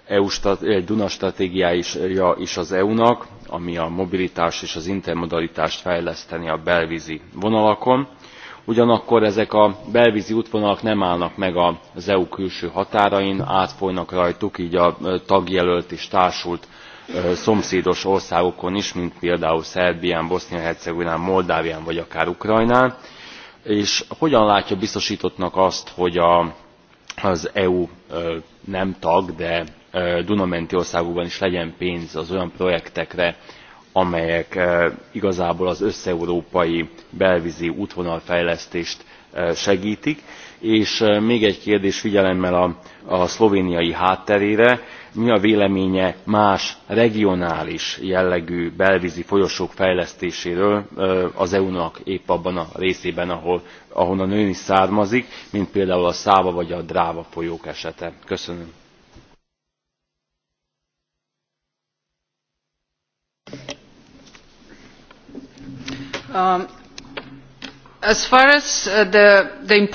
EU, egy duna stratégiája is az eu nak ami a mobilitást és az intermodalitást fejleszteni a belvízi vonalakon ugyanakkor ezek a belvzi útvonalak nem állnak meg az eu külső határain átfolynak rajtuk gy a tagjelölt és társult szomszédos országokon is mint például szerbián bosznia hercegovinán moldávián vagy akár ukrajnán és hogyan látja biztostottnak azt hogy a, az eu nem tag de dunamenti országokban is legyen pénz az olyan projektekre amelyek eh, igazából az összeurópai belvízi útvonalfejlesztést eh, segtik és eh, még egy kérdés figyelemmel a, szlovéniai hátterére mi a véleménye más regionális jellegű belvízi folyosók fejlesztéséről az eu nak épp abban a részében ahol, ahonnan ön is származik mint például a száva vagy a dráva folyók esete? köszönöm. Um,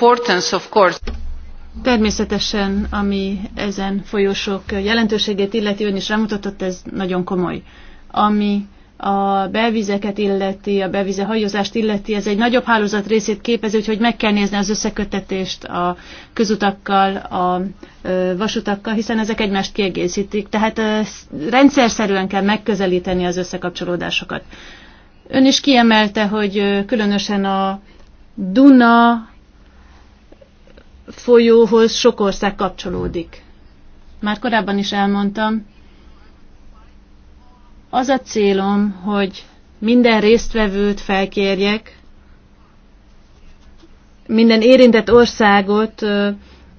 uh, Természetesen, ami ezen folyosók jelentőségét illeti, ön is rámutatott, ez nagyon komoly. Ami a belvizeket illeti, a belvize hajózást illeti, ez egy nagyobb hálózat részét képező, úgyhogy meg kell nézni az összekötetést a közutakkal, a vasutakkal, hiszen ezek egymást kiegészítik. Tehát rendszerszerűen kell megközelíteni az összekapcsolódásokat. Ön is kiemelte, hogy különösen a Duna folyóhoz sok ország kapcsolódik. Már korábban is elmondtam, az a célom, hogy minden résztvevőt felkérjek, minden érintett országot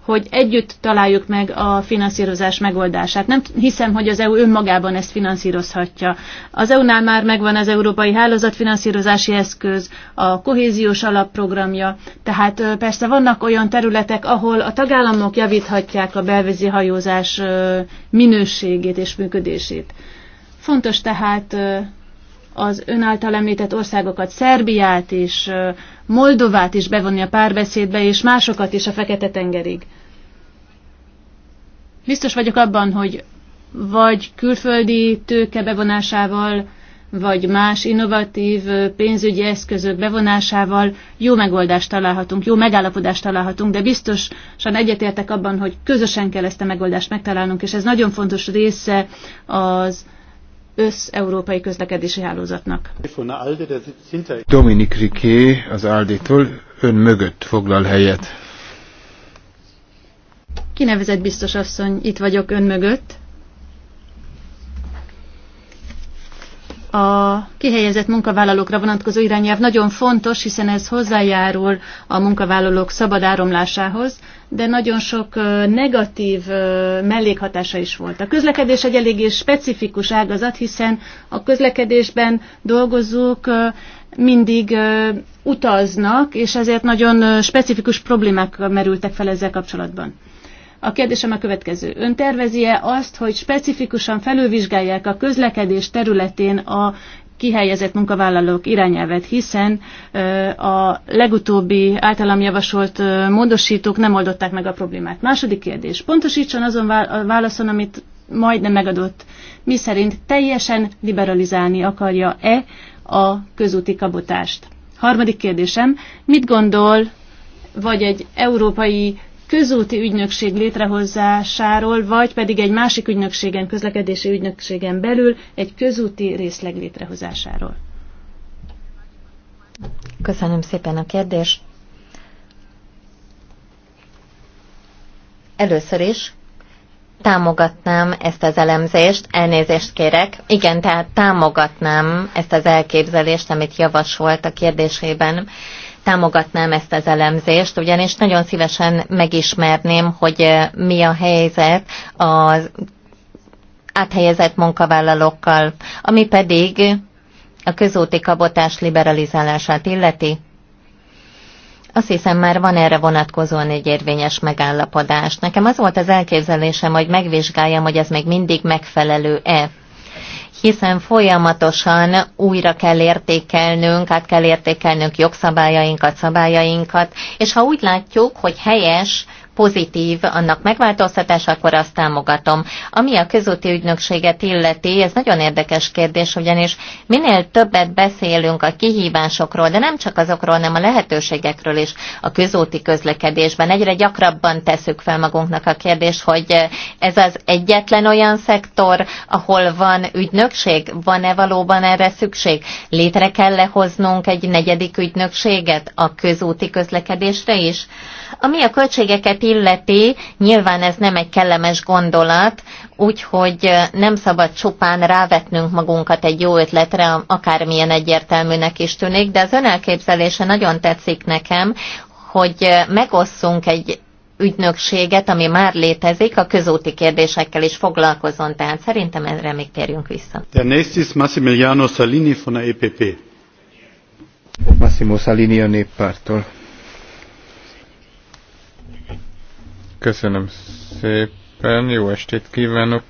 hogy együtt találjuk meg a finanszírozás megoldását. Nem hiszem, hogy az EU önmagában ezt finanszírozhatja. Az EU-nál már megvan az Európai hálózat finanszírozási Eszköz, a kohéziós alapprogramja, tehát persze vannak olyan területek, ahol a tagállamok javíthatják a belvízi hajózás minőségét és működését. Fontos tehát az ön által említett országokat, Szerbiát és Moldovát is bevonni a párbeszédbe, és másokat is a Fekete-tengerig. Biztos vagyok abban, hogy vagy külföldi tőke bevonásával, vagy más innovatív pénzügyi eszközök bevonásával jó megoldást találhatunk, jó megállapodást találhatunk, de biztosan egyetértek abban, hogy közösen kell ezt a megoldást megtalálnunk, és ez nagyon fontos része az össz-európai közlekedési hálózatnak. Dominik Riké az Álditól ön mögött foglal helyet. Kinevezett biztos asszony, itt vagyok ön mögött. A kihelyezett munkavállalókra vonatkozó irányelv nagyon fontos, hiszen ez hozzájárul a munkavállalók szabad áramlásához, de nagyon sok negatív mellékhatása is volt. A közlekedés egy eléggé specifikus ágazat, hiszen a közlekedésben dolgozók mindig utaznak, és ezért nagyon specifikus problémák merültek fel ezzel kapcsolatban. A kérdésem a következő. Ön tervezi-e azt, hogy specifikusan felülvizsgálják a közlekedés területén a kihelyezett munkavállalók irányelvet, hiszen a legutóbbi általam javasolt módosítók nem oldották meg a problémát. Második kérdés. Pontosítson azon válaszon, amit majdnem megadott, mi szerint teljesen liberalizálni akarja-e a közúti kabotást. Harmadik kérdésem, mit gondol, vagy egy európai közúti ügynökség létrehozásáról, vagy pedig egy másik ügynökségen, közlekedési ügynökségen belül egy közúti részleg létrehozásáról? Köszönöm szépen a kérdést. Először is támogatnám ezt az elemzést, elnézést kérek. Igen, tehát támogatnám ezt az elképzelést, amit javasolt a kérdésében támogatnám ezt az elemzést, ugyanis nagyon szívesen megismerném, hogy eh, mi a helyzet az áthelyezett munkavállalókkal, ami pedig a közúti kabotás liberalizálását illeti. Azt hiszem már van erre vonatkozóan egy érvényes megállapodás. Nekem az volt az elképzelésem, hogy megvizsgáljam, hogy ez még mindig megfelelő-e hiszen folyamatosan újra kell értékelnünk, át kell értékelnünk jogszabályainkat, szabályainkat, és ha úgy látjuk, hogy helyes pozitív annak megváltoztatása, akkor azt támogatom. Ami a közúti ügynökséget illeti, ez nagyon érdekes kérdés, ugyanis minél többet beszélünk a kihívásokról, de nem csak azokról, hanem a lehetőségekről is a közúti közlekedésben. Egyre gyakrabban teszük fel magunknak a kérdést, hogy ez az egyetlen olyan szektor, ahol van ügynökség, van-e valóban erre szükség? Létre kell lehoznunk egy negyedik ügynökséget a közúti közlekedésre is? Ami a költségeket illeti, nyilván ez nem egy kellemes gondolat, úgyhogy nem szabad csupán rávetnünk magunkat egy jó ötletre, akármilyen egyértelműnek is tűnik, de az ön elképzelése nagyon tetszik nekem, hogy megosszunk egy ügynökséget, ami már létezik, a közúti kérdésekkel is foglalkozon, tehát szerintem erre még térjünk vissza. Der nächste ist Massimiliano Salini von der EPP. Massimo Salini a néppártól. Köszönöm szépen, jó estét kívánok!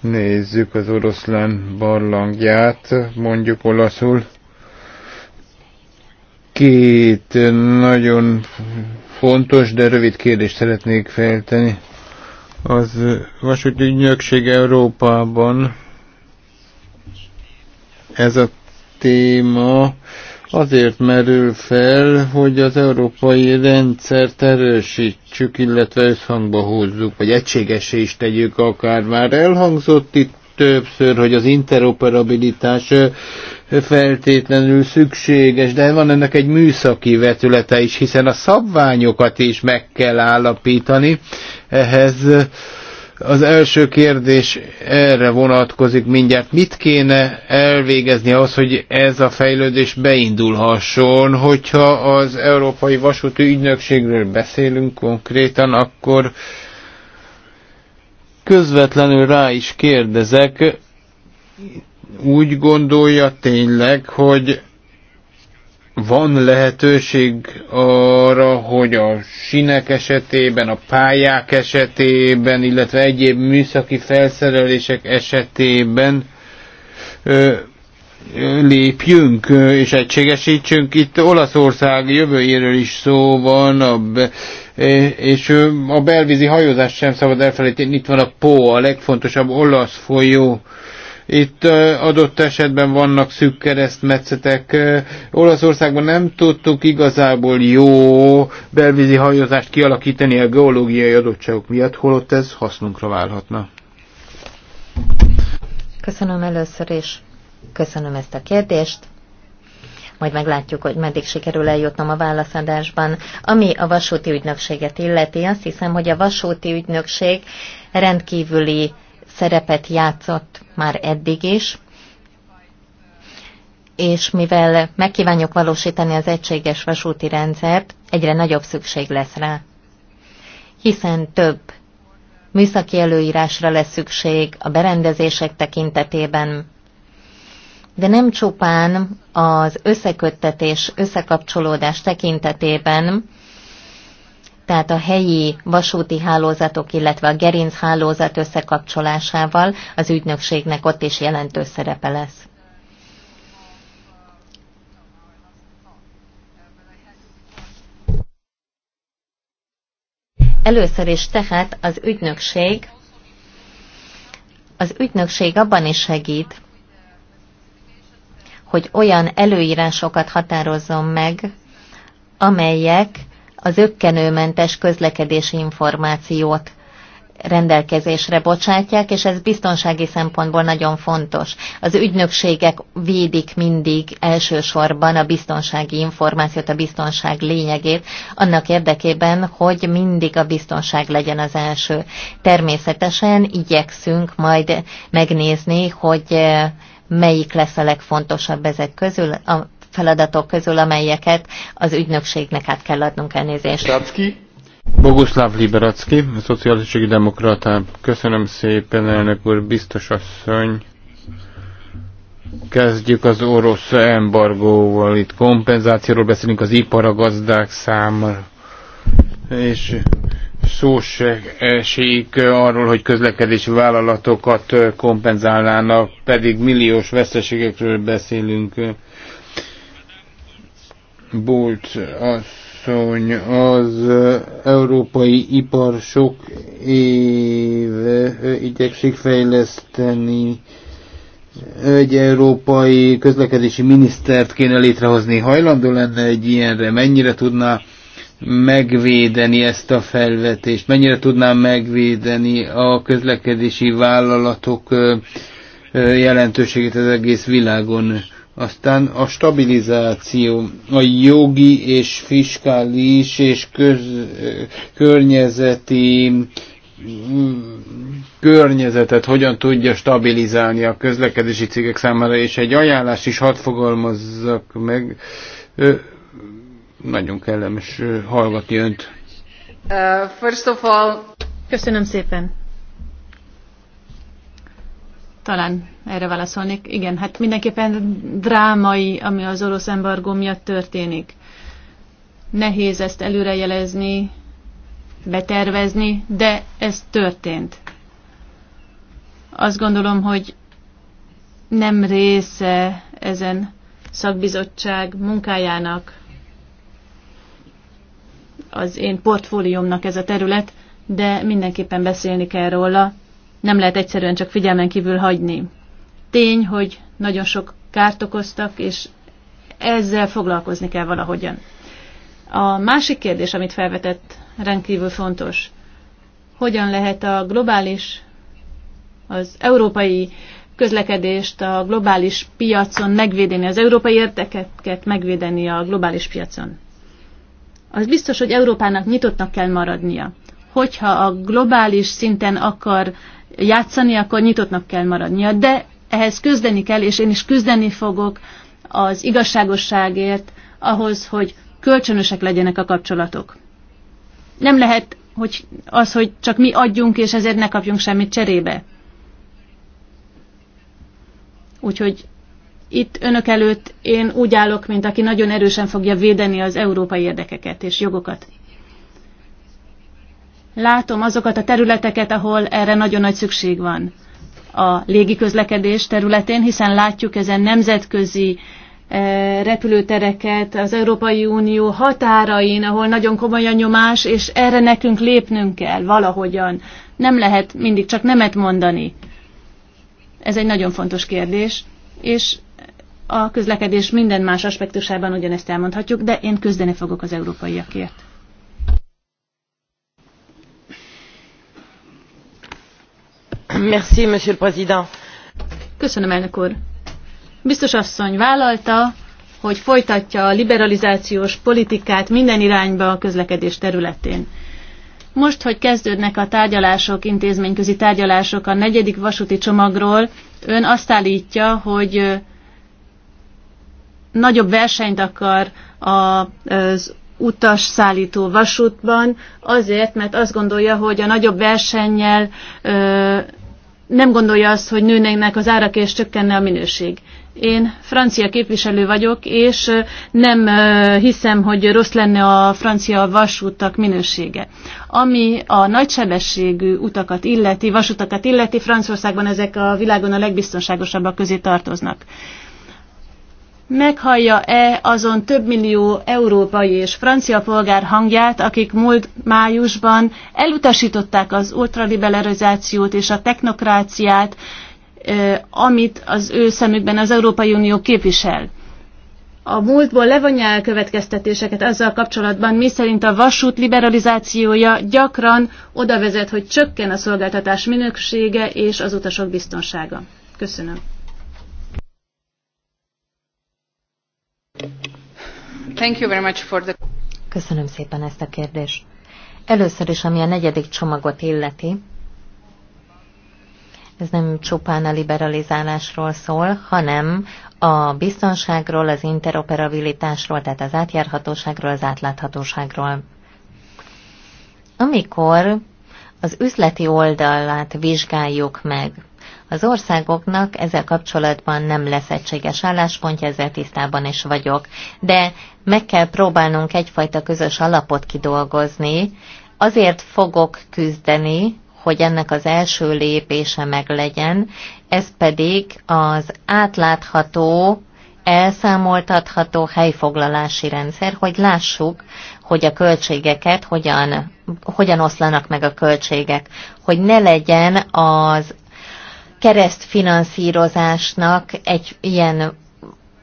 Nézzük az oroszlán barlangját, mondjuk olaszul. Két nagyon fontos, de rövid kérdést szeretnék feltenni. Az vasúti ügynökség Európában ez a téma azért merül fel, hogy az európai rendszert erősítsük, illetve összhangba húzzuk, vagy egységesé is tegyük akár. Már elhangzott itt többször, hogy az interoperabilitás feltétlenül szükséges, de van ennek egy műszaki vetülete is, hiszen a szabványokat is meg kell állapítani. Ehhez az első kérdés erre vonatkozik mindjárt. Mit kéne elvégezni ahhoz, hogy ez a fejlődés beindulhasson? Hogyha az Európai Vasúti Ügynökségről beszélünk konkrétan, akkor közvetlenül rá is kérdezek, úgy gondolja tényleg, hogy van lehetőség arra, hogy a sinek esetében, a pályák esetében, illetve egyéb műszaki felszerelések esetében ö, lépjünk és egységesítsünk. Itt Olaszország jövőjéről is szó van, a be, és a belvízi hajózás sem szabad elfelejteni. Itt van a Po, a legfontosabb olasz folyó, itt adott esetben vannak szűk keresztmetszetek. Olaszországban nem tudtuk igazából jó belvízi hajózást kialakítani a geológiai adottságok miatt, holott ez hasznunkra válhatna. Köszönöm először is. Köszönöm ezt a kérdést majd meglátjuk, hogy meddig sikerül eljutnom a válaszadásban. Ami a vasúti ügynökséget illeti, azt hiszem, hogy a vasúti ügynökség rendkívüli szerepet játszott már eddig is, és mivel megkívánjuk valósítani az egységes vasúti rendszert, egyre nagyobb szükség lesz rá. Hiszen több műszaki előírásra lesz szükség a berendezések tekintetében, de nem csupán az összeköttetés, összekapcsolódás tekintetében, tehát a helyi vasúti hálózatok, illetve a gerinc hálózat összekapcsolásával az ügynökségnek ott is jelentős szerepe lesz. Először is tehát az ügynökség, az ügynökség abban is segít, hogy olyan előírásokat határozzon meg, amelyek az ökkenőmentes közlekedési információt rendelkezésre bocsátják, és ez biztonsági szempontból nagyon fontos. Az ügynökségek védik mindig elsősorban a biztonsági információt, a biztonság lényegét, annak érdekében, hogy mindig a biztonság legyen az első. Természetesen igyekszünk majd megnézni, hogy eh, melyik lesz a legfontosabb ezek közül, a feladatok közül, amelyeket az ügynökségnek át kell adnunk elnézést. Rácki. Boguszláv Liberacki, a szociálisági demokrata. Köszönöm szépen, elnök úr, biztos asszony. Kezdjük az orosz embargóval. Itt kompenzációról beszélünk az iparagazdák számára. És szó se esik arról, hogy közlekedési vállalatokat kompenzálnának, pedig milliós veszteségekről beszélünk. Bolt asszony, az európai ipar sok éve igyekszik fejleszteni egy európai közlekedési minisztert kéne létrehozni. Hajlandó lenne egy ilyenre? Mennyire tudná megvédeni ezt a felvetést? Mennyire tudná megvédeni a közlekedési vállalatok jelentőségét az egész világon? Aztán a stabilizáció, a jogi és fiskális és köz, környezeti környezetet hogyan tudja stabilizálni a közlekedési cégek számára, és egy ajánlás is hadd fogalmazzak meg. Nagyon kellemes hallgatni önt. Uh, first of all... Köszönöm szépen. Talán erre válaszolnék. Igen, hát mindenképpen drámai, ami az orosz embargó miatt történik. Nehéz ezt előrejelezni, betervezni, de ez történt. Azt gondolom, hogy nem része ezen szakbizottság munkájának, az én portfóliómnak ez a terület, de mindenképpen beszélni kell róla, nem lehet egyszerűen csak figyelmen kívül hagyni tény, hogy nagyon sok kárt okoztak, és ezzel foglalkozni kell valahogyan. A másik kérdés, amit felvetett, rendkívül fontos. Hogyan lehet a globális, az európai közlekedést a globális piacon megvédeni, az európai érdekeket megvédeni a globális piacon? Az biztos, hogy Európának nyitottnak kell maradnia. Hogyha a globális szinten akar játszani, akkor nyitottnak kell maradnia, de ehhez küzdeni kell, és én is küzdeni fogok az igazságosságért, ahhoz, hogy kölcsönösek legyenek a kapcsolatok. Nem lehet hogy az, hogy csak mi adjunk, és ezért ne kapjunk semmit cserébe. Úgyhogy itt önök előtt én úgy állok, mint aki nagyon erősen fogja védeni az európai érdekeket és jogokat. Látom azokat a területeket, ahol erre nagyon nagy szükség van a légiközlekedés területén, hiszen látjuk ezen nemzetközi eh, repülőtereket az Európai Unió határain, ahol nagyon komoly a nyomás, és erre nekünk lépnünk kell valahogyan. Nem lehet mindig csak nemet mondani. Ez egy nagyon fontos kérdés, és a közlekedés minden más aspektusában ugyanezt elmondhatjuk, de én küzdeni fogok az európaiakért. Köszönöm, elnök úr. Biztos asszony vállalta, hogy folytatja a liberalizációs politikát minden irányba a közlekedés területén. Most, hogy kezdődnek a tárgyalások, intézményközi tárgyalások a negyedik vasúti csomagról, ön azt állítja, hogy nagyobb versenyt akar az utas szállító vasútban, azért, mert azt gondolja, hogy a nagyobb versennyel nem gondolja azt, hogy nőnek az árak és csökkenne a minőség. Én francia képviselő vagyok, és nem hiszem, hogy rossz lenne a francia vasútak minősége. Ami a nagysebességű utakat illeti, vasutakat illeti, Franciaországban ezek a világon a legbiztonságosabbak közé tartoznak meghallja-e azon több millió európai és francia polgár hangját, akik múlt májusban elutasították az ultraliberalizációt és a technokráciát, amit az ő szemükben az Európai Unió képvisel. A múltból levonja el következtetéseket azzal kapcsolatban, mi szerint a vasút liberalizációja gyakran oda vezet, hogy csökken a szolgáltatás minősége és az utasok biztonsága. Köszönöm. Thank you very much for the... Köszönöm szépen ezt a kérdést. Először is, ami a negyedik csomagot illeti, ez nem csupán a liberalizálásról szól, hanem a biztonságról, az interoperabilitásról, tehát az átjárhatóságról, az átláthatóságról. Amikor az üzleti oldalát vizsgáljuk meg az országoknak ezzel kapcsolatban nem lesz egységes álláspontja, ezzel tisztában is vagyok, de meg kell próbálnunk egyfajta közös alapot kidolgozni, azért fogok küzdeni, hogy ennek az első lépése meg legyen. ez pedig az átlátható, elszámoltatható helyfoglalási rendszer, hogy lássuk, hogy a költségeket hogyan, hogyan oszlanak meg a költségek, hogy ne legyen az keresztfinanszírozásnak egy ilyen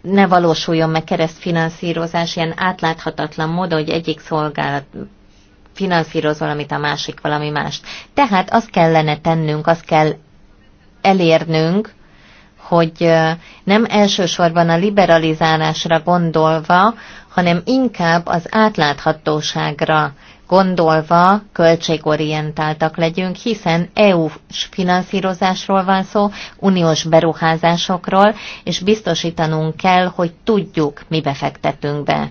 ne valósuljon meg keresztfinanszírozás ilyen átláthatatlan módon, hogy egyik szolgálat finanszíroz valamit, a másik valami mást. Tehát azt kellene tennünk, azt kell elérnünk, hogy nem elsősorban a liberalizálásra gondolva, hanem inkább az átláthatóságra gondolva költségorientáltak legyünk, hiszen EU-s finanszírozásról van szó, uniós beruházásokról, és biztosítanunk kell, hogy tudjuk, mi befektetünk be.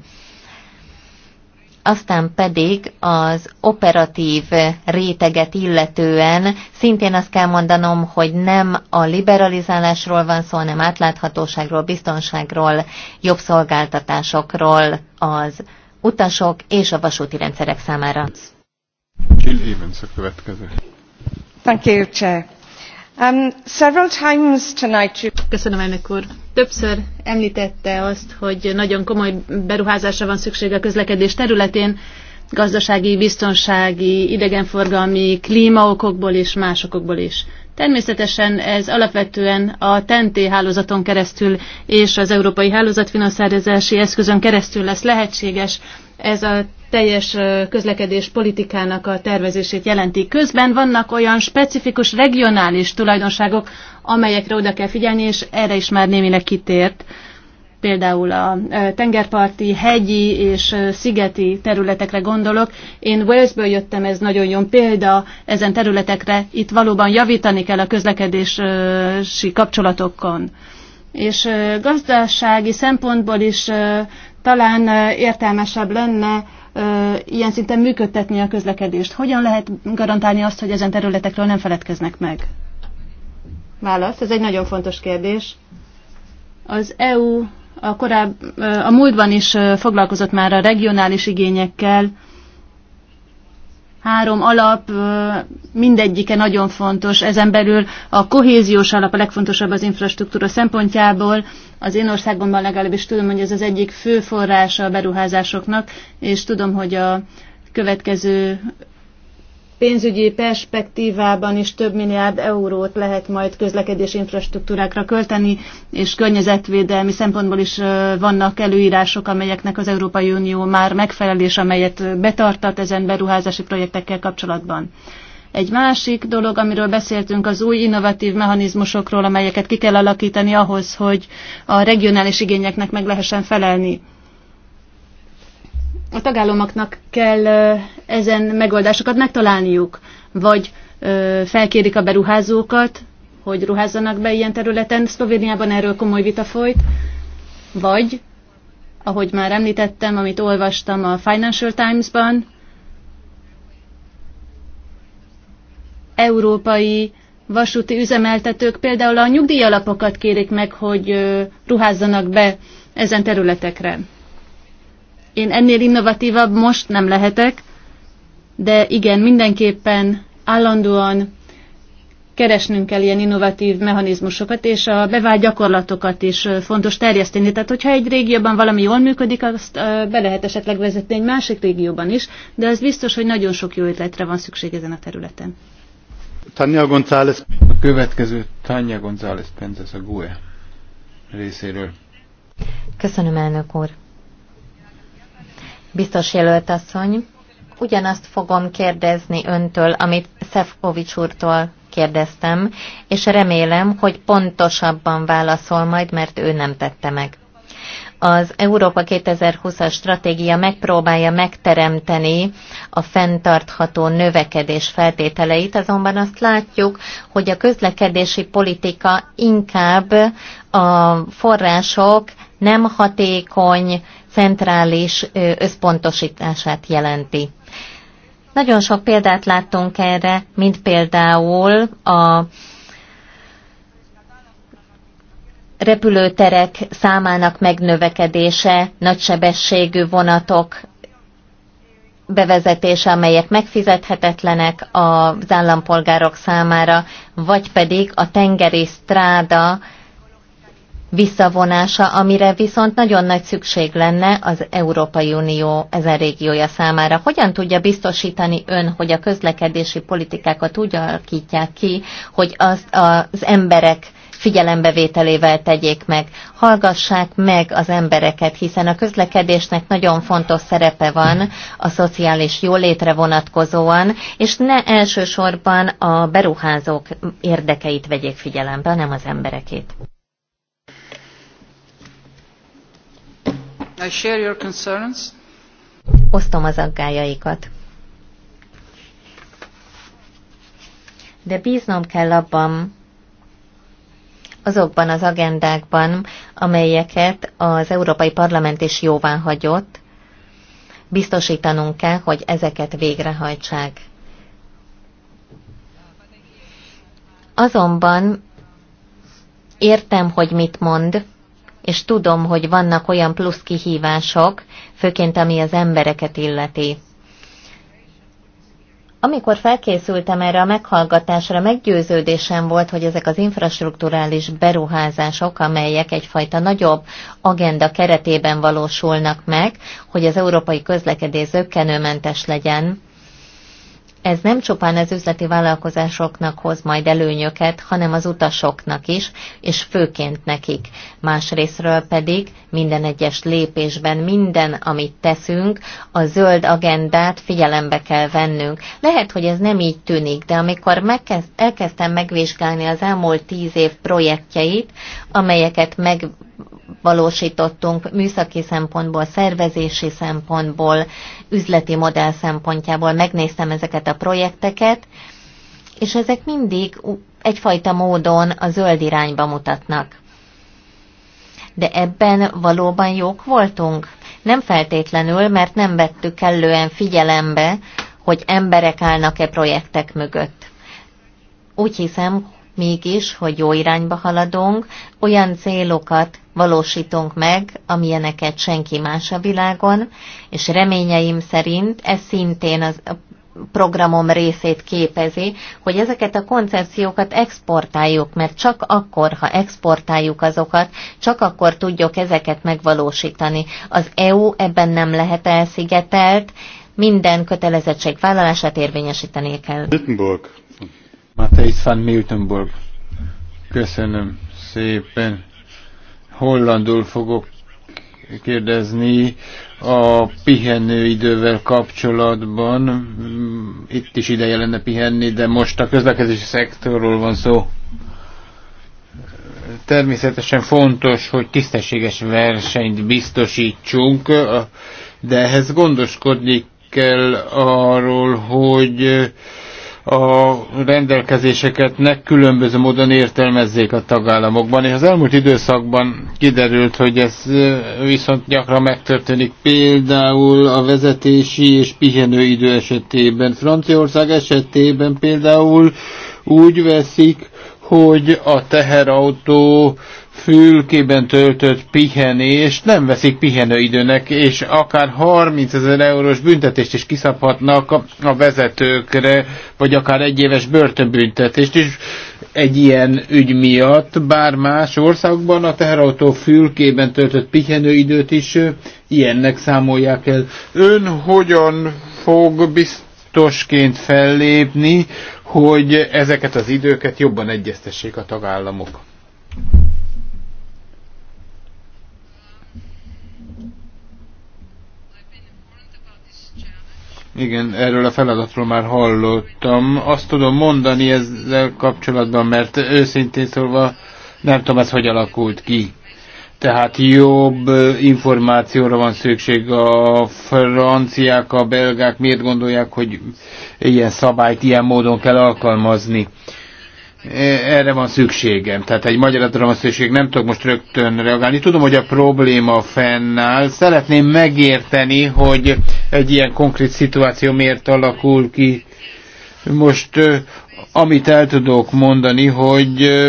Aztán pedig az operatív réteget illetően szintén azt kell mondanom, hogy nem a liberalizálásról van szó, hanem átláthatóságról, biztonságról, jobb szolgáltatásokról az utasok és a vasúti rendszerek számára. Jill Evans a következő. Thank you, Chair. Um, several times tonight you... Köszönöm, elnök úr. Többször említette azt, hogy nagyon komoly beruházásra van szükség a közlekedés területén, gazdasági, biztonsági, idegenforgalmi, klímaokokból és másokból is. Természetesen ez alapvetően a TNT hálózaton keresztül és az Európai Hálózatfinanszározási Eszközön keresztül lesz lehetséges. Ez a teljes közlekedés politikának a tervezését jelenti. Közben vannak olyan specifikus regionális tulajdonságok, amelyekre oda kell figyelni, és erre is már némileg kitért például a tengerparti, hegyi és szigeti területekre gondolok. Én Walesből jöttem, ez nagyon jó példa ezen területekre. Itt valóban javítani kell a közlekedési kapcsolatokon. És gazdasági szempontból is talán értelmesebb lenne ilyen szinten működtetni a közlekedést. Hogyan lehet garantálni azt, hogy ezen területekről nem feledkeznek meg? Válasz, ez egy nagyon fontos kérdés. Az EU a, koráb, a múltban is foglalkozott már a regionális igényekkel. Három alap, mindegyike nagyon fontos. Ezen belül a kohéziós alap a legfontosabb az infrastruktúra szempontjából. Az én országomban legalábbis tudom, hogy ez az egyik fő forrása a beruházásoknak, és tudom, hogy a következő pénzügyi perspektívában is több milliárd eurót lehet majd közlekedési infrastruktúrákra költeni, és környezetvédelmi szempontból is vannak előírások, amelyeknek az Európai Unió már megfelel, és amelyet betartat ezen beruházási projektekkel kapcsolatban. Egy másik dolog, amiről beszéltünk, az új innovatív mechanizmusokról, amelyeket ki kell alakítani ahhoz, hogy a regionális igényeknek meg lehessen felelni a tagállamoknak kell ezen megoldásokat megtalálniuk, vagy felkérik a beruházókat, hogy ruházzanak be ilyen területen. Szlovéniában erről komoly vita folyt, vagy, ahogy már említettem, amit olvastam a Financial Times-ban, európai vasúti üzemeltetők például a nyugdíjalapokat kérik meg, hogy ruházzanak be ezen területekre. Én ennél innovatívabb most nem lehetek, de igen, mindenképpen állandóan keresnünk kell ilyen innovatív mechanizmusokat, és a bevált gyakorlatokat is fontos terjeszteni. Tehát, hogyha egy régióban valami jól működik, azt be lehet esetleg vezetni egy másik régióban is, de az biztos, hogy nagyon sok jó ötletre van szükség ezen a területen. Tanya González. A következő Tanya González Penzes a GUE részéről. Köszönöm, elnök úr. Biztos jelölt asszony, ugyanazt fogom kérdezni öntől, amit Szefkovics úrtól kérdeztem, és remélem, hogy pontosabban válaszol majd, mert ő nem tette meg. Az Európa 2020-as stratégia megpróbálja megteremteni a fenntartható növekedés feltételeit, azonban azt látjuk, hogy a közlekedési politika inkább a források nem hatékony centrális összpontosítását jelenti. Nagyon sok példát láttunk erre, mint például a repülőterek számának megnövekedése, nagysebességű vonatok bevezetése, amelyek megfizethetetlenek az állampolgárok számára, vagy pedig a tengeri stráda visszavonása, amire viszont nagyon nagy szükség lenne az Európai Unió ezen régiója számára. Hogyan tudja biztosítani ön, hogy a közlekedési politikákat úgy alakítják ki, hogy azt az emberek figyelembevételével tegyék meg. Hallgassák meg az embereket, hiszen a közlekedésnek nagyon fontos szerepe van a szociális jólétre vonatkozóan, és ne elsősorban a beruházók érdekeit vegyék figyelembe, hanem az emberekét. I share your concerns. Osztom az aggájaikat. De bíznom kell abban, azokban az agendákban, amelyeket az Európai Parlament is jóvá hagyott, biztosítanunk kell, hogy ezeket végrehajtsák. Azonban értem, hogy mit mond, és tudom, hogy vannak olyan plusz kihívások, főként ami az embereket illeti. Amikor felkészültem erre a meghallgatásra, meggyőződésem volt, hogy ezek az infrastruktúrális beruházások, amelyek egyfajta nagyobb agenda keretében valósulnak meg, hogy az európai közlekedés zöggenőmentes legyen, ez nem csupán az üzleti vállalkozásoknak hoz majd előnyöket, hanem az utasoknak is, és főként nekik. Másrésztről pedig minden egyes lépésben minden, amit teszünk, a zöld agendát figyelembe kell vennünk. Lehet, hogy ez nem így tűnik, de amikor megkezd, elkezdtem megvizsgálni az elmúlt tíz év projektjeit, amelyeket meg valósítottunk műszaki szempontból, szervezési szempontból, üzleti modell szempontjából. Megnéztem ezeket a projekteket, és ezek mindig egyfajta módon a zöld irányba mutatnak. De ebben valóban jók voltunk? Nem feltétlenül, mert nem vettük kellően figyelembe, hogy emberek állnak-e projektek mögött. Úgy hiszem, mégis, hogy jó irányba haladunk, olyan célokat valósítunk meg, amilyeneket senki más a világon, és reményeim szerint ez szintén az programom részét képezi, hogy ezeket a koncepciókat exportáljuk, mert csak akkor, ha exportáljuk azokat, csak akkor tudjuk ezeket megvalósítani. Az EU ebben nem lehet elszigetelt, minden kötelezettség vállalását érvényesíteni kell. Wittenburg. Matthijs van Miltenburg. Köszönöm szépen. Hollandul fogok kérdezni a pihenőidővel kapcsolatban. Itt is ideje lenne pihenni, de most a közlekedési szektorról van szó. Természetesen fontos, hogy tisztességes versenyt biztosítsunk, de ehhez gondoskodni kell arról, hogy a rendelkezéseket ne különböző módon értelmezzék a tagállamokban, és az elmúlt időszakban kiderült, hogy ez viszont gyakran megtörténik például a vezetési és pihenőidő esetében. Franciaország esetében például úgy veszik, hogy a teherautó fülkében töltött pihenést nem veszik pihenőidőnek, és akár 30 ezer eurós büntetést is kiszabhatnak a vezetőkre, vagy akár egy éves börtönbüntetést is egy ilyen ügy miatt, bár más országban a teherautó fülkében töltött pihenőidőt is ilyennek számolják el. Ön hogyan fog biztosként fellépni, hogy ezeket az időket jobban egyeztessék a tagállamok? Igen, erről a feladatról már hallottam. Azt tudom mondani ezzel kapcsolatban, mert őszintén szólva nem tudom ez hogy alakult ki. Tehát jobb információra van szükség. A franciák, a belgák miért gondolják, hogy ilyen szabályt ilyen módon kell alkalmazni? erre van szükségem. Tehát egy magyaratra van szükség, nem tudok most rögtön reagálni. Tudom, hogy a probléma fennáll. Szeretném megérteni, hogy egy ilyen konkrét szituáció miért alakul ki. Most amit el tudok mondani, hogy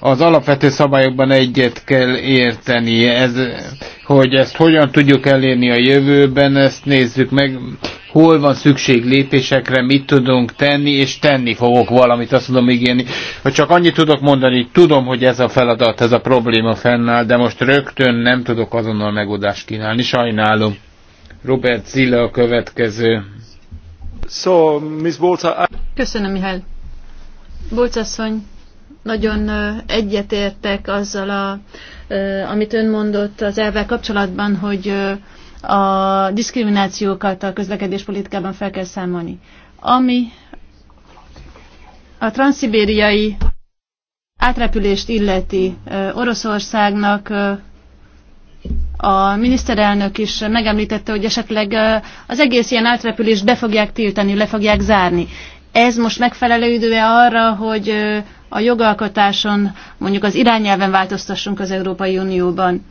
az alapvető szabályokban egyet kell érteni, ez, hogy ezt hogyan tudjuk elérni a jövőben, ezt nézzük meg hol van szükség lépésekre, mit tudunk tenni, és tenni fogok valamit, azt tudom ígérni. Hogy csak annyit tudok mondani, tudom, hogy ez a feladat, ez a probléma fennáll, de most rögtön nem tudok azonnal megoldást kínálni, sajnálom. Robert Zilla a következő. So, Miss Bolca... Köszönöm, Mihály. Bolcasszony, nagyon egyetértek azzal, a, amit ön mondott az elvvel kapcsolatban, hogy a diszkriminációkat a közlekedéspolitikában fel kell számolni. Ami a transzibériai átrepülést illeti Oroszországnak a miniszterelnök is megemlítette, hogy esetleg az egész ilyen átrepülést be fogják tiltani, le fogják zárni. Ez most megfelelő időe arra, hogy a jogalkotáson, mondjuk az irányelven változtassunk az Európai Unióban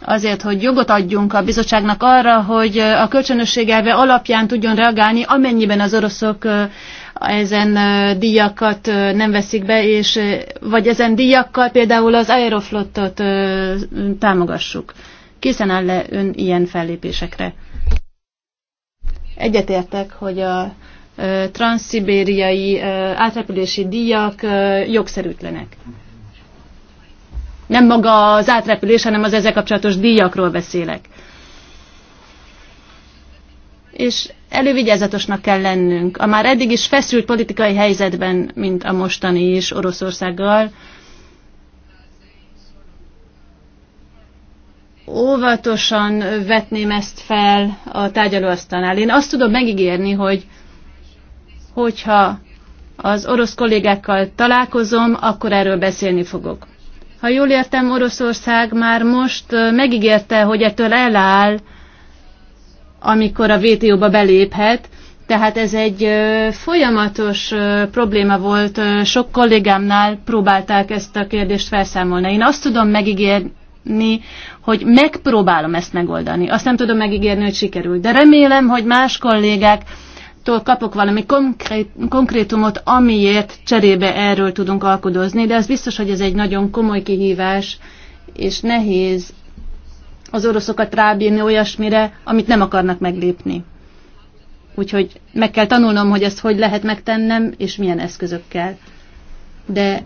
azért, hogy jogot adjunk a bizottságnak arra, hogy a kölcsönösség elve alapján tudjon reagálni, amennyiben az oroszok ezen díjakat nem veszik be, és, vagy ezen díjakkal például az Aeroflotot támogassuk. Készen áll-e ön ilyen fellépésekre? Egyetértek, hogy a transzibériai átrepülési díjak jogszerűtlenek. Nem maga az átrepülés, hanem az ezzel kapcsolatos díjakról beszélek. És elővigyázatosnak kell lennünk. A már eddig is feszült politikai helyzetben, mint a mostani is Oroszországgal, óvatosan vetném ezt fel a tárgyalóasztalnál. Én azt tudom megígérni, hogy hogyha az orosz kollégákkal találkozom, akkor erről beszélni fogok. Ha jól értem, Oroszország már most megígérte, hogy ettől eláll, amikor a WTO-ba beléphet, tehát ez egy folyamatos probléma volt, sok kollégámnál próbálták ezt a kérdést felszámolni. Én azt tudom megígérni, hogy megpróbálom ezt megoldani. Azt nem tudom megígérni, hogy sikerül, de remélem, hogy más kollégák tól kapok valami konkrét, konkrétumot, amiért cserébe erről tudunk alkudozni, de az biztos, hogy ez egy nagyon komoly kihívás, és nehéz az oroszokat rábírni olyasmire, amit nem akarnak meglépni. Úgyhogy meg kell tanulnom, hogy ezt hogy lehet megtennem, és milyen eszközökkel. De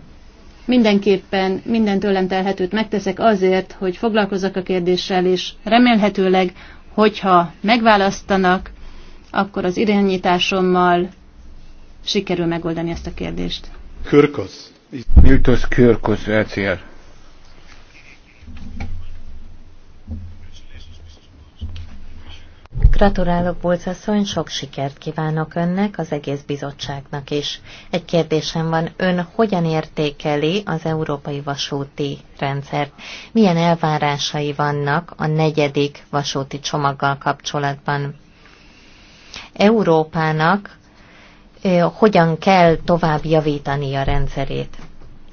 mindenképpen minden tőlem telhetőt megteszek azért, hogy foglalkozzak a kérdéssel, és remélhetőleg, hogyha megválasztanak, akkor az irányításommal sikerül megoldani ezt a kérdést. Körkosz. Miltos Körkosz, LCR. Gratulálok, Bulc sok sikert kívánok önnek, az egész bizottságnak is. Egy kérdésem van, ön hogyan értékeli az európai vasúti rendszert? Milyen elvárásai vannak a negyedik vasúti csomaggal kapcsolatban? Európának hogyan kell tovább javítani a rendszerét.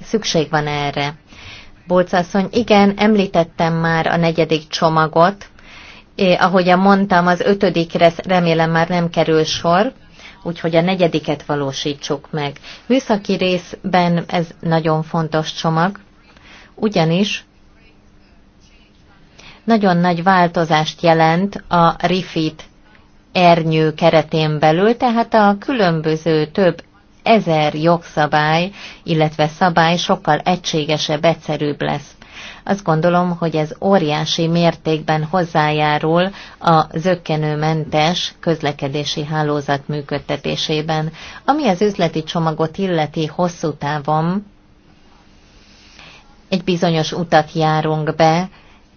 Szükség van erre. Bolcasszony, igen, említettem már a negyedik csomagot. Eh, ahogyan mondtam, az ötödikre remélem már nem kerül sor, úgyhogy a negyediket valósítsuk meg. Műszaki részben ez nagyon fontos csomag, ugyanis nagyon nagy változást jelent a RIFIT ernyő keretén belül, tehát a különböző több ezer jogszabály, illetve szabály sokkal egységesebb, egyszerűbb lesz. Azt gondolom, hogy ez óriási mértékben hozzájárul a zöggenőmentes közlekedési hálózat működtetésében, ami az üzleti csomagot illeti hosszú távon. Egy bizonyos utat járunk be,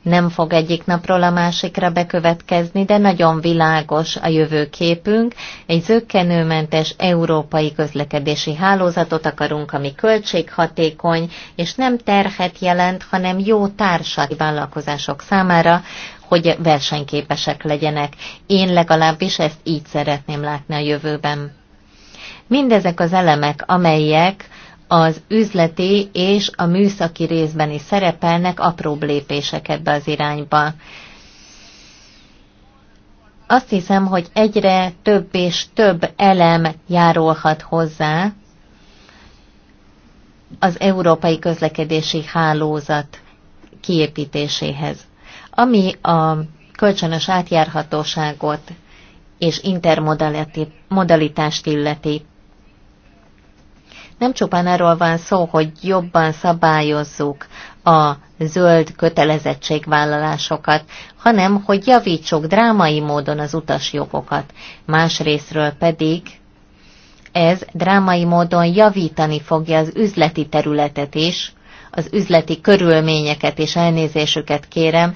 nem fog egyik napról a másikra bekövetkezni, de nagyon világos a jövőképünk. Egy zöggenőmentes európai közlekedési hálózatot akarunk, ami költséghatékony, és nem terhet jelent, hanem jó társai vállalkozások számára, hogy versenyképesek legyenek. Én legalábbis ezt így szeretném látni a jövőben. Mindezek az elemek, amelyek az üzleti és a műszaki részben is szerepelnek apró lépések ebbe az irányba. Azt hiszem, hogy egyre több és több elem járulhat hozzá az európai közlekedési hálózat kiépítéséhez. Ami a kölcsönös átjárhatóságot és intermodalitást illeti. Nem csupán arról van szó, hogy jobban szabályozzuk a zöld kötelezettségvállalásokat, hanem hogy javítsuk drámai módon az utasjogokat. Másrésztről pedig ez drámai módon javítani fogja az üzleti területet is, az üzleti körülményeket és elnézésüket kérem,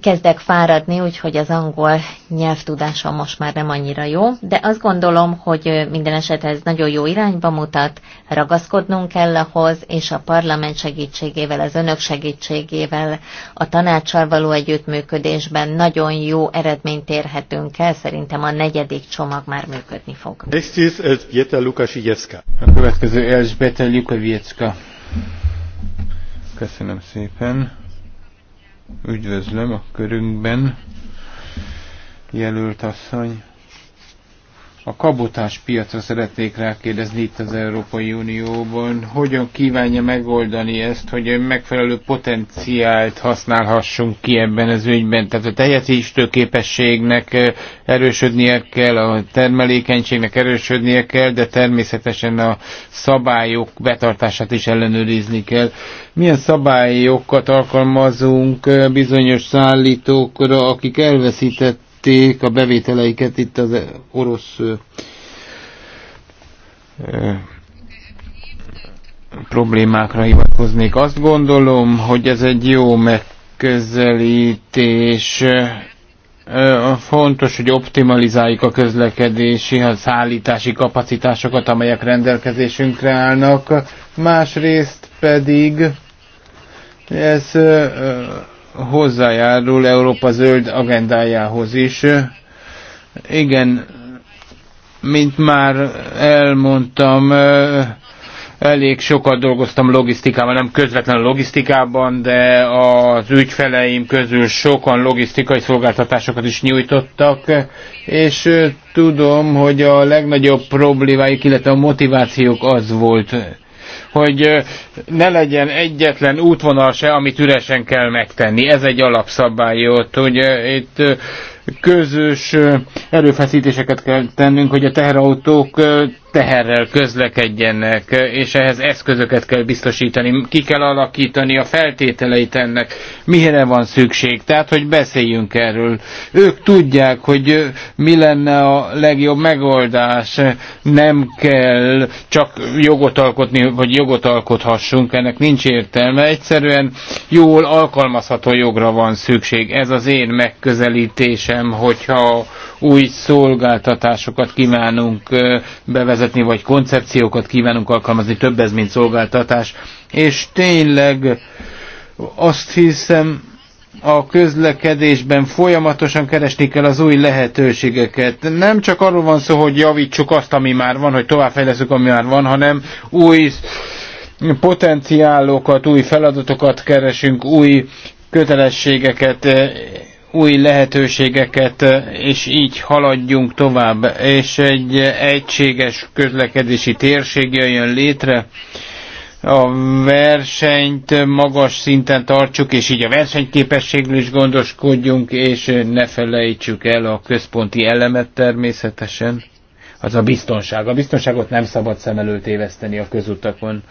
kezdek fáradni, úgyhogy az angol nyelvtudása most már nem annyira jó, de azt gondolom, hogy minden eset ez nagyon jó irányba mutat, ragaszkodnunk kell ahhoz, és a parlament segítségével, az önök segítségével, a tanácssal való együttműködésben nagyon jó eredményt érhetünk el, szerintem a negyedik csomag már működni fog. Uh, a következő Elzbieta Lukasiewska. Köszönöm szépen. Üdvözlöm a körünkben, jelölt asszony a kabotás piacra szeretnék rákérdezni itt az Európai Unióban. Hogyan kívánja megoldani ezt, hogy megfelelő potenciált használhassunk ki ebben az ügyben? Tehát a teljesítő képességnek eh, erősödnie kell, a termelékenységnek erősödnie kell, de természetesen a szabályok betartását is ellenőrizni kell. Milyen szabályokat alkalmazunk eh, bizonyos szállítókra, akik elveszített növelték a bevételeiket itt az orosz problémákra hivatkoznék. Azt gondolom, hogy ez egy jó megközelítés. Fontos, hogy optimalizáljuk a közlekedési, a szállítási kapacitásokat, amelyek rendelkezésünkre állnak. Másrészt pedig ez hozzájárul Európa zöld agendájához is. Igen, mint már elmondtam, elég sokat dolgoztam logisztikában, nem közvetlenül logisztikában, de az ügyfeleim közül sokan logisztikai szolgáltatásokat is nyújtottak, és tudom, hogy a legnagyobb problémáik, illetve a motivációk az volt, hogy ne legyen egyetlen útvonal se, amit üresen kell megtenni. Ez egy alapszabály ott, hogy itt közös erőfeszítéseket kell tennünk, hogy a teherautók teherrel közlekedjenek, és ehhez eszközöket kell biztosítani, ki kell alakítani a feltételeit ennek, mire van szükség, tehát hogy beszéljünk erről. Ők tudják, hogy mi lenne a legjobb megoldás, nem kell csak jogot alkotni, vagy jogot alkothassunk, ennek nincs értelme, egyszerűen jól alkalmazható jogra van szükség. Ez az én megközelítésem, hogyha új szolgáltatásokat kívánunk bevezetni, vagy koncepciókat kívánunk alkalmazni, több ez, mint szolgáltatás. És tényleg azt hiszem, a közlekedésben folyamatosan keresni kell az új lehetőségeket. Nem csak arról van szó, hogy javítsuk azt, ami már van, hogy továbbfejleszünk, ami már van, hanem új potenciálokat, új feladatokat keresünk, új kötelességeket új lehetőségeket, és így haladjunk tovább, és egy egységes közlekedési térség jön létre, a versenyt magas szinten tartsuk, és így a versenyképességről is gondoskodjunk, és ne felejtsük el a központi elemet természetesen, az a biztonság. A biztonságot nem szabad szem előtt éveszteni a közutakon.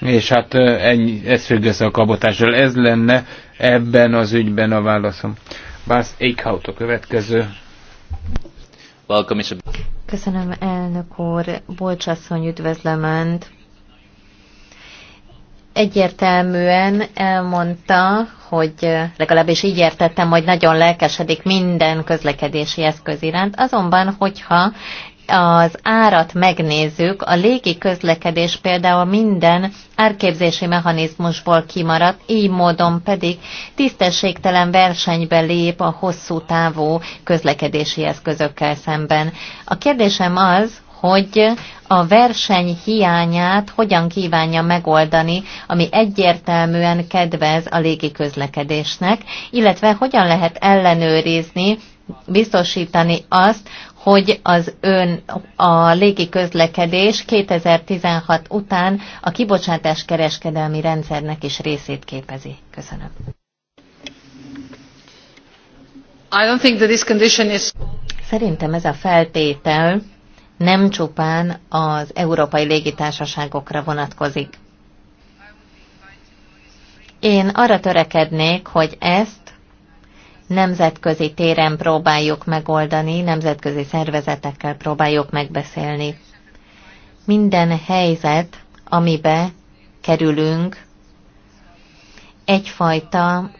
És hát eh, ennyi, ez függ össze a kabotásról. Ez lenne ebben az ügyben a válaszom. Bász Eichhout a következő. Welcome, Köszönöm, elnök úr. Bolcsasszony, üdvözlöm Önt. Egyértelműen elmondta, hogy legalábbis így értettem, hogy nagyon lelkesedik minden közlekedési eszköz iránt. Azonban, hogyha az árat megnézzük, a légi közlekedés például minden árképzési mechanizmusból kimaradt, így módon pedig tisztességtelen versenybe lép a hosszú távú közlekedési eszközökkel szemben. A kérdésem az, hogy a verseny hiányát hogyan kívánja megoldani, ami egyértelműen kedvez a légi közlekedésnek, illetve hogyan lehet ellenőrizni, biztosítani azt, hogy az ön a légi közlekedés 2016 után a kibocsátás kereskedelmi rendszernek is részét képezi. Köszönöm. I don't think that this condition is... Szerintem ez a feltétel nem csupán az európai légitársaságokra vonatkozik. Én arra törekednék, hogy ezt nemzetközi téren próbáljuk megoldani, nemzetközi szervezetekkel próbáljuk megbeszélni. Minden helyzet, amibe kerülünk, egyfajta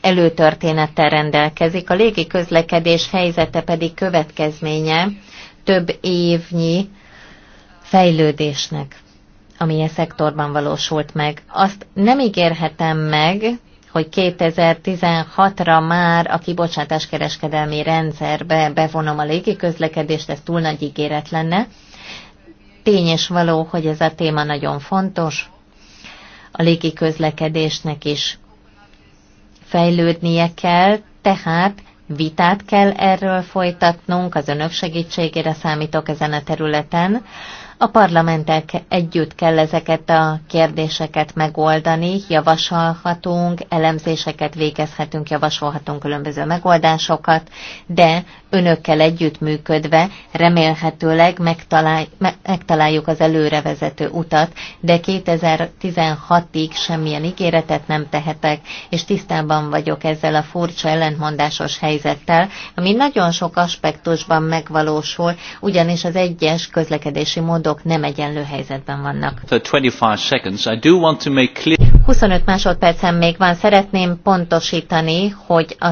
előtörténettel rendelkezik, a légi közlekedés helyzete pedig következménye több évnyi fejlődésnek, ami a e szektorban valósult meg. Azt nem ígérhetem meg, hogy 2016-ra már a kibocsátás kereskedelmi rendszerbe bevonom a légiközlekedést, ez túl nagy ígéret lenne. Tény és való, hogy ez a téma nagyon fontos. A légiközlekedésnek is fejlődnie kell, tehát vitát kell erről folytatnunk, az önök segítségére számítok ezen a területen. A parlamentek együtt kell ezeket a kérdéseket megoldani, javasolhatunk, elemzéseket végezhetünk, javasolhatunk különböző megoldásokat, de önökkel együttműködve remélhetőleg megtalálj, megtaláljuk az előrevezető utat, de 2016-ig semmilyen ígéretet nem tehetek, és tisztában vagyok ezzel a furcsa ellentmondásos helyzettel, ami nagyon sok aspektusban megvalósul, ugyanis az egyes közlekedési módok nem egyenlő helyzetben vannak. 25 másodpercen még van, szeretném pontosítani, hogy a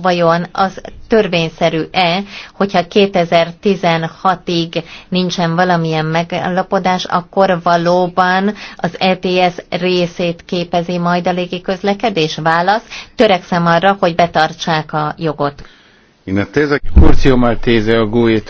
vajon az törvényszerű-e, hogyha 2016-ig nincsen valamilyen megállapodás, akkor valóban az ETS részét képezi majd a közlekedés Válasz, törekszem arra, hogy betartsák a jogot. Kurcio Maltéze a gue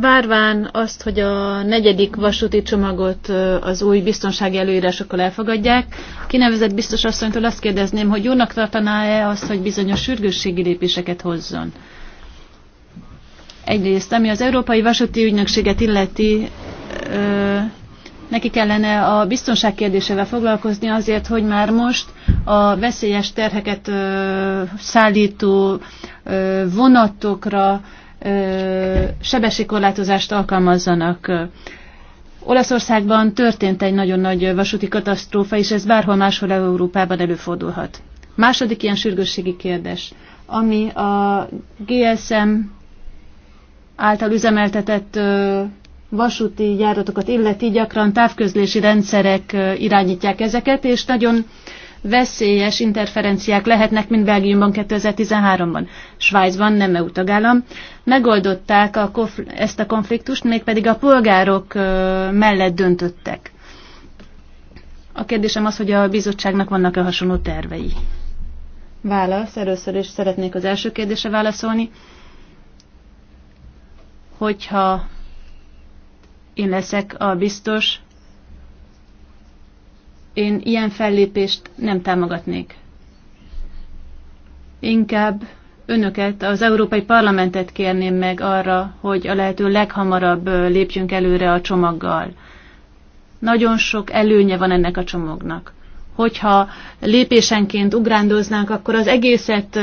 Várván azt, hogy a negyedik vasúti csomagot az új biztonsági előírásokkal elfogadják, kinevezett biztos asszonytól azt kérdezném, hogy jónak tartaná-e azt, hogy bizonyos sürgősségi lépéseket hozzon? Egyrészt, ami az Európai Vasúti Ügynökséget illeti, ö, neki kellene a biztonság kérdésével foglalkozni azért, hogy már most a veszélyes terheket ö, szállító ö, vonatokra, sebességkorlátozást alkalmazzanak. Olaszországban történt egy nagyon nagy vasúti katasztrófa, és ez bárhol máshol Európában előfordulhat. Második ilyen sürgősségi kérdés, ami a GSM által üzemeltetett vasúti járatokat illeti, gyakran távközlési rendszerek irányítják ezeket, és nagyon veszélyes interferenciák lehetnek, mint Belgiumban 2013-ban. Svájcban nem EU tagállam. Megoldották a ezt a konfliktust, mégpedig a polgárok mellett döntöttek. A kérdésem az, hogy a bizottságnak vannak-e hasonló tervei. Válasz. Először is szeretnék az első kérdése válaszolni. Hogyha én leszek a biztos, én ilyen fellépést nem támogatnék. Inkább önöket, az Európai Parlamentet kérném meg arra, hogy a lehető leghamarabb lépjünk előre a csomaggal. Nagyon sok előnye van ennek a csomagnak. Hogyha lépésenként ugrándoznánk, akkor az egészet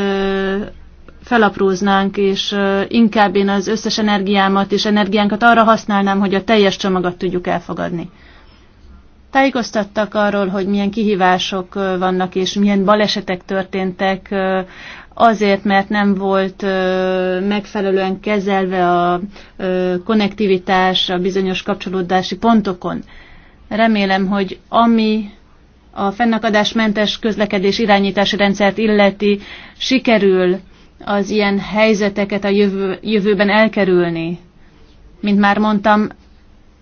felapróznánk, és inkább én az összes energiámat és energiánkat arra használnám, hogy a teljes csomagot tudjuk elfogadni. Tájékoztattak arról, hogy milyen kihívások vannak és milyen balesetek történtek azért, mert nem volt megfelelően kezelve a konnektivitás a bizonyos kapcsolódási pontokon. Remélem, hogy ami a fennakadásmentes közlekedés irányítási rendszert illeti, sikerül az ilyen helyzeteket a jövő, jövőben elkerülni. Mint már mondtam,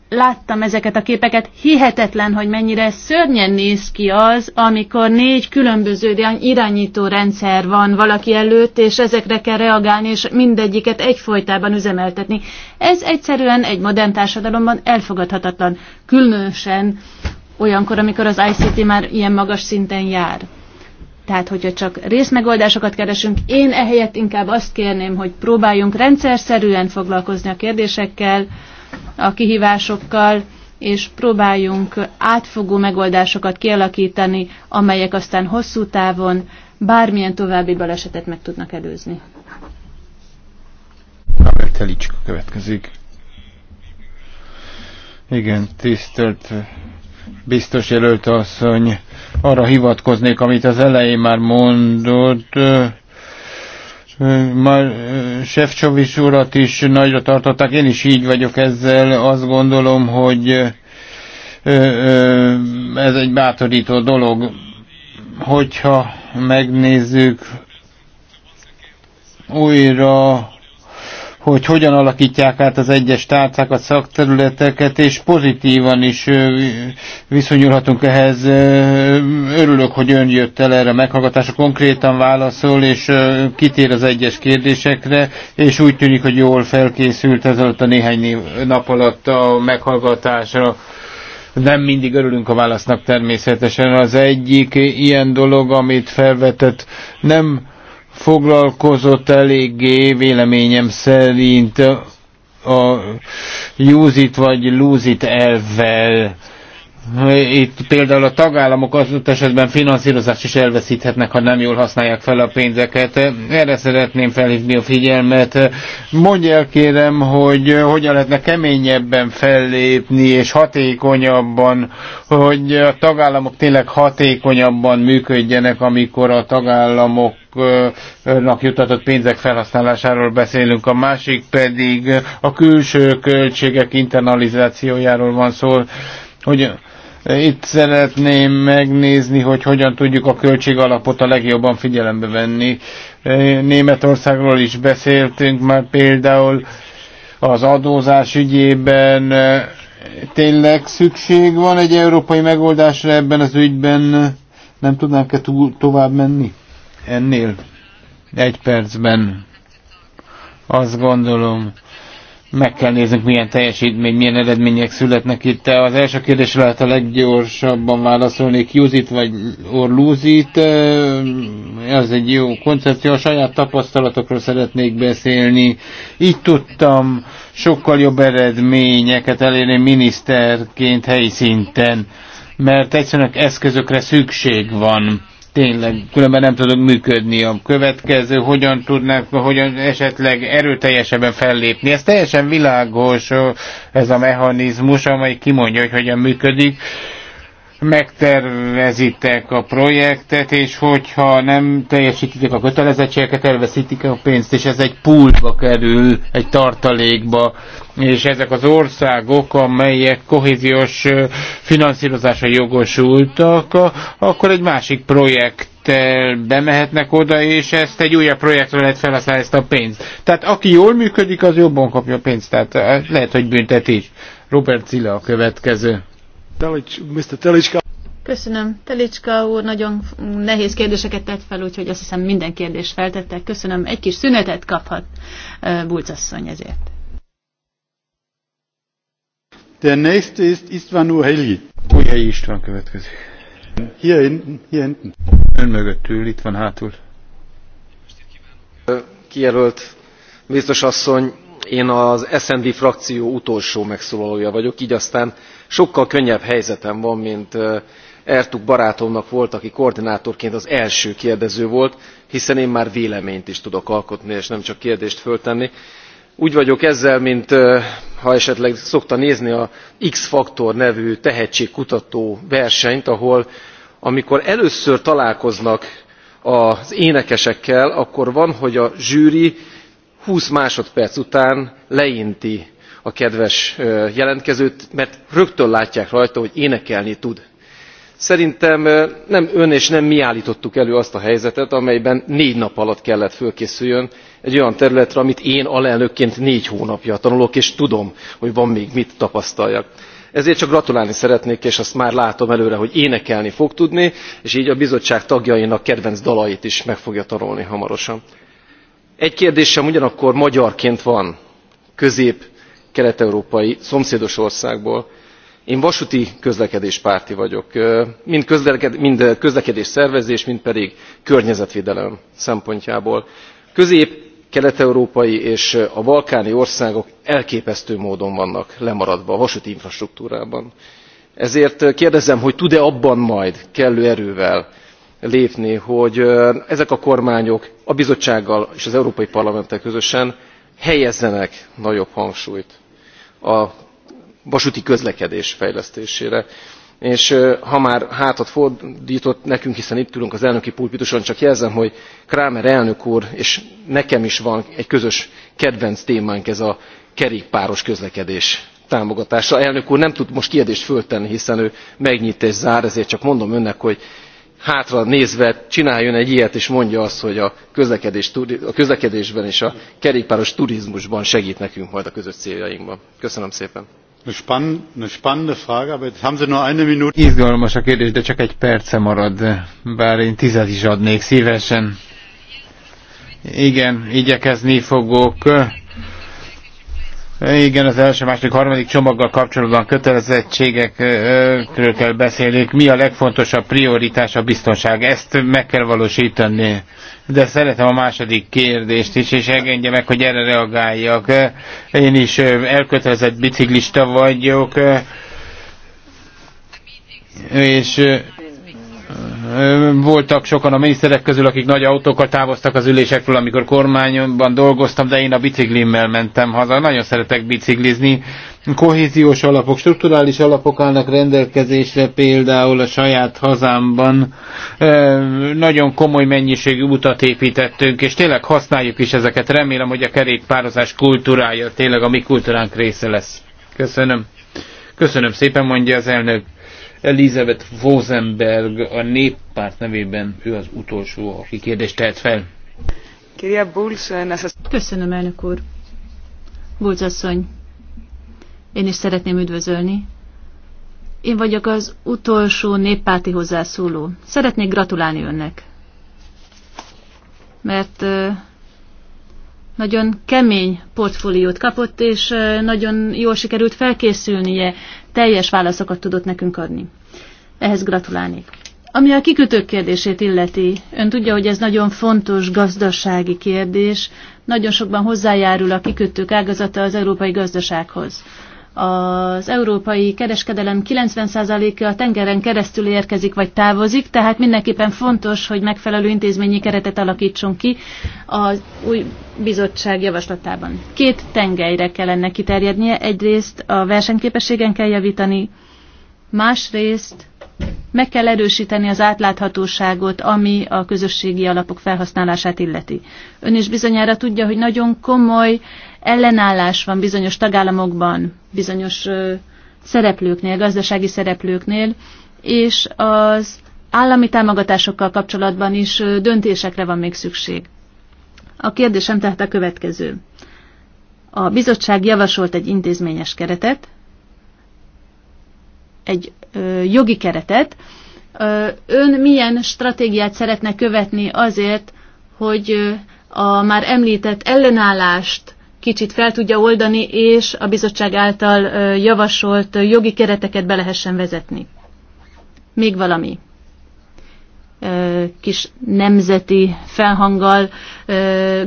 láttam ezeket a képeket, hihetetlen, hogy mennyire szörnyen néz ki az, amikor négy különböző irányító rendszer van valaki előtt, és ezekre kell reagálni, és mindegyiket egyfolytában üzemeltetni. Ez egyszerűen egy modern társadalomban elfogadhatatlan, különösen olyankor, amikor az ICT már ilyen magas szinten jár. Tehát, hogyha csak részmegoldásokat keresünk, én ehelyett inkább azt kérném, hogy próbáljunk rendszerszerűen foglalkozni a kérdésekkel, a kihívásokkal, és próbáljunk átfogó megoldásokat kialakítani, amelyek aztán hosszú távon bármilyen további balesetet meg tudnak előzni. Robert Helicska következik. Igen, tisztelt biztos jelölt asszony, arra hivatkoznék, amit az elején már mondott, már eh, Sefcsovics urat is nagyra tartották, én is így vagyok ezzel, azt gondolom, hogy eh, eh, ez egy bátorító dolog, hogyha megnézzük újra hogy hogyan alakítják át az egyes tárcákat, szakterületeket, és pozitívan is viszonyulhatunk ehhez. Örülök, hogy ön jött el erre a meghallgatásra, konkrétan válaszol, és kitér az egyes kérdésekre, és úgy tűnik, hogy jól felkészült alatt a néhány nap alatt a meghallgatásra nem mindig örülünk a válasznak természetesen. Az egyik ilyen dolog, amit felvetett, nem foglalkozott eléggé véleményem szerint a use it vagy lose it elvvel itt például a tagállamok az esetben finanszírozást is elveszíthetnek, ha nem jól használják fel a pénzeket. Erre szeretném felhívni a figyelmet. Mondj el kérem, hogy hogyan lehetne keményebben fellépni és hatékonyabban, hogy a tagállamok tényleg hatékonyabban működjenek, amikor a tagállamok nak jutatott pénzek felhasználásáról beszélünk, a másik pedig a külső költségek internalizációjáról van szó, hogy itt szeretném megnézni, hogy hogyan tudjuk a költségalapot a legjobban figyelembe venni. Németországról is beszéltünk már például az adózás ügyében. Tényleg szükség van egy európai megoldásra ebben az ügyben? Nem tudnánk-e tovább menni ennél? Egy percben. Azt gondolom meg kell néznünk, milyen teljesítmény, milyen eredmények születnek itt. Az első kérdés lehet a leggyorsabban válaszolni, Kiuzit vagy or Ez egy jó koncepció. A saját tapasztalatokról szeretnék beszélni. Így tudtam sokkal jobb eredményeket elérni miniszterként helyi szinten, mert egyszerűen eszközökre szükség van tényleg különben nem tudunk működni a következő, hogyan tudnak, hogyan esetleg erőteljesebben fellépni. Ez teljesen világos ez a mechanizmus, amely kimondja, hogy hogyan működik megtervezitek a projektet, és hogyha nem teljesítitek a kötelezettségeket, elveszítik a pénzt, és ez egy pultba kerül, egy tartalékba, és ezek az országok, amelyek kohéziós finanszírozásra jogosultak, akkor egy másik projekt bemehetnek oda, és ezt egy újabb projektre lehet felhasználni ezt a pénzt. Tehát aki jól működik, az jobban kapja a pénzt, tehát lehet, hogy büntetés. Robert Cilla a következő. Mr. Telicska. Köszönöm. Telicska úr nagyon nehéz kérdéseket tett fel, úgyhogy azt hiszem minden kérdést feltettek. Köszönöm. Egy kis szünetet kaphat Bulcasszony ezért. Der nächste ist István új helyi István következik. Hier hinten, hier hinten. Ön mögöttül, itt van hátul. Kijelölt biztos asszony, én az SND frakció utolsó megszólalója vagyok, így aztán sokkal könnyebb helyzetem van mint ertug barátomnak volt aki koordinátorként az első kérdező volt hiszen én már véleményt is tudok alkotni és nem csak kérdést föltenni. úgy vagyok ezzel mint ha esetleg szokta nézni a x faktor nevű tehetségkutató versenyt ahol amikor először találkoznak az énekesekkel akkor van hogy a zsűri twenty másodperc után leinti a kedves jelentkezőt mert rögtön látják rajta hogy énekelni tud. szerintem nem ön és nem mi álltottuk elő azt a helyzetet amelyben négy nap alatt kellett fölkészüljön egy olyan területre amit én alelnökként négy hónapja tanulok és tudom hogy van még mit tapasztaljak ezért csak gratulálni szeretnék és azt már látom előre hogy énekelni fog tudni és gy a bizottság tagjainak kedvenc dalait is meg fogja tanulni hamarosan. egy kérdésem ugyanakkor magyarként van közép kelet európai szomszédos országból én vasúti közlekedéspárti vagyok mind, mind közlekedés szervezés mind pedig környezetvédelem szempontjából. közép kelet európai és a balkáni országok elképesztő módon vannak lemaradva a vasúti infrastruktúrában ezért kérdezem hogy tud e abban majd kellő erővel lépni hogy ezek a kormányok a bizottsággal és az európai parlamenttel közösen helyezzenek nagyobb hangsúlyt a vasúti közlekedés fejlesztésére. És ha már hátat fordított nekünk, hiszen itt ülünk az elnöki pulpituson, csak jelzem, hogy krámer elnök úr, és nekem is van egy közös kedvenc témánk ez a kerékpáros közlekedés támogatása. Elnök úr nem tud most kérdést föltenni, hiszen ő megnyit és zár, ezért csak mondom önnek, hogy hátra nézve csináljon egy ilyet és mondja azt hogy a, közlekedés, a közlekedésben és a kerékpáros turizmusban segt nekünk majd a közös céljainkban. köszönöm szépen! izgalmas a kérdés de csak egy perce marad bár én tizet is adnék szívesen. igen igyekezni fogok igen, az első, második, harmadik csomaggal kapcsolatban kötelezettségekről kell beszélnünk. Mi a legfontosabb prioritás a biztonság? Ezt meg kell valósítani. De szeretem a második kérdést is, és engedje meg, hogy erre reagáljak. Én is elkötelezett biciklista vagyok, és voltak sokan a miniszterek közül, akik nagy autókkal távoztak az ülésekről, amikor kormányban dolgoztam, de én a biciklimmel mentem haza. Nagyon szeretek biciklizni. Kohéziós alapok, strukturális alapok állnak rendelkezésre például a saját hazámban. Nagyon komoly mennyiségű utat építettünk, és tényleg használjuk is ezeket. Remélem, hogy a kerékpározás kultúrája tényleg a mi kultúránk része lesz. Köszönöm. Köszönöm szépen, mondja az elnök. Elizabeth Vosenberg a néppárt nevében, ő az utolsó, aki kérdést tehet fel. Köszönöm, elnök úr. Bulc asszony, én is szeretném üdvözölni. Én vagyok az utolsó néppárti hozzászóló. Szeretnék gratulálni önnek, mert nagyon kemény portfóliót kapott, és nagyon jól sikerült felkészülnie, teljes válaszokat tudott nekünk adni. Ehhez gratulálnék. Ami a kikötők kérdését illeti, ön tudja, hogy ez nagyon fontos gazdasági kérdés, nagyon sokban hozzájárul a kikötők ágazata az európai gazdasághoz az európai kereskedelem 90%-a tengeren keresztül érkezik vagy távozik, tehát mindenképpen fontos, hogy megfelelő intézményi keretet alakítson ki az új bizottság javaslatában. Két tengelyre kell ennek kiterjednie. Egyrészt a versenyképességen kell javítani, másrészt meg kell erősíteni az átláthatóságot, ami a közösségi alapok felhasználását illeti. Ön is bizonyára tudja, hogy nagyon komoly ellenállás van bizonyos tagállamokban, bizonyos szereplőknél, gazdasági szereplőknél, és az állami támogatásokkal kapcsolatban is döntésekre van még szükség. A kérdésem tehát a következő. A bizottság javasolt egy intézményes keretet, egy ö, jogi keretet. Ö, ön milyen stratégiát szeretne követni azért, hogy ö, a már említett ellenállást kicsit fel tudja oldani, és a bizottság által javasolt jogi kereteket be lehessen vezetni. Még valami kis nemzeti felhanggal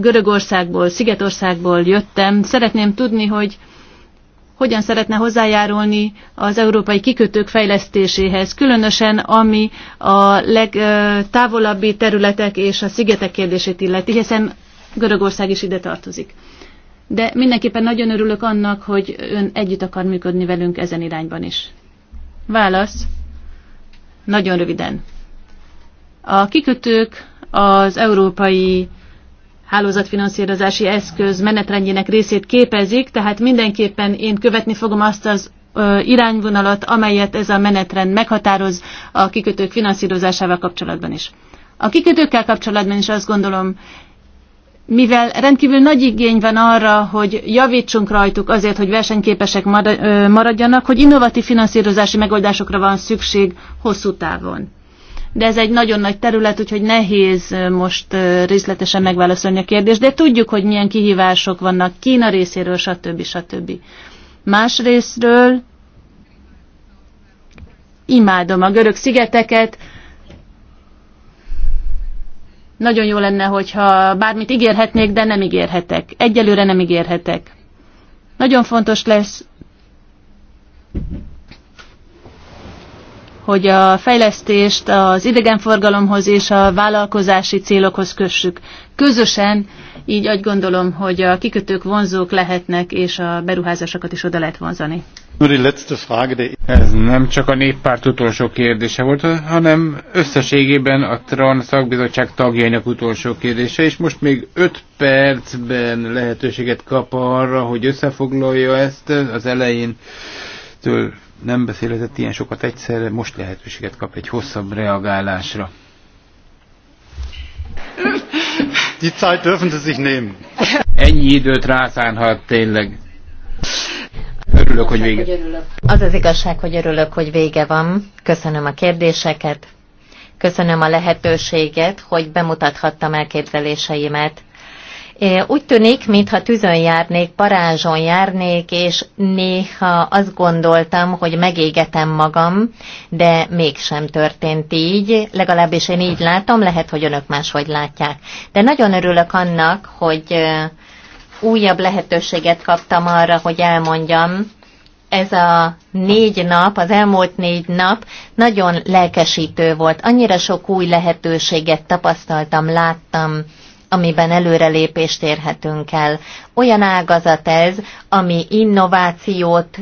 Görögországból, Szigetországból jöttem. Szeretném tudni, hogy hogyan szeretne hozzájárulni az európai kikötők fejlesztéséhez, különösen ami a legtávolabbi területek és a szigetek kérdését illeti, hiszen Görögország is ide tartozik de mindenképpen nagyon örülök annak, hogy ön együtt akar működni velünk ezen irányban is. Válasz. Nagyon röviden. A kikötők az európai hálózatfinanszírozási eszköz menetrendjének részét képezik, tehát mindenképpen én követni fogom azt az irányvonalat, amelyet ez a menetrend meghatároz a kikötők finanszírozásával kapcsolatban is. A kikötőkkel kapcsolatban is azt gondolom, mivel rendkívül nagy igény van arra, hogy javítsunk rajtuk azért, hogy versenyképesek maradjanak, hogy innovatív finanszírozási megoldásokra van szükség hosszú távon. De ez egy nagyon nagy terület, úgyhogy nehéz most részletesen megválaszolni a kérdést, de tudjuk, hogy milyen kihívások vannak Kína részéről, stb. stb. Más részről imádom a görög szigeteket, nagyon jó lenne, hogyha bármit ígérhetnék, de nem ígérhetek. Egyelőre nem ígérhetek. Nagyon fontos lesz, hogy a fejlesztést az idegenforgalomhoz és a vállalkozási célokhoz kössük. Közösen így azt gondolom, hogy a kikötők vonzók lehetnek, és a beruházásokat is oda lehet vonzani. Ez nem csak a néppárt utolsó kérdése volt, hanem összességében a TRAN szakbizottság tagjainak utolsó kérdése, és most még 5 percben lehetőséget kap arra, hogy összefoglalja ezt az elején től nem beszélhetett ilyen sokat egyszerre, most lehetőséget kap egy hosszabb reagálásra. Die Zeit dürfen Sie sich nehmen. Ennyi időt rászánhat tényleg örülök, hogy vége. Az az igazság, hogy örülök, hogy vége van. Köszönöm a kérdéseket. Köszönöm a lehetőséget, hogy bemutathattam elképzeléseimet. Úgy tűnik, mintha tűzön járnék, parázson járnék, és néha azt gondoltam, hogy megégetem magam, de mégsem történt így, legalábbis én így látom, lehet, hogy önök máshogy látják. De nagyon örülök annak, hogy újabb lehetőséget kaptam arra, hogy elmondjam. Ez a négy nap, az elmúlt négy nap nagyon lelkesítő volt. Annyira sok új lehetőséget tapasztaltam, láttam, amiben előrelépést érhetünk el. Olyan ágazat ez, ami innovációt,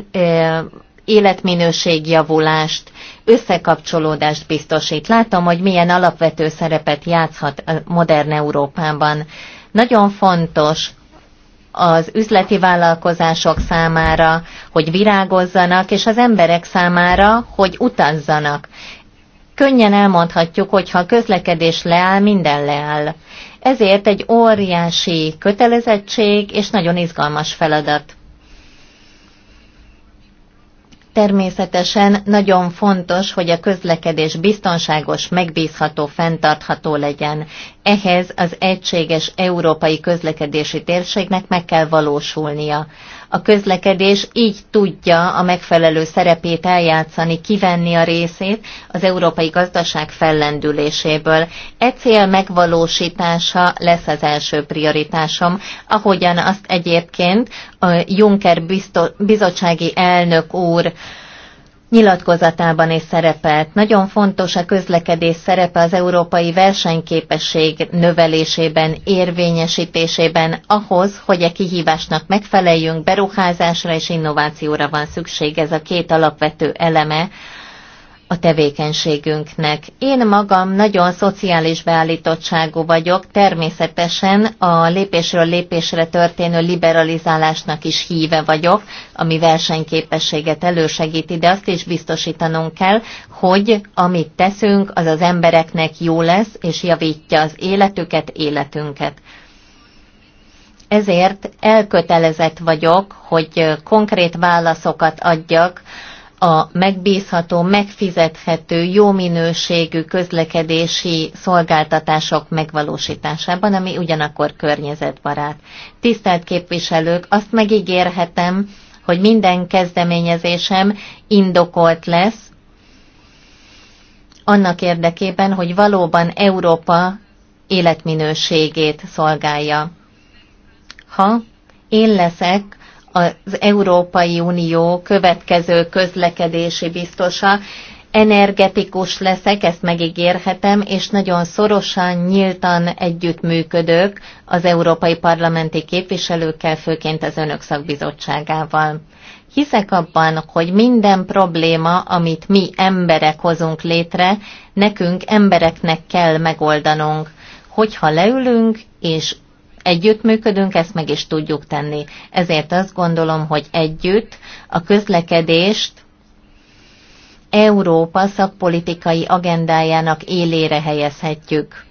életminőségjavulást, összekapcsolódást biztosít. Látom, hogy milyen alapvető szerepet játszhat a modern Európában. Nagyon fontos, az üzleti vállalkozások számára, hogy virágozzanak, és az emberek számára, hogy utazzanak. Könnyen elmondhatjuk, hogy ha a közlekedés leáll, minden leáll. Ezért egy óriási kötelezettség és nagyon izgalmas feladat. Természetesen nagyon fontos, hogy a közlekedés biztonságos, megbízható, fenntartható legyen. Ehhez az egységes európai közlekedési térségnek meg kell valósulnia a közlekedés így tudja a megfelelő szerepét eljátszani, kivenni a részét az európai gazdaság fellendüléséből. E cél megvalósítása lesz az első prioritásom, ahogyan azt egyébként a Juncker bizottsági elnök úr nyilatkozatában is szerepelt. Nagyon fontos a közlekedés szerepe az európai versenyképesség növelésében, érvényesítésében ahhoz, hogy a e kihívásnak megfeleljünk, beruházásra és innovációra van szükség. Ez a két alapvető eleme a tevékenységünknek. Én magam nagyon szociális beállítottságú vagyok, természetesen a lépésről lépésre történő liberalizálásnak is híve vagyok, ami versenyképességet elősegíti, de azt is biztosítanunk kell, hogy amit teszünk, az az embereknek jó lesz, és javítja az életüket, életünket. Ezért elkötelezett vagyok, hogy konkrét válaszokat adjak a megbízható, megfizethető, jó minőségű közlekedési szolgáltatások megvalósításában, ami ugyanakkor környezetbarát. Tisztelt képviselők, azt megígérhetem, hogy minden kezdeményezésem indokolt lesz, annak érdekében, hogy valóban Európa életminőségét szolgálja. Ha én leszek az Európai Unió következő közlekedési biztosa, energetikus leszek, ezt megígérhetem, és nagyon szorosan, nyíltan együttműködök az európai parlamenti képviselőkkel, főként az önök szakbizottságával. Hiszek abban, hogy minden probléma, amit mi emberek hozunk létre, nekünk embereknek kell megoldanunk. Hogyha leülünk és együttműködünk, ezt meg is tudjuk tenni. Ezért azt gondolom, hogy együtt a közlekedést Európa szakpolitikai agendájának élére helyezhetjük.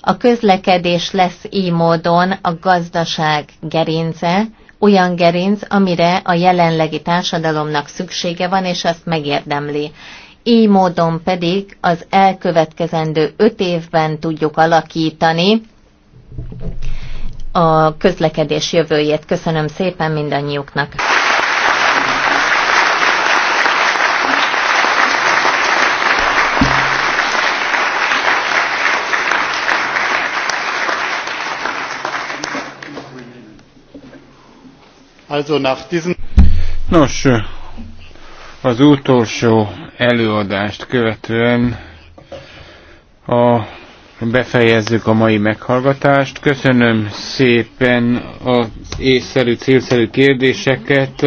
A közlekedés lesz így módon a gazdaság gerince, olyan gerinc, amire a jelenlegi társadalomnak szüksége van, és azt megérdemli. Így módon pedig az elkövetkezendő öt évben tudjuk alakítani a közlekedés jövőjét. Köszönöm szépen mindannyiuknak! Nos, az utolsó előadást követően a befejezzük a mai meghallgatást. Köszönöm szépen az észszerű, célszerű kérdéseket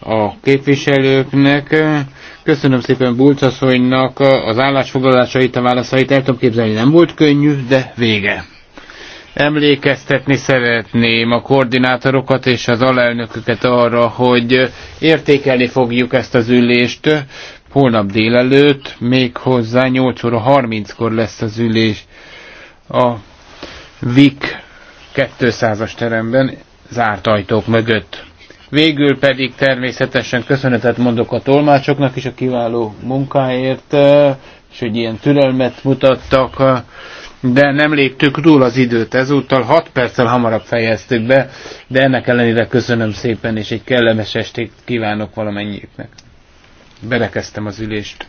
a képviselőknek. Köszönöm szépen Bulcaszonynak az állásfoglalásait, a válaszait. El tudom képzelni, nem volt könnyű, de vége. Emlékeztetni szeretném a koordinátorokat és az alelnököket arra, hogy értékelni fogjuk ezt az ülést, holnap délelőtt, még hozzá 8 óra 30-kor lesz az ülés a VIK 200-as teremben zárt ajtók mögött. Végül pedig természetesen köszönetet mondok a tolmácsoknak is a kiváló munkáért, eh, és hogy ilyen türelmet mutattak, eh, de nem léptük túl az időt. Ezúttal 6 perccel hamarabb fejeztük be, de ennek ellenére köszönöm szépen, és egy kellemes estét kívánok valamennyiüknek. Berekeztem az ülést.